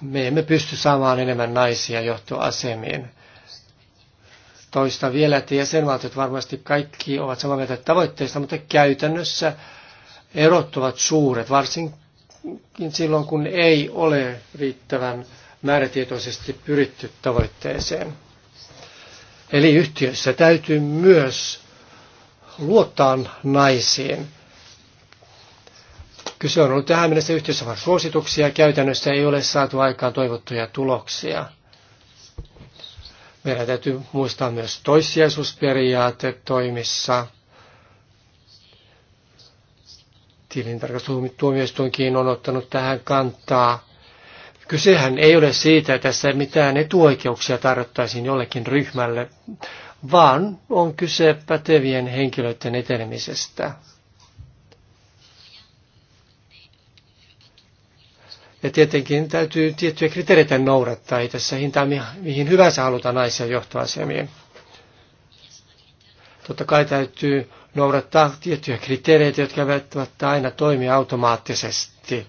me emme pysty saamaan enemmän naisia johtoasemiin. Toista vielä, että jäsenvaltiot varmasti kaikki ovat samaa mieltä tavoitteista, mutta käytännössä erot ovat suuret, varsinkin silloin kun ei ole riittävän määrätietoisesti pyritty tavoitteeseen. Eli yhtiössä täytyy myös luottaa naisiin. Kyse on ollut tähän mennessä yhtiössä vain suosituksia. Käytännössä ei ole saatu aikaan toivottuja tuloksia. Meidän täytyy muistaa myös toissijaisuusperiaate toimissa. Tilintarkastustuomioistuinkin on ottanut tähän kantaa Kysehän ei ole siitä, että tässä mitään etuoikeuksia tarjottaisiin jollekin ryhmälle, vaan on kyse pätevien henkilöiden etenemisestä. Ja tietenkin täytyy tiettyjä kriteereitä noudattaa. Ei tässä hintaa mihin hyvänsä halutaan naisia johtoasemiin. Totta kai täytyy noudattaa tiettyjä kriteereitä, jotka välttämättä aina toimii automaattisesti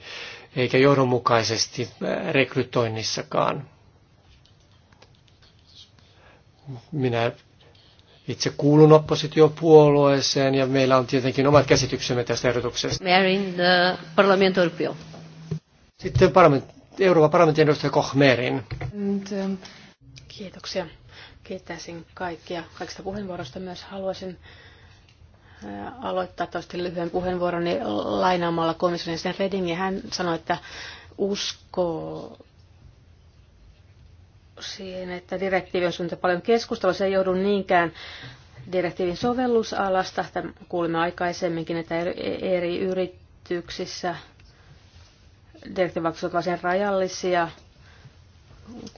eikä johdonmukaisesti äh, rekrytoinnissakaan. Minä itse kuulun oppositiopuolueeseen ja meillä on tietenkin omat käsityksemme tästä ehdotuksesta. Sitten parlament, Euroopan parlamentin edustaja Kohmerin. Um, kiitoksia. Kiittäisin kaikkia kaikista puheenvuoroista. Myös haluaisin Äh, aloittaa toivottavasti lyhyen puheenvuoroni lainaamalla komission sen Redingin. Hän sanoi, että uskoo siihen, että direktiivi on syntynyt paljon keskustelua. Se ei joudu niinkään direktiivin sovellusalasta. Tämä kuulimme aikaisemminkin, että eri yrityksissä direktiivit ovat varsin rajallisia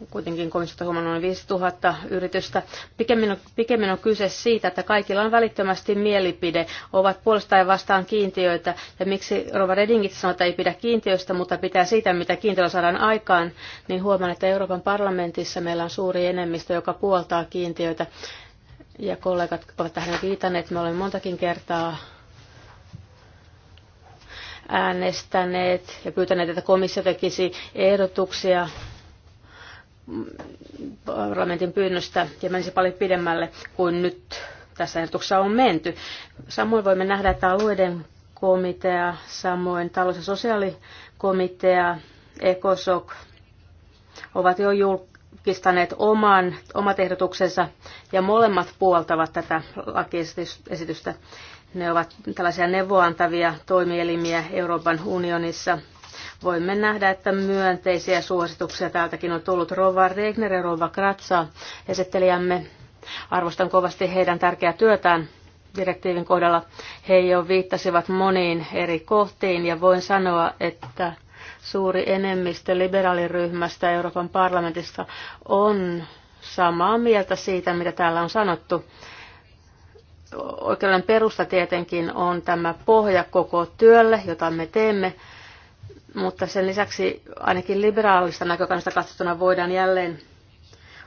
kuitenkin komissiota huomannut noin 5000 yritystä. Pikemmin on, pikemmin on kyse siitä, että kaikilla on välittömästi mielipide, ovat puolestaan ja vastaan kiintiöitä, ja miksi Rova Redingit sanoo, että ei pidä kiintiöistä, mutta pitää siitä, mitä kiintiöllä saadaan aikaan, niin huomaan, että Euroopan parlamentissa meillä on suuri enemmistö, joka puoltaa kiintiöitä, ja kollegat ovat tähän viitanneet, me olemme montakin kertaa äänestäneet ja pyytäneet, että komissio tekisi ehdotuksia parlamentin pyynnöstä ja menisi paljon pidemmälle kuin nyt tässä ehdotuksessa on menty. Samoin voimme nähdä, että alueiden komitea, samoin talous- ja sosiaalikomitea, ECOSOC ovat jo julkistaneet oman, omat ehdotuksensa ja molemmat puoltavat tätä lakiesitystä. Ne ovat tällaisia neuvoantavia toimielimiä Euroopan unionissa – voimme nähdä, että myönteisiä suosituksia täältäkin on tullut Rova Regner ja Rova Kratsa esittelijämme. Arvostan kovasti heidän tärkeää työtään direktiivin kohdalla. He jo viittasivat moniin eri kohtiin ja voin sanoa, että suuri enemmistö liberaaliryhmästä Euroopan parlamentista on samaa mieltä siitä, mitä täällä on sanottu. Oikeuden perusta tietenkin on tämä pohja koko työlle, jota me teemme, mutta sen lisäksi ainakin liberaalista näkökannasta katsottuna voidaan jälleen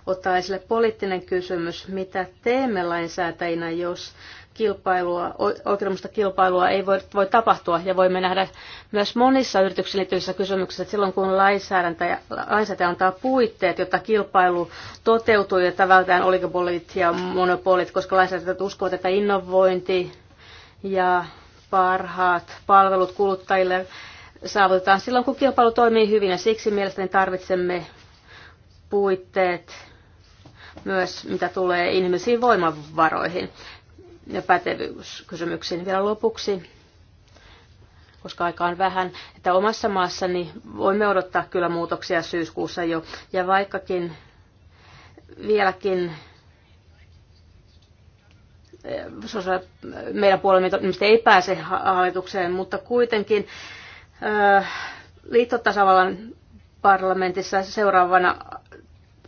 ottaa esille poliittinen kysymys, mitä teemme lainsäätäjinä, jos kilpailua, oikeudenmusta kilpailua ei voi, voi tapahtua. Ja voimme nähdä myös monissa yrityksiin liittyvissä kysymyksissä, että silloin kun lainsäädäntäjä, lainsäätäjä antaa puitteet, jotta kilpailu toteutuu, että vältetään oligopolit ja monopolit, koska lainsäätäjät uskovat, että innovointi ja parhaat palvelut kuluttajille saavutetaan silloin, kun kilpailu toimii hyvin, ja siksi mielestäni tarvitsemme puitteet myös, mitä tulee inhimillisiin voimavaroihin ja pätevyyskysymyksiin. Vielä lopuksi, koska aika on vähän, että omassa maassani voimme odottaa kyllä muutoksia syyskuussa jo, ja vaikkakin vieläkin eh, meidän puolemme ei pääse hallitukseen, mutta kuitenkin liittotasavallan parlamentissa seuraavana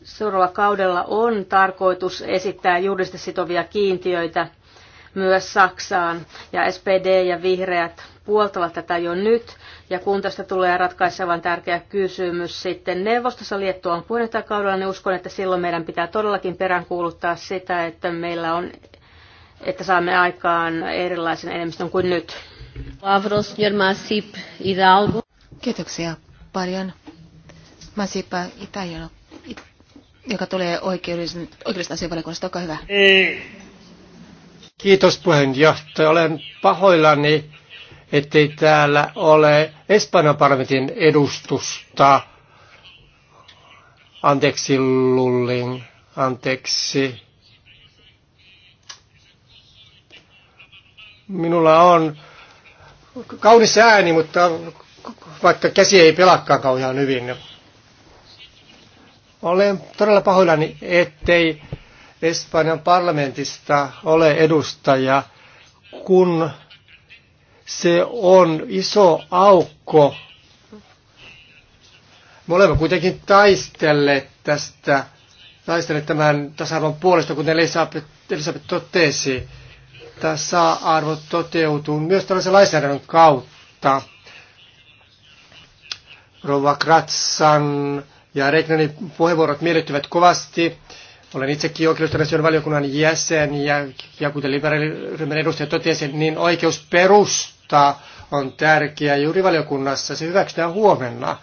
seuraavalla kaudella on tarkoitus esittää juridisesti sitovia kiintiöitä myös Saksaan. Ja SPD ja vihreät puoltavat tätä jo nyt. Ja kun tästä tulee ratkaisevan tärkeä kysymys sitten neuvostossa Liettuan puheenjohtajakaudella, niin uskon, että silloin meidän pitää todellakin peräänkuuluttaa sitä, että meillä on että saamme aikaan erilaisen enemmistön kuin nyt. Masip, Kiitoksia paljon. Masipa Italiano, joka tulee oikeudesta oikeudellisen asianvalikunnasta. Olkaa hyvä. Kiitos puheenjohtaja. Olen pahoillani, ettei täällä ole Espanjan parlamentin edustusta. Anteeksi Lullin, anteeksi. Minulla on kaunis ääni, mutta vaikka käsi ei pelakkaan kauhean hyvin. Olen todella pahoillani, ettei Espanjan parlamentista ole edustaja, kun se on iso aukko. Me olemme kuitenkin taistelleet tästä, taistelleet tämän tasa-arvon puolesta, kuten Elisabeth, Elisabeth totesi tasa-arvo toteutuu myös tällaisen lainsäädännön kautta. Rova Kratsan ja Regnanin puheenvuorot miellyttivät kovasti. Olen itsekin oikeudellisen valiokunnan jäsen ja, ja kuten liberaaliryhmän edustaja totesi, niin oikeus on tärkeä juuri valiokunnassa. Se hyväksytään huomenna.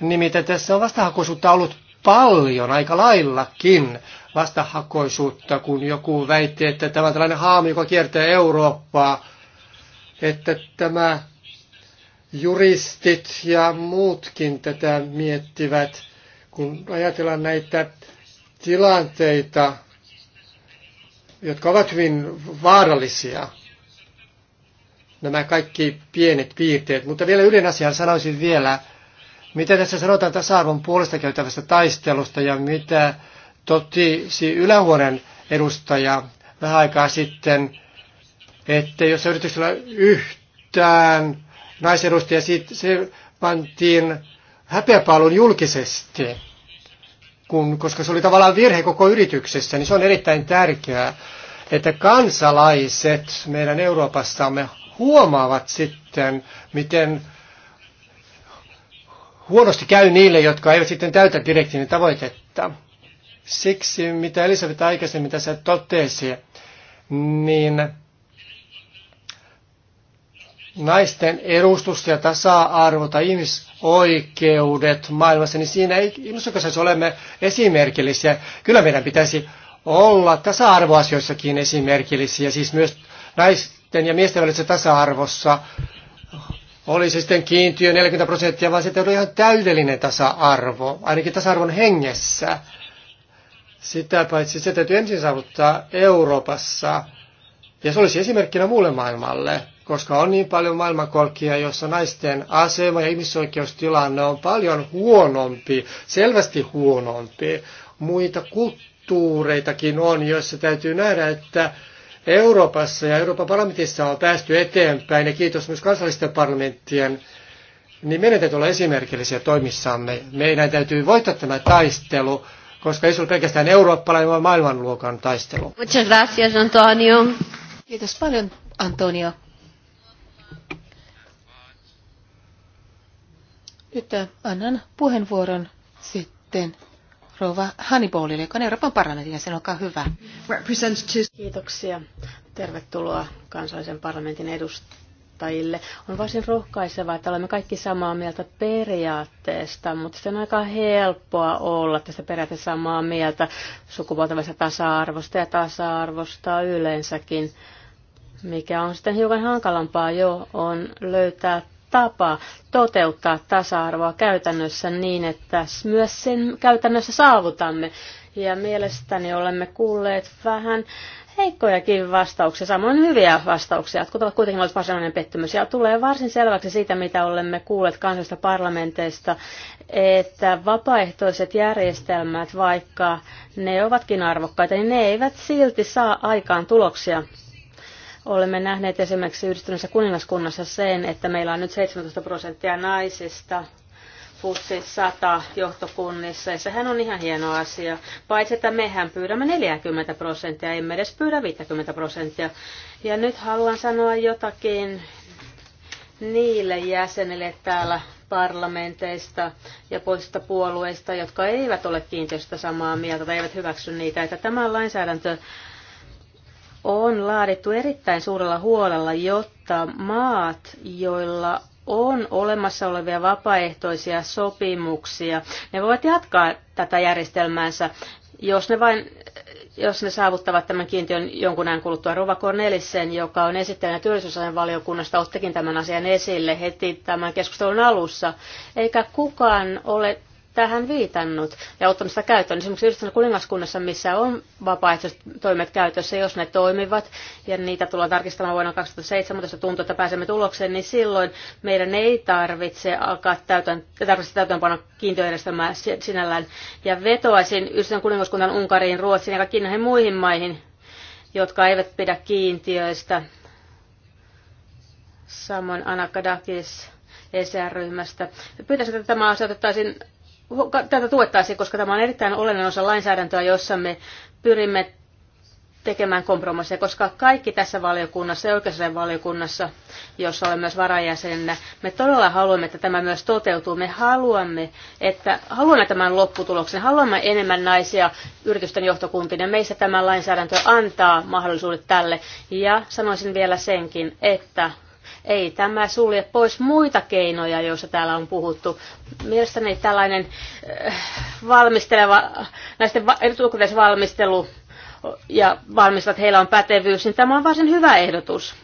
Nimittäin tässä on vastahakoisuutta ollut paljon, aika laillakin vastahakoisuutta, kun joku väitti, että tämä on tällainen haami, joka kiertää Eurooppaa, että tämä juristit ja muutkin tätä miettivät, kun ajatellaan näitä tilanteita, jotka ovat hyvin vaarallisia, nämä kaikki pienet piirteet. Mutta vielä yhden asian sanoisin vielä, mitä tässä sanotaan tasa-arvon puolesta käytävästä taistelusta ja mitä si ylähuoneen edustaja vähän aikaa sitten, että jos yrityksellä on yhtään siitä se pantiin häpeäpaalun julkisesti, kun, koska se oli tavallaan virhe koko yrityksessä, niin se on erittäin tärkeää, että kansalaiset meidän Euroopassamme huomaavat sitten, miten huonosti käy niille, jotka eivät sitten täytä direktiivin tavoitetta. Siksi, mitä Elisabeth aikaisemmin tässä totesi, niin naisten edustus ja tasa-arvo tai ihmisoikeudet maailmassa, niin siinä ei ihmisoikeudessa olemme esimerkillisiä. Kyllä meidän pitäisi olla tasa-arvoasioissakin esimerkillisiä, siis myös naisten ja miesten välisessä tasa-arvossa oli se sitten kiintiö 40 prosenttia, vaan se oli ihan täydellinen tasa-arvo, ainakin tasa-arvon hengessä. Sitä paitsi se täytyy ensin saavuttaa Euroopassa. Ja se olisi esimerkkinä muulle maailmalle, koska on niin paljon maailmankolkia, jossa naisten asema ja ihmisoikeustilanne on paljon huonompi, selvästi huonompi. Muita kulttuureitakin on, joissa täytyy nähdä, että Euroopassa ja Euroopan parlamentissa on päästy eteenpäin, ja kiitos myös kansallisten parlamenttien, niin meidän täytyy olla esimerkillisiä toimissamme. Meidän täytyy voittaa tämä taistelu koska ei se ole pelkästään eurooppalainen, vaan maailmanluokan taistelu. Muchas gracias, Antonio. Kiitos paljon, Antonio. Nyt annan puheenvuoron sitten rouva Hannibalille, joka on Euroopan parlamentin jäsen. Olkaa hyvä. Kiitoksia. Tervetuloa kansallisen parlamentin edustajille kuluttajille. On varsin rohkaisevaa, että olemme kaikki samaa mieltä periaatteesta, mutta se on aika helppoa olla tästä periaatteessa samaa mieltä sukupuolten tasa-arvosta ja tasa-arvosta yleensäkin. Mikä on sitten hiukan hankalampaa jo, on löytää tapa toteuttaa tasa-arvoa käytännössä niin, että myös sen käytännössä saavutamme. Ja mielestäni olemme kuulleet vähän heikkojakin vastauksia, samoin hyviä vastauksia, jotka ovat kuitenkin olleet varsinainen pettymys. Ja tulee varsin selväksi siitä, mitä olemme kuulleet kansallisista parlamenteista, että vapaaehtoiset järjestelmät, vaikka ne ovatkin arvokkaita, niin ne eivät silti saa aikaan tuloksia. Olemme nähneet esimerkiksi yhdistyneessä kuningaskunnassa sen, että meillä on nyt 17 prosenttia naisista FUSSI sata johtokunnissa, ja sehän on ihan hieno asia. Paitsi, että mehän pyydämme 40 prosenttia, emme edes pyydä 50 prosenttia. Ja nyt haluan sanoa jotakin niille jäsenille täällä parlamenteista ja poista puolueista, jotka eivät ole kiinteistä samaa mieltä tai eivät hyväksy niitä, että tämä lainsäädäntö on laadittu erittäin suurella huolella, jotta maat, joilla on olemassa olevia vapaaehtoisia sopimuksia. Ne voivat jatkaa tätä järjestelmäänsä, jos ne vain jos ne saavuttavat tämän kiintiön jonkun ajan kuluttua. Rova Cornelissen, joka on esittäjänä työllisyysasian valiokunnasta, ottekin tämän asian esille heti tämän keskustelun alussa. Eikä kukaan ole tähän viitannut ja ottanut sitä käyttöön. Esimerkiksi yhdessä kuningaskunnassa, missä on vapaaehtoiset toimet käytössä, jos ne toimivat ja niitä tullaan tarkistamaan vuonna 2017, tuntuu, että pääsemme tulokseen, niin silloin meidän ei tarvitse alkaa täytön, tarvitse täytäntöönpano kiintiöjärjestelmää sinällään. Ja vetoaisin yhdessä kuningaskunnan Unkariin, Ruotsiin ja kaikkiin näihin muihin maihin, jotka eivät pidä kiintiöistä. Samoin Anakadakis ECR-ryhmästä. Pyytäisin, että tämä asia otettaisiin tätä tuettaisiin, koska tämä on erittäin olennainen osa lainsäädäntöä, jossa me pyrimme tekemään kompromisseja, koska kaikki tässä valiokunnassa ja oikeusasian valiokunnassa, jossa olen myös varajäsenenä, me todella haluamme, että tämä myös toteutuu. Me haluamme, että haluamme tämän lopputuloksen, haluamme enemmän naisia yritysten johtokuntiin ja meissä tämä lainsäädäntö antaa mahdollisuudet tälle. Ja sanoisin vielä senkin, että ei tämä sulje pois muita keinoja, joista täällä on puhuttu. Mielestäni tällainen äh, valmisteleva, näisten etukäteisvalmistelu ja valmistat, heillä on pätevyys, niin tämä on varsin hyvä ehdotus.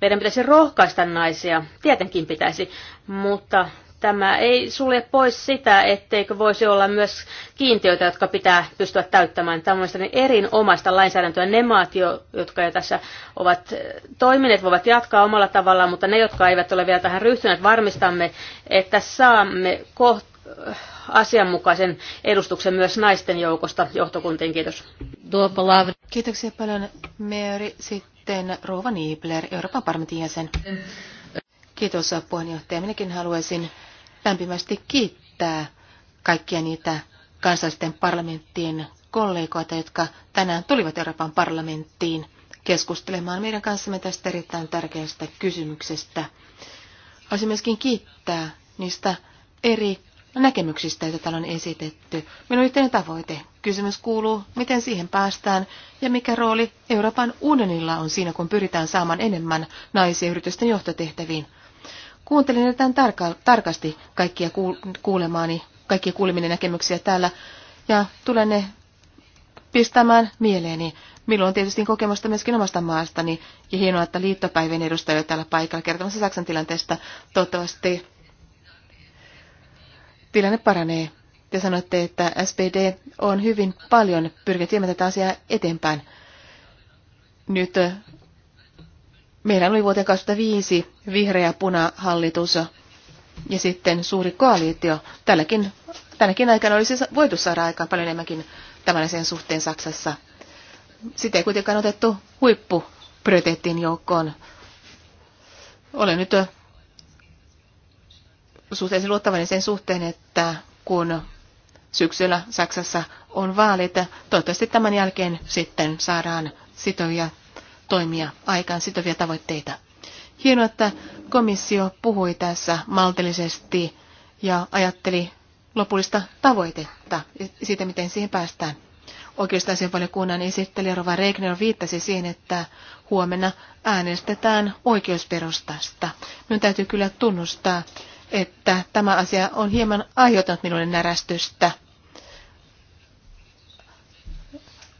Meidän pitäisi rohkaista naisia, tietenkin pitäisi, mutta Tämä ei sulje pois sitä, etteikö voisi olla myös kiintiöitä, jotka pitää pystyä täyttämään. Tämä on erinomaista lainsäädäntöä. Ne maat, jotka jo tässä ovat eh, toimineet, voivat jatkaa omalla tavallaan, mutta ne, jotka eivät ole vielä tähän ryhtyneet, varmistamme, että saamme kohta asianmukaisen edustuksen myös naisten joukosta johtokuntiin. Kiitos. Kiitoksia paljon, Mary. Sitten Rova Niibler, Euroopan parlamentin jäsen. Kiitos puheenjohtaja. Minäkin haluaisin lämpimästi kiittää kaikkia niitä kansallisten parlamenttien kollegoita, jotka tänään tulivat Euroopan parlamenttiin keskustelemaan meidän kanssamme tästä erittäin tärkeästä kysymyksestä. Haluaisin myöskin kiittää niistä eri näkemyksistä, joita täällä on esitetty. Minun yhteinen tavoite. Kysymys kuuluu, miten siihen päästään ja mikä rooli Euroopan unionilla on siinä, kun pyritään saamaan enemmän naisia yritysten johtotehtäviin. Kuuntelin erittäin tarka- tarkasti kaikkia kuul- kuulemaani, kaikkia kuuleminen näkemyksiä täällä ja tulen ne pistämään mieleeni. Minulla on tietysti kokemusta myöskin omasta maastani ja hienoa, että liittopäivien edustaja täällä paikalla kertomassa Saksan tilanteesta. Toivottavasti tilanne paranee. Te sanoitte, että SPD on hyvin paljon pyrkinyt viemään tätä asiaa eteenpäin. Nyt Meillä oli vuoteen 2005 vihreä hallitus ja sitten suuri koalitio. Tälläkin, tänäkin aikana olisi voitu saada aikaan paljon enemmänkin tämän suhteen Saksassa. Sitä ei kuitenkaan otettu huippu prioriteettiin joukkoon. Olen nyt suhteellisen luottavainen sen suhteen, että kun syksyllä Saksassa on vaalit, toivottavasti tämän jälkeen sitten saadaan sitovia toimia aikaan sitovia tavoitteita. Hienoa, että komissio puhui tässä maltillisesti ja ajatteli lopullista tavoitetta siitä, miten siihen päästään. Oikeusasianvaliokunnan esittelijä Rova Regner viittasi siihen, että huomenna äänestetään oikeusperustasta. Minun täytyy kyllä tunnustaa, että tämä asia on hieman aiheuttanut minulle närästystä –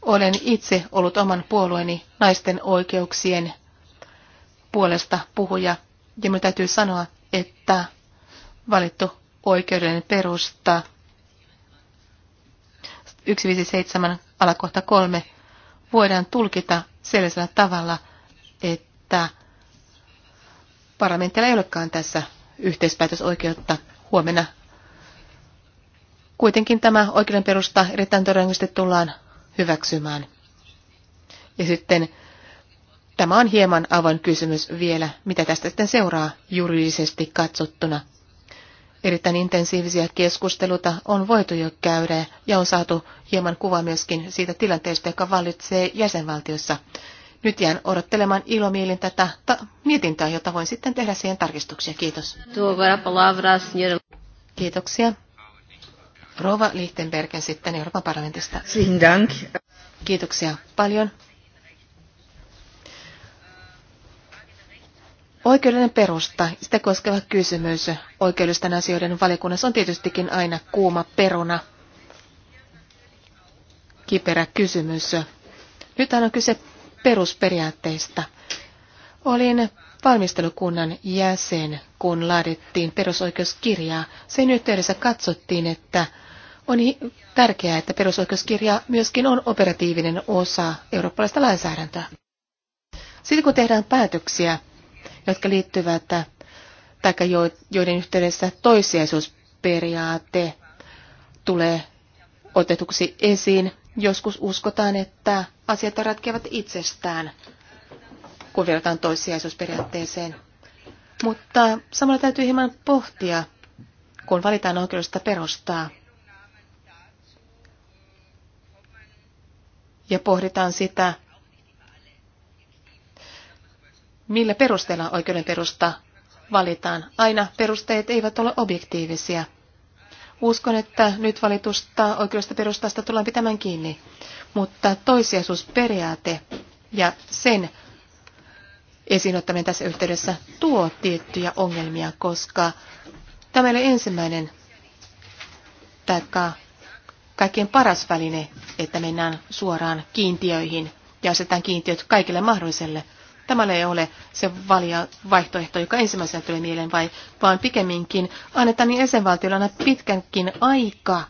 Olen itse ollut oman puolueeni naisten oikeuksien puolesta puhuja, ja minun täytyy sanoa, että valittu oikeuden perusta 157 alakohta 3 voidaan tulkita sellaisella tavalla, että parlamentilla ei olekaan tässä yhteispäätösoikeutta huomenna. Kuitenkin tämä oikeuden perusta erittäin todennäköisesti tullaan hyväksymään. Ja sitten tämä on hieman avoin kysymys vielä, mitä tästä sitten seuraa juridisesti katsottuna. Erittäin intensiivisiä keskusteluita on voitu jo käydä ja on saatu hieman kuva myöskin siitä tilanteesta, joka vallitsee jäsenvaltiossa. Nyt jään odottelemaan ilomielin tätä ta- mietintöä, jota voin sitten tehdä siihen tarkistuksia. Kiitos. Kiitoksia. Rova Lichtenbergen sitten Euroopan parlamentista. Dank. Kiitoksia paljon. Oikeudellinen perusta, sitä koskeva kysymys oikeudellisten asioiden valiokunnassa on tietystikin aina kuuma peruna, kiperä kysymys. Nyt on kyse perusperiaatteista. Olin valmistelukunnan jäsen, kun laadittiin perusoikeuskirjaa. Sen yhteydessä katsottiin, että on tärkeää, että perusoikeuskirja myöskin on operatiivinen osa eurooppalaista lainsäädäntöä. Sitten kun tehdään päätöksiä, jotka liittyvät tai joiden yhteydessä toissijaisuusperiaate tulee otetuksi esiin, joskus uskotaan, että asiat ratkeavat itsestään, kun verrataan toissijaisuusperiaatteeseen. Mutta samalla täytyy hieman pohtia, kun valitaan oikeudesta perustaa ja pohditaan sitä, millä perusteella oikeuden perusta valitaan. Aina perusteet eivät ole objektiivisia. Uskon, että nyt valitusta oikeudesta perustasta tullaan pitämään kiinni, mutta toisiasuusperiaate ja sen esiinottaminen tässä yhteydessä tuo tiettyjä ongelmia, koska tämä ei ole ensimmäinen taikka kaikkein paras väline, että mennään suoraan kiintiöihin ja asetetaan kiintiöt kaikille mahdolliselle. Tämä ei ole se valia vaihtoehto, joka ensimmäisenä tulee mieleen, vai, vaan pikemminkin annetaan niin jäsenvaltiolle aina pitkänkin aika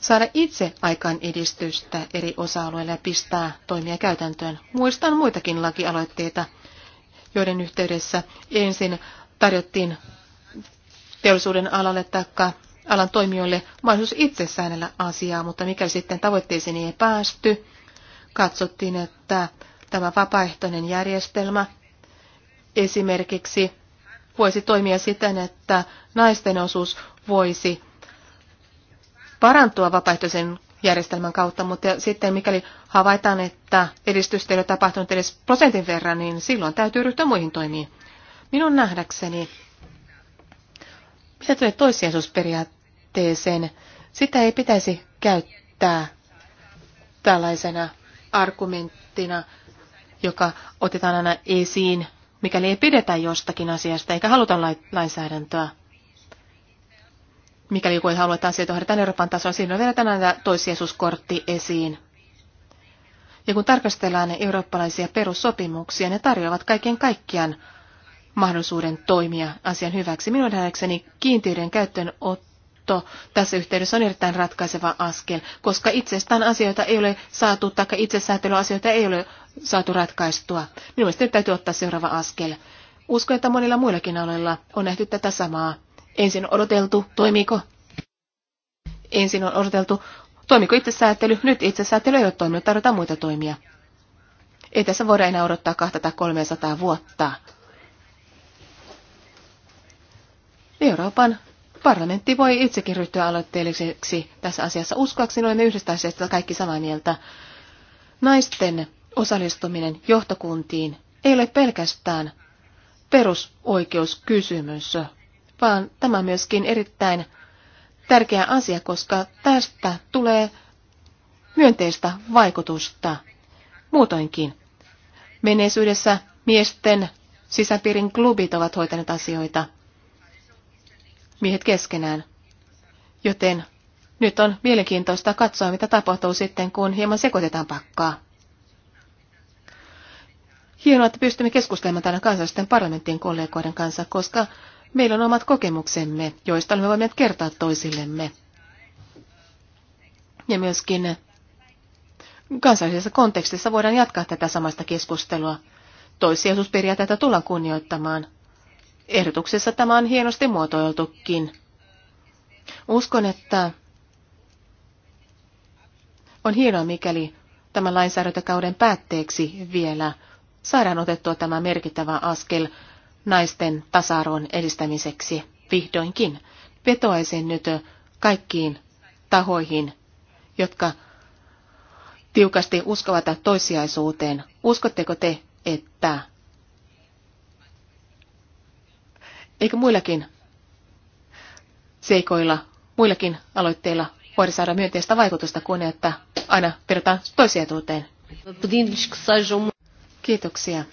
saada itse aikaan edistystä eri osa-alueilla ja pistää toimia käytäntöön. Muistan muitakin lakialoitteita, joiden yhteydessä ensin tarjottiin teollisuuden alalle taikka alan toimijoille mahdollisuus itse säännellä asiaa, mutta mikä sitten tavoitteisiin ei päästy, katsottiin, että tämä vapaaehtoinen järjestelmä esimerkiksi voisi toimia siten, että naisten osuus voisi parantua vapaaehtoisen järjestelmän kautta, mutta sitten mikäli havaitaan, että edistystä ei ole tapahtunut edes prosentin verran, niin silloin täytyy ryhtyä muihin toimiin. Minun nähdäkseni mitä tulee toissijaisuusperiaatteeseen, sitä ei pitäisi käyttää tällaisena argumenttina, joka otetaan aina esiin, mikäli ei pidetä jostakin asiasta eikä haluta lainsäädäntöä. Mikäli joku ei halua, että asioita hoidetaan Euroopan tasolla, silloin tänään aina toissijaisuuskortti esiin. Ja kun tarkastellaan eurooppalaisia perussopimuksia, ne tarjoavat kaiken kaikkiaan mahdollisuuden toimia asian hyväksi. Minun nähdäkseni kiintiöiden käyttöönotto tässä yhteydessä on erittäin ratkaiseva askel, koska itsestään asioita ei ole saatu, tai itsesäätelyasioita ei ole saatu ratkaistua. Minun mielestäni täytyy ottaa seuraava askel. Uskon, että monilla muillakin aloilla on nähty tätä samaa. Ensin on odoteltu, toimiiko? Ensin on odoteltu, toimiko itsesäätely? Nyt itsesäätely ei ole toiminut, tarvitaan muita toimia. Ei tässä voida enää odottaa 200-300 vuotta. Euroopan parlamentti voi itsekin ryhtyä aloitteelliseksi tässä asiassa. Uskoakseni olemme yhdestä asiasta kaikki samaa mieltä. Naisten osallistuminen johtokuntiin ei ole pelkästään perusoikeuskysymys, vaan tämä on myöskin erittäin tärkeä asia, koska tästä tulee myönteistä vaikutusta muutoinkin. Menneisyydessä miesten sisäpiirin klubit ovat hoitaneet asioita miehet keskenään. Joten nyt on mielenkiintoista katsoa, mitä tapahtuu sitten, kun hieman sekoitetaan pakkaa. Hienoa, että pystymme keskustelemaan tänä kansallisten parlamenttien kollegoiden kanssa, koska meillä on omat kokemuksemme, joista olemme voineet kertoa toisillemme. Ja myöskin kansallisessa kontekstissa voidaan jatkaa tätä samaista keskustelua. Toissijaisuusperiaatteita tullaan kunnioittamaan – Ehdotuksessa tämä on hienosti muotoiltukin. Uskon, että on hienoa, mikäli tämän lainsäädäntökauden päätteeksi vielä saadaan otettua tämä merkittävä askel naisten tasa-arvon edistämiseksi vihdoinkin. Vetoaisin nyt kaikkiin tahoihin, jotka tiukasti uskovat toissijaisuuteen. Uskotteko te, että Eikö muillakin seikoilla, muillakin aloitteilla voida saada myönteistä vaikutusta kuin että aina verrataan tuuteen. Kiitoksia.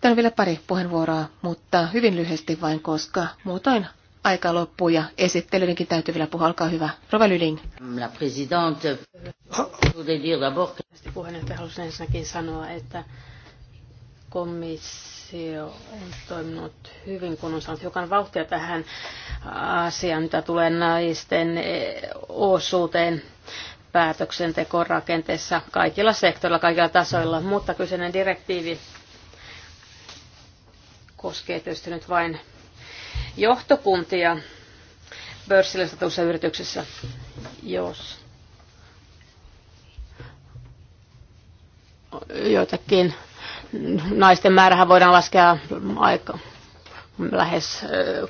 Täällä on vielä pari puheenvuoroa, mutta hyvin lyhyesti vain, koska muutoin aika loppuu ja esittelyidenkin täytyy vielä puhua. Olkaa hyvä. Rova Lyling. La Puheenjohtaja halusin ensinnäkin sanoa, että komissio on toiminut hyvin, kun on saanut hiukan vauhtia tähän asiaan, mitä tulee naisten osuuteen päätöksentekorakenteessa kaikilla sektoilla, kaikilla tasoilla, mutta kyseinen direktiivi koskee tietysti nyt vain johtokuntia pörssillistetussa yrityksessä, jos joitakin Naisten määrähän voidaan laskea aika lähes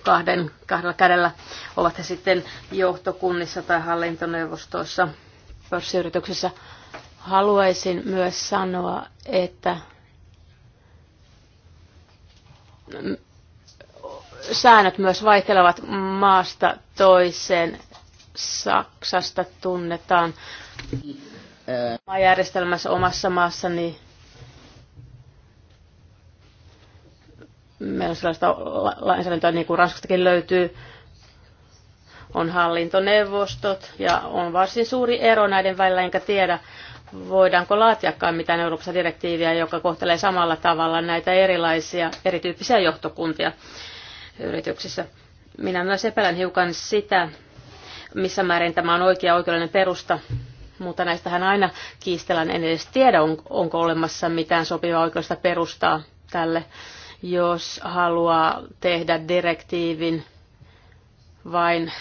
kahden, kahdella kädellä, ovat he sitten johtokunnissa tai hallintoneuvostoissa pörssiyrityksessä. Haluaisin myös sanoa, että säännöt myös vaihtelevat maasta toiseen. Saksasta tunnetaan järjestelmässä omassa maassani meillä on sellaista lainsäädäntöä, niin kuin Ranskastakin löytyy, on hallintoneuvostot ja on varsin suuri ero näiden välillä, enkä tiedä, voidaanko laatiakaan mitään Euroopassa direktiiviä, joka kohtelee samalla tavalla näitä erilaisia, erityyppisiä johtokuntia yrityksissä. Minä myös epäilen hiukan sitä, missä määrin tämä on oikea oikeudellinen perusta, mutta näistähän aina kiistellään. En edes tiedä, onko olemassa mitään sopivaa oikeudellista perustaa tälle jos haluaa tehdä direktiivin vain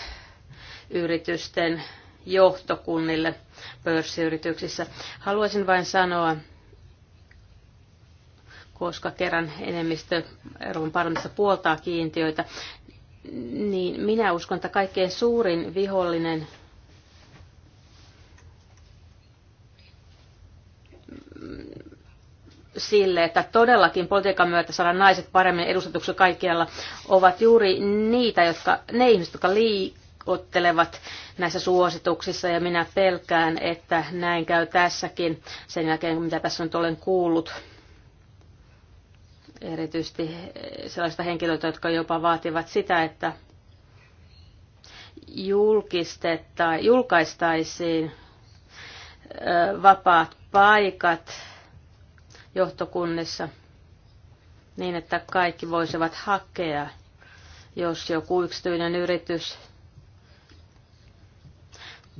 yritysten johtokunnille pörssiyrityksissä. Haluaisin vain sanoa, koska kerran enemmistö Euroopan parlamentissa puoltaa kiintiöitä, niin minä uskon, että kaikkein suurin vihollinen sille, että todellakin politiikan myötä saada naiset paremmin edustetuksi kaikkialla, ovat juuri niitä, jotka, ne ihmiset, jotka liikottelevat näissä suosituksissa, ja minä pelkään, että näin käy tässäkin sen jälkeen, mitä tässä nyt olen kuullut erityisesti sellaista henkilöitä, jotka jopa vaativat sitä, että julkaistaisiin vapaat paikat johtokunnissa niin, että kaikki voisivat hakea, jos joku yksityinen yritys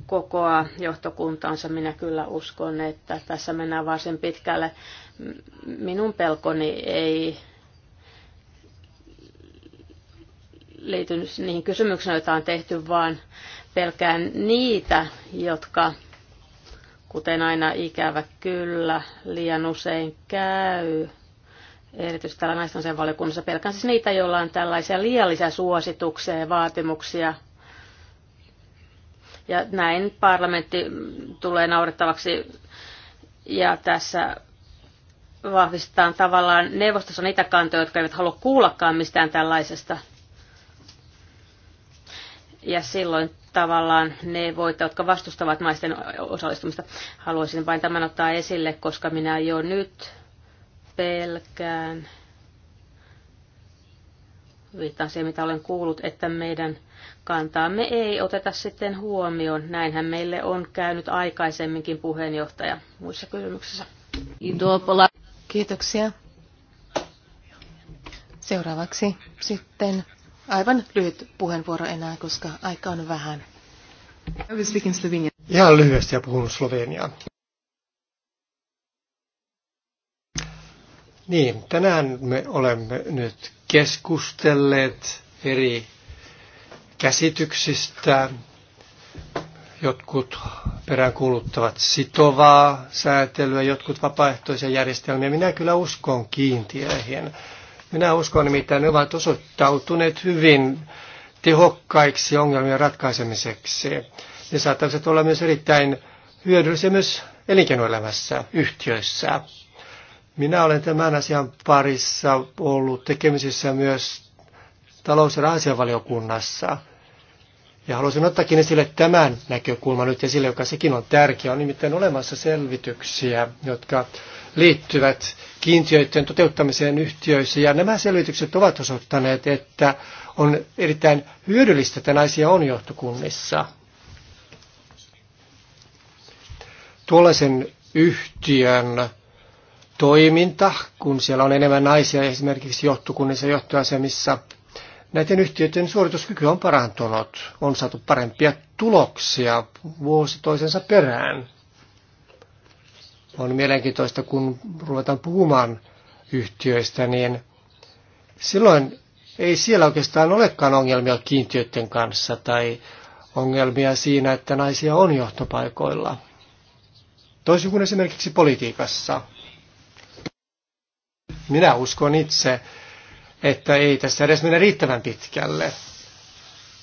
kokoaa johtokuntaansa. Minä kyllä uskon, että tässä mennään varsin pitkälle. Minun pelkoni ei liity niihin kysymyksiin, joita on tehty, vaan pelkään niitä, jotka Kuten aina ikävä kyllä, liian usein käy. Erityisesti täällä naisten sen valiokunnassa pelkään siis niitä, joilla on tällaisia liiallisia suosituksia ja vaatimuksia. Ja näin parlamentti tulee naurettavaksi ja tässä vahvistetaan tavallaan neuvostossa niitä kantoja, jotka eivät halua kuullakaan mistään tällaisesta. Ja silloin tavallaan ne voit, jotka vastustavat naisten osallistumista. Haluaisin vain tämän ottaa esille, koska minä jo nyt pelkään, viittaan siihen mitä olen kuullut, että meidän kantaamme ei oteta sitten huomioon. Näinhän meille on käynyt aikaisemminkin puheenjohtaja muissa kysymyksissä. Kiitoksia. Seuraavaksi sitten Aivan lyhyt puheenvuoro enää, koska aika on vähän. Ihan lyhyesti ja puhun Sloveniaa. Niin, tänään me olemme nyt keskustelleet eri käsityksistä. Jotkut peräänkuuluttavat sitovaa säätelyä, jotkut vapaaehtoisia järjestelmiä. Minä kyllä uskon kiintiöihin minä uskon nimittäin, ne ovat osoittautuneet hyvin tehokkaiksi ongelmien ratkaisemiseksi. Ne saattavat olla myös erittäin hyödyllisiä myös elinkeinoelämässä, yhtiöissä. Minä olen tämän asian parissa ollut tekemisissä myös talous- ja rahasiavaliokunnassa. Ja haluaisin ottaakin esille tämän näkökulman nyt esille, joka sekin on tärkeä. On nimittäin olemassa selvityksiä, jotka liittyvät kiintiöiden toteuttamiseen yhtiöissä. Ja nämä selvitykset ovat osoittaneet, että on erittäin hyödyllistä, että naisia on johtokunnissa. Tuollaisen yhtiön toiminta, kun siellä on enemmän naisia esimerkiksi johtokunnissa johtoasemissa – näiden yhtiöiden suorituskyky on parantunut, on saatu parempia tuloksia vuosi toisensa perään. On mielenkiintoista, kun ruvetaan puhumaan yhtiöistä, niin silloin ei siellä oikeastaan olekaan ongelmia kiintiöiden kanssa tai ongelmia siinä, että naisia on johtopaikoilla. Toisin kuin esimerkiksi politiikassa. Minä uskon itse, että ei tässä edes mennä riittävän pitkälle.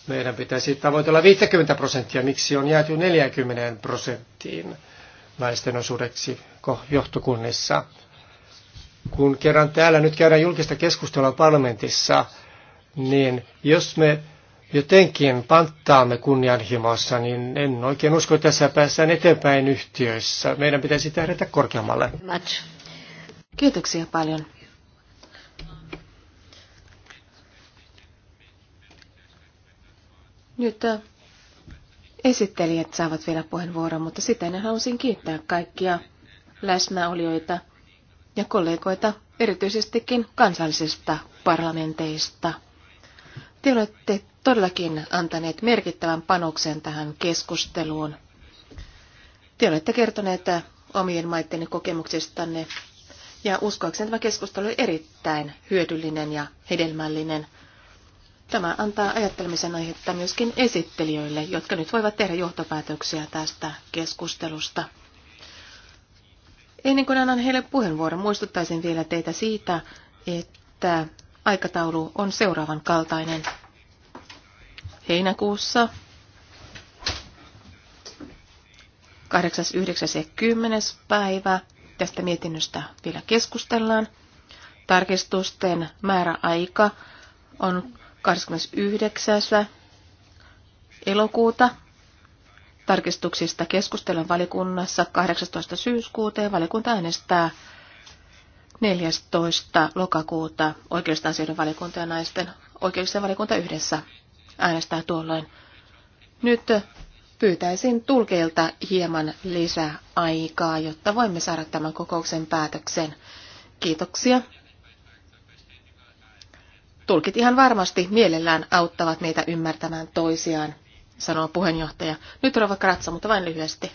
Meidän pitäisi tavoitella 50 prosenttia, miksi on jääty 40 prosenttiin naisten osuudeksi johtokunnissa. Kun kerran täällä nyt käydään julkista keskustelua parlamentissa, niin jos me jotenkin panttaamme kunnianhimossa, niin en oikein usko, että tässä päästään eteenpäin yhtiöissä. Meidän pitäisi tähdätä korkeammalle. Kiitoksia paljon. Nyt äh, esittelijät saavat vielä puheenvuoron, mutta sitten halusin kiittää kaikkia läsnäolijoita ja kollegoita, erityisestikin kansallisista parlamenteista. Te olette todellakin antaneet merkittävän panoksen tähän keskusteluun. Te olette kertoneet äh, omien maitteni kokemuksistanne ja uskoakseni tämä keskustelu oli erittäin hyödyllinen ja hedelmällinen. Tämä antaa ajattelemisen aihetta myöskin esittelijöille, jotka nyt voivat tehdä johtopäätöksiä tästä keskustelusta. Ennen kuin annan heille puheenvuoron, muistuttaisin vielä teitä siitä, että aikataulu on seuraavan kaltainen. Heinäkuussa 8., 9. ja 10. päivä tästä mietinnöstä vielä keskustellaan. Tarkistusten määräaika on 29. elokuuta. Tarkistuksista keskustelun valikunnassa 18. syyskuuta ja valikunta äänestää 14. lokakuuta oikeusasioiden valikunta ja naisten oikeuksien valikunta yhdessä äänestää tuolloin. Nyt pyytäisin tulkeilta hieman lisää aikaa, jotta voimme saada tämän kokouksen päätöksen. Kiitoksia tulkit ihan varmasti mielellään auttavat meitä ymmärtämään toisiaan, sanoo puheenjohtaja. Nyt Rova Kratsa, mutta vain lyhyesti.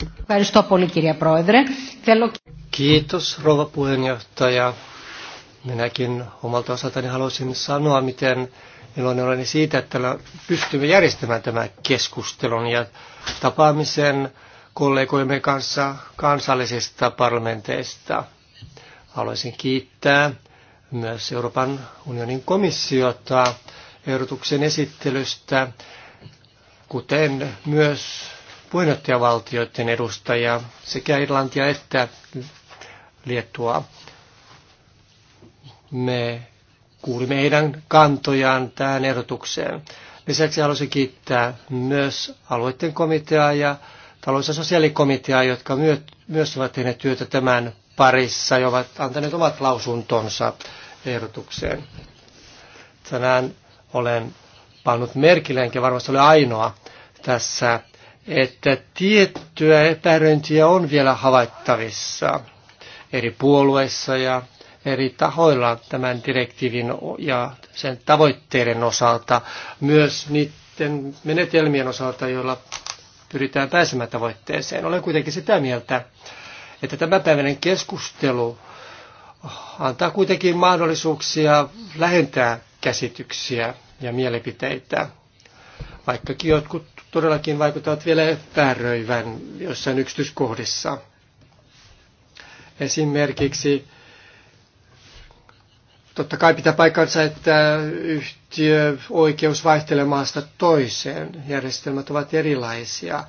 Kiitos Rova puheenjohtaja. Minäkin omalta osaltani haluaisin sanoa, miten iloinen olen siitä, että pystymme järjestämään tämän keskustelun ja tapaamisen kollegoimme kanssa kansallisista parlamenteista. Haluaisin kiittää myös Euroopan unionin komissiota ehdotuksen esittelystä, kuten myös puheenjohtajavaltioiden edustajia sekä Irlantia että Liettua. Me kuulimme heidän kantojaan tähän ehdotukseen. Lisäksi haluaisin kiittää myös alueiden komiteaa ja talous- ja sosiaalikomiteaa, jotka myös ovat tehneet työtä tämän parissa ja ovat antaneet omat lausuntonsa ehdotukseen. Tänään olen pannut merkille, enkä varmasti ole ainoa tässä, että tiettyä epäröintiä on vielä havaittavissa eri puolueissa ja eri tahoilla tämän direktiivin ja sen tavoitteiden osalta, myös niiden menetelmien osalta, joilla pyritään pääsemään tavoitteeseen. Olen kuitenkin sitä mieltä, että tämänpäiväinen keskustelu antaa kuitenkin mahdollisuuksia lähentää käsityksiä ja mielipiteitä, vaikkakin jotkut todellakin vaikuttavat vielä epäröivän jossain yksityiskohdissa. Esimerkiksi totta kai pitää paikkansa, että yhtiö oikeus vaihtelee maasta toiseen. Järjestelmät ovat erilaisia.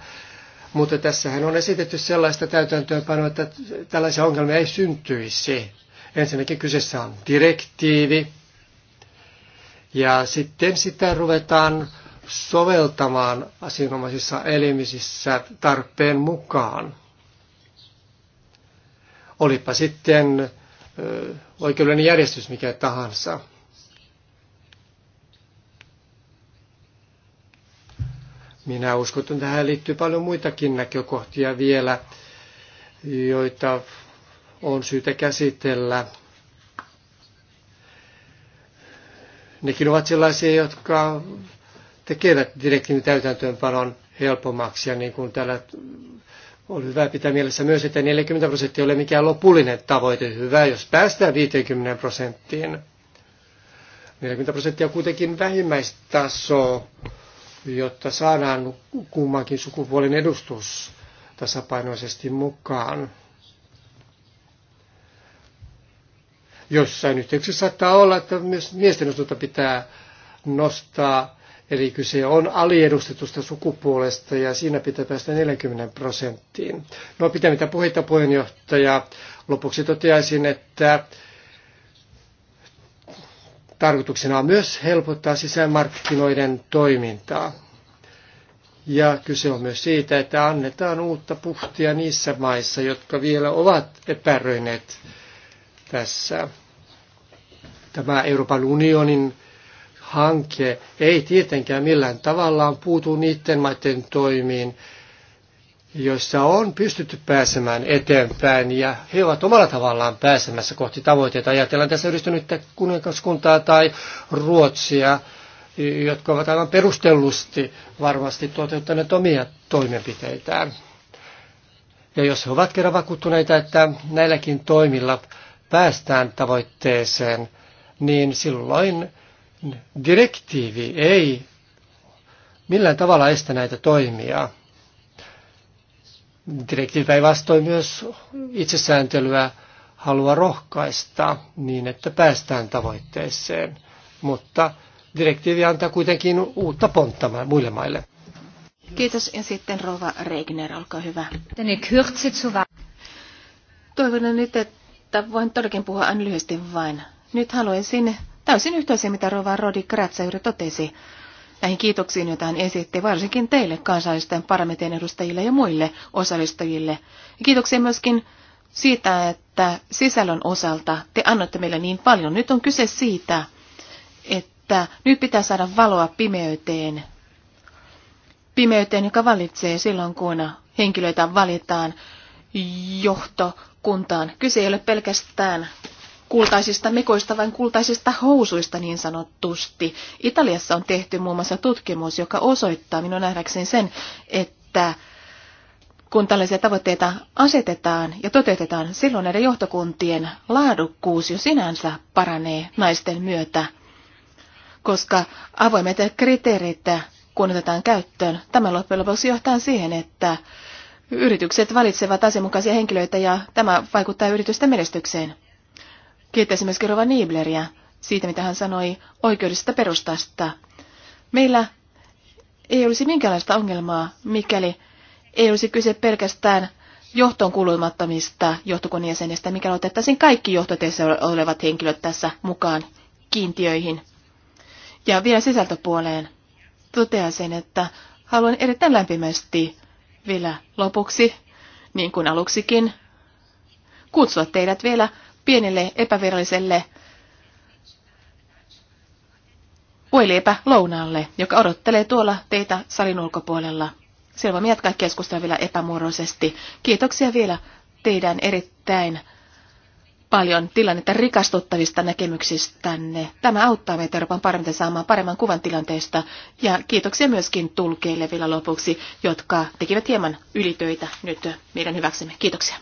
Mutta tässähän on esitetty sellaista täytäntöönpanoa, että tällaisia ongelmia ei syntyisi. Ensinnäkin kyseessä on direktiivi, ja sitten sitä ruvetaan soveltamaan asianomaisissa elimisissä tarpeen mukaan. Olipa sitten oikeudellinen järjestys mikä tahansa. Minä uskon, että tähän liittyy paljon muitakin näkökohtia vielä, joita on syytä käsitellä. Nekin ovat sellaisia, jotka tekevät direktiivin täytäntöönpanon helpommaksi. Ja niin kuin täällä on hyvä pitää mielessä myös, että 40 prosenttia ei ole mikään lopullinen tavoite. Hyvä, jos päästään 50 prosenttiin. 40 prosenttia on kuitenkin vähimmäistaso jotta saadaan kummankin sukupuolen edustus tasapainoisesti mukaan. Jossain yhteyksessä saattaa olla, että myös miesten osuutta pitää nostaa, eli kyse on aliedustetusta sukupuolesta ja siinä pitää päästä 40 prosenttiin. No pitää mitä puheita puheenjohtaja, lopuksi toteaisin, että Tarkoituksena on myös helpottaa sisämarkkinoiden toimintaa. Ja kyse on myös siitä, että annetaan uutta puhtia niissä maissa, jotka vielä ovat epäröineet tässä. Tämä Euroopan unionin hanke ei tietenkään millään tavallaan puutu niiden maiden toimiin, joissa on pystytty pääsemään eteenpäin ja he ovat omalla tavallaan pääsemässä kohti tavoitteita. Ajatellaan tässä yhdistynyttä kuninkaskuntaa tai Ruotsia, jotka ovat aivan perustellusti varmasti toteuttaneet omia toimenpiteitään. Ja jos he ovat kerran vakuuttuneita, että näilläkin toimilla päästään tavoitteeseen, niin silloin direktiivi ei millään tavalla estä näitä toimia. Direktiivi päinvastoin myös itsesääntelyä haluaa rohkaista niin, että päästään tavoitteeseen, mutta direktiivi antaa kuitenkin uutta pontta muille maille. Kiitos ja sitten Rova Regner, olkaa hyvä. Toivon nyt, että voin todellakin puhua aina lyhyesti vain. Nyt haluaisin täysin yhtä mitä Rova Rodi Kratsa juuri totesi näihin kiitoksiin, joita hän esitti, varsinkin teille kansallisten parlamentin edustajille ja muille osallistujille. Ja kiitoksia myöskin siitä, että sisällön osalta te annoitte meille niin paljon. Nyt on kyse siitä, että nyt pitää saada valoa pimeyteen. Pimeyteen, joka valitsee silloin, kun henkilöitä valitaan johtokuntaan. Kyse ei ole pelkästään kultaisista mekoista vaan kultaisista housuista niin sanottusti. Italiassa on tehty muun muassa tutkimus, joka osoittaa minun nähdäkseni sen, että kun tällaisia tavoitteita asetetaan ja toteutetaan, silloin näiden johtokuntien laadukkuus jo sinänsä paranee naisten myötä, koska avoimet kriteerit, kun otetaan käyttöön, tämä loppujen lopuksi johtaa siihen, että yritykset valitsevat asianmukaisia henkilöitä ja tämä vaikuttaa yritysten menestykseen. Kiittäisin myös Rova Niebleria siitä, mitä hän sanoi oikeudesta perustasta. Meillä ei olisi minkäänlaista ongelmaa, mikäli ei olisi kyse pelkästään johtoon kuulumattomista johtokunnan jäsenistä, mikä otettaisiin kaikki johtoteissa olevat henkilöt tässä mukaan kiintiöihin. Ja vielä sisältöpuoleen totean sen, että haluan erittäin lämpimästi vielä lopuksi, niin kuin aluksikin, kutsua teidät vielä pienelle epäviralliselle puheliepä lounaalle, joka odottelee tuolla teitä salin ulkopuolella. Siellä voimme jatkaa keskustelua vielä epämuodollisesti. Kiitoksia vielä teidän erittäin paljon tilannetta rikastuttavista näkemyksistänne. Tämä auttaa meitä Euroopan paremmin saamaan paremman kuvan tilanteesta. Ja kiitoksia myöskin tulkeille vielä lopuksi, jotka tekivät hieman ylitöitä nyt meidän hyväksemme. Kiitoksia.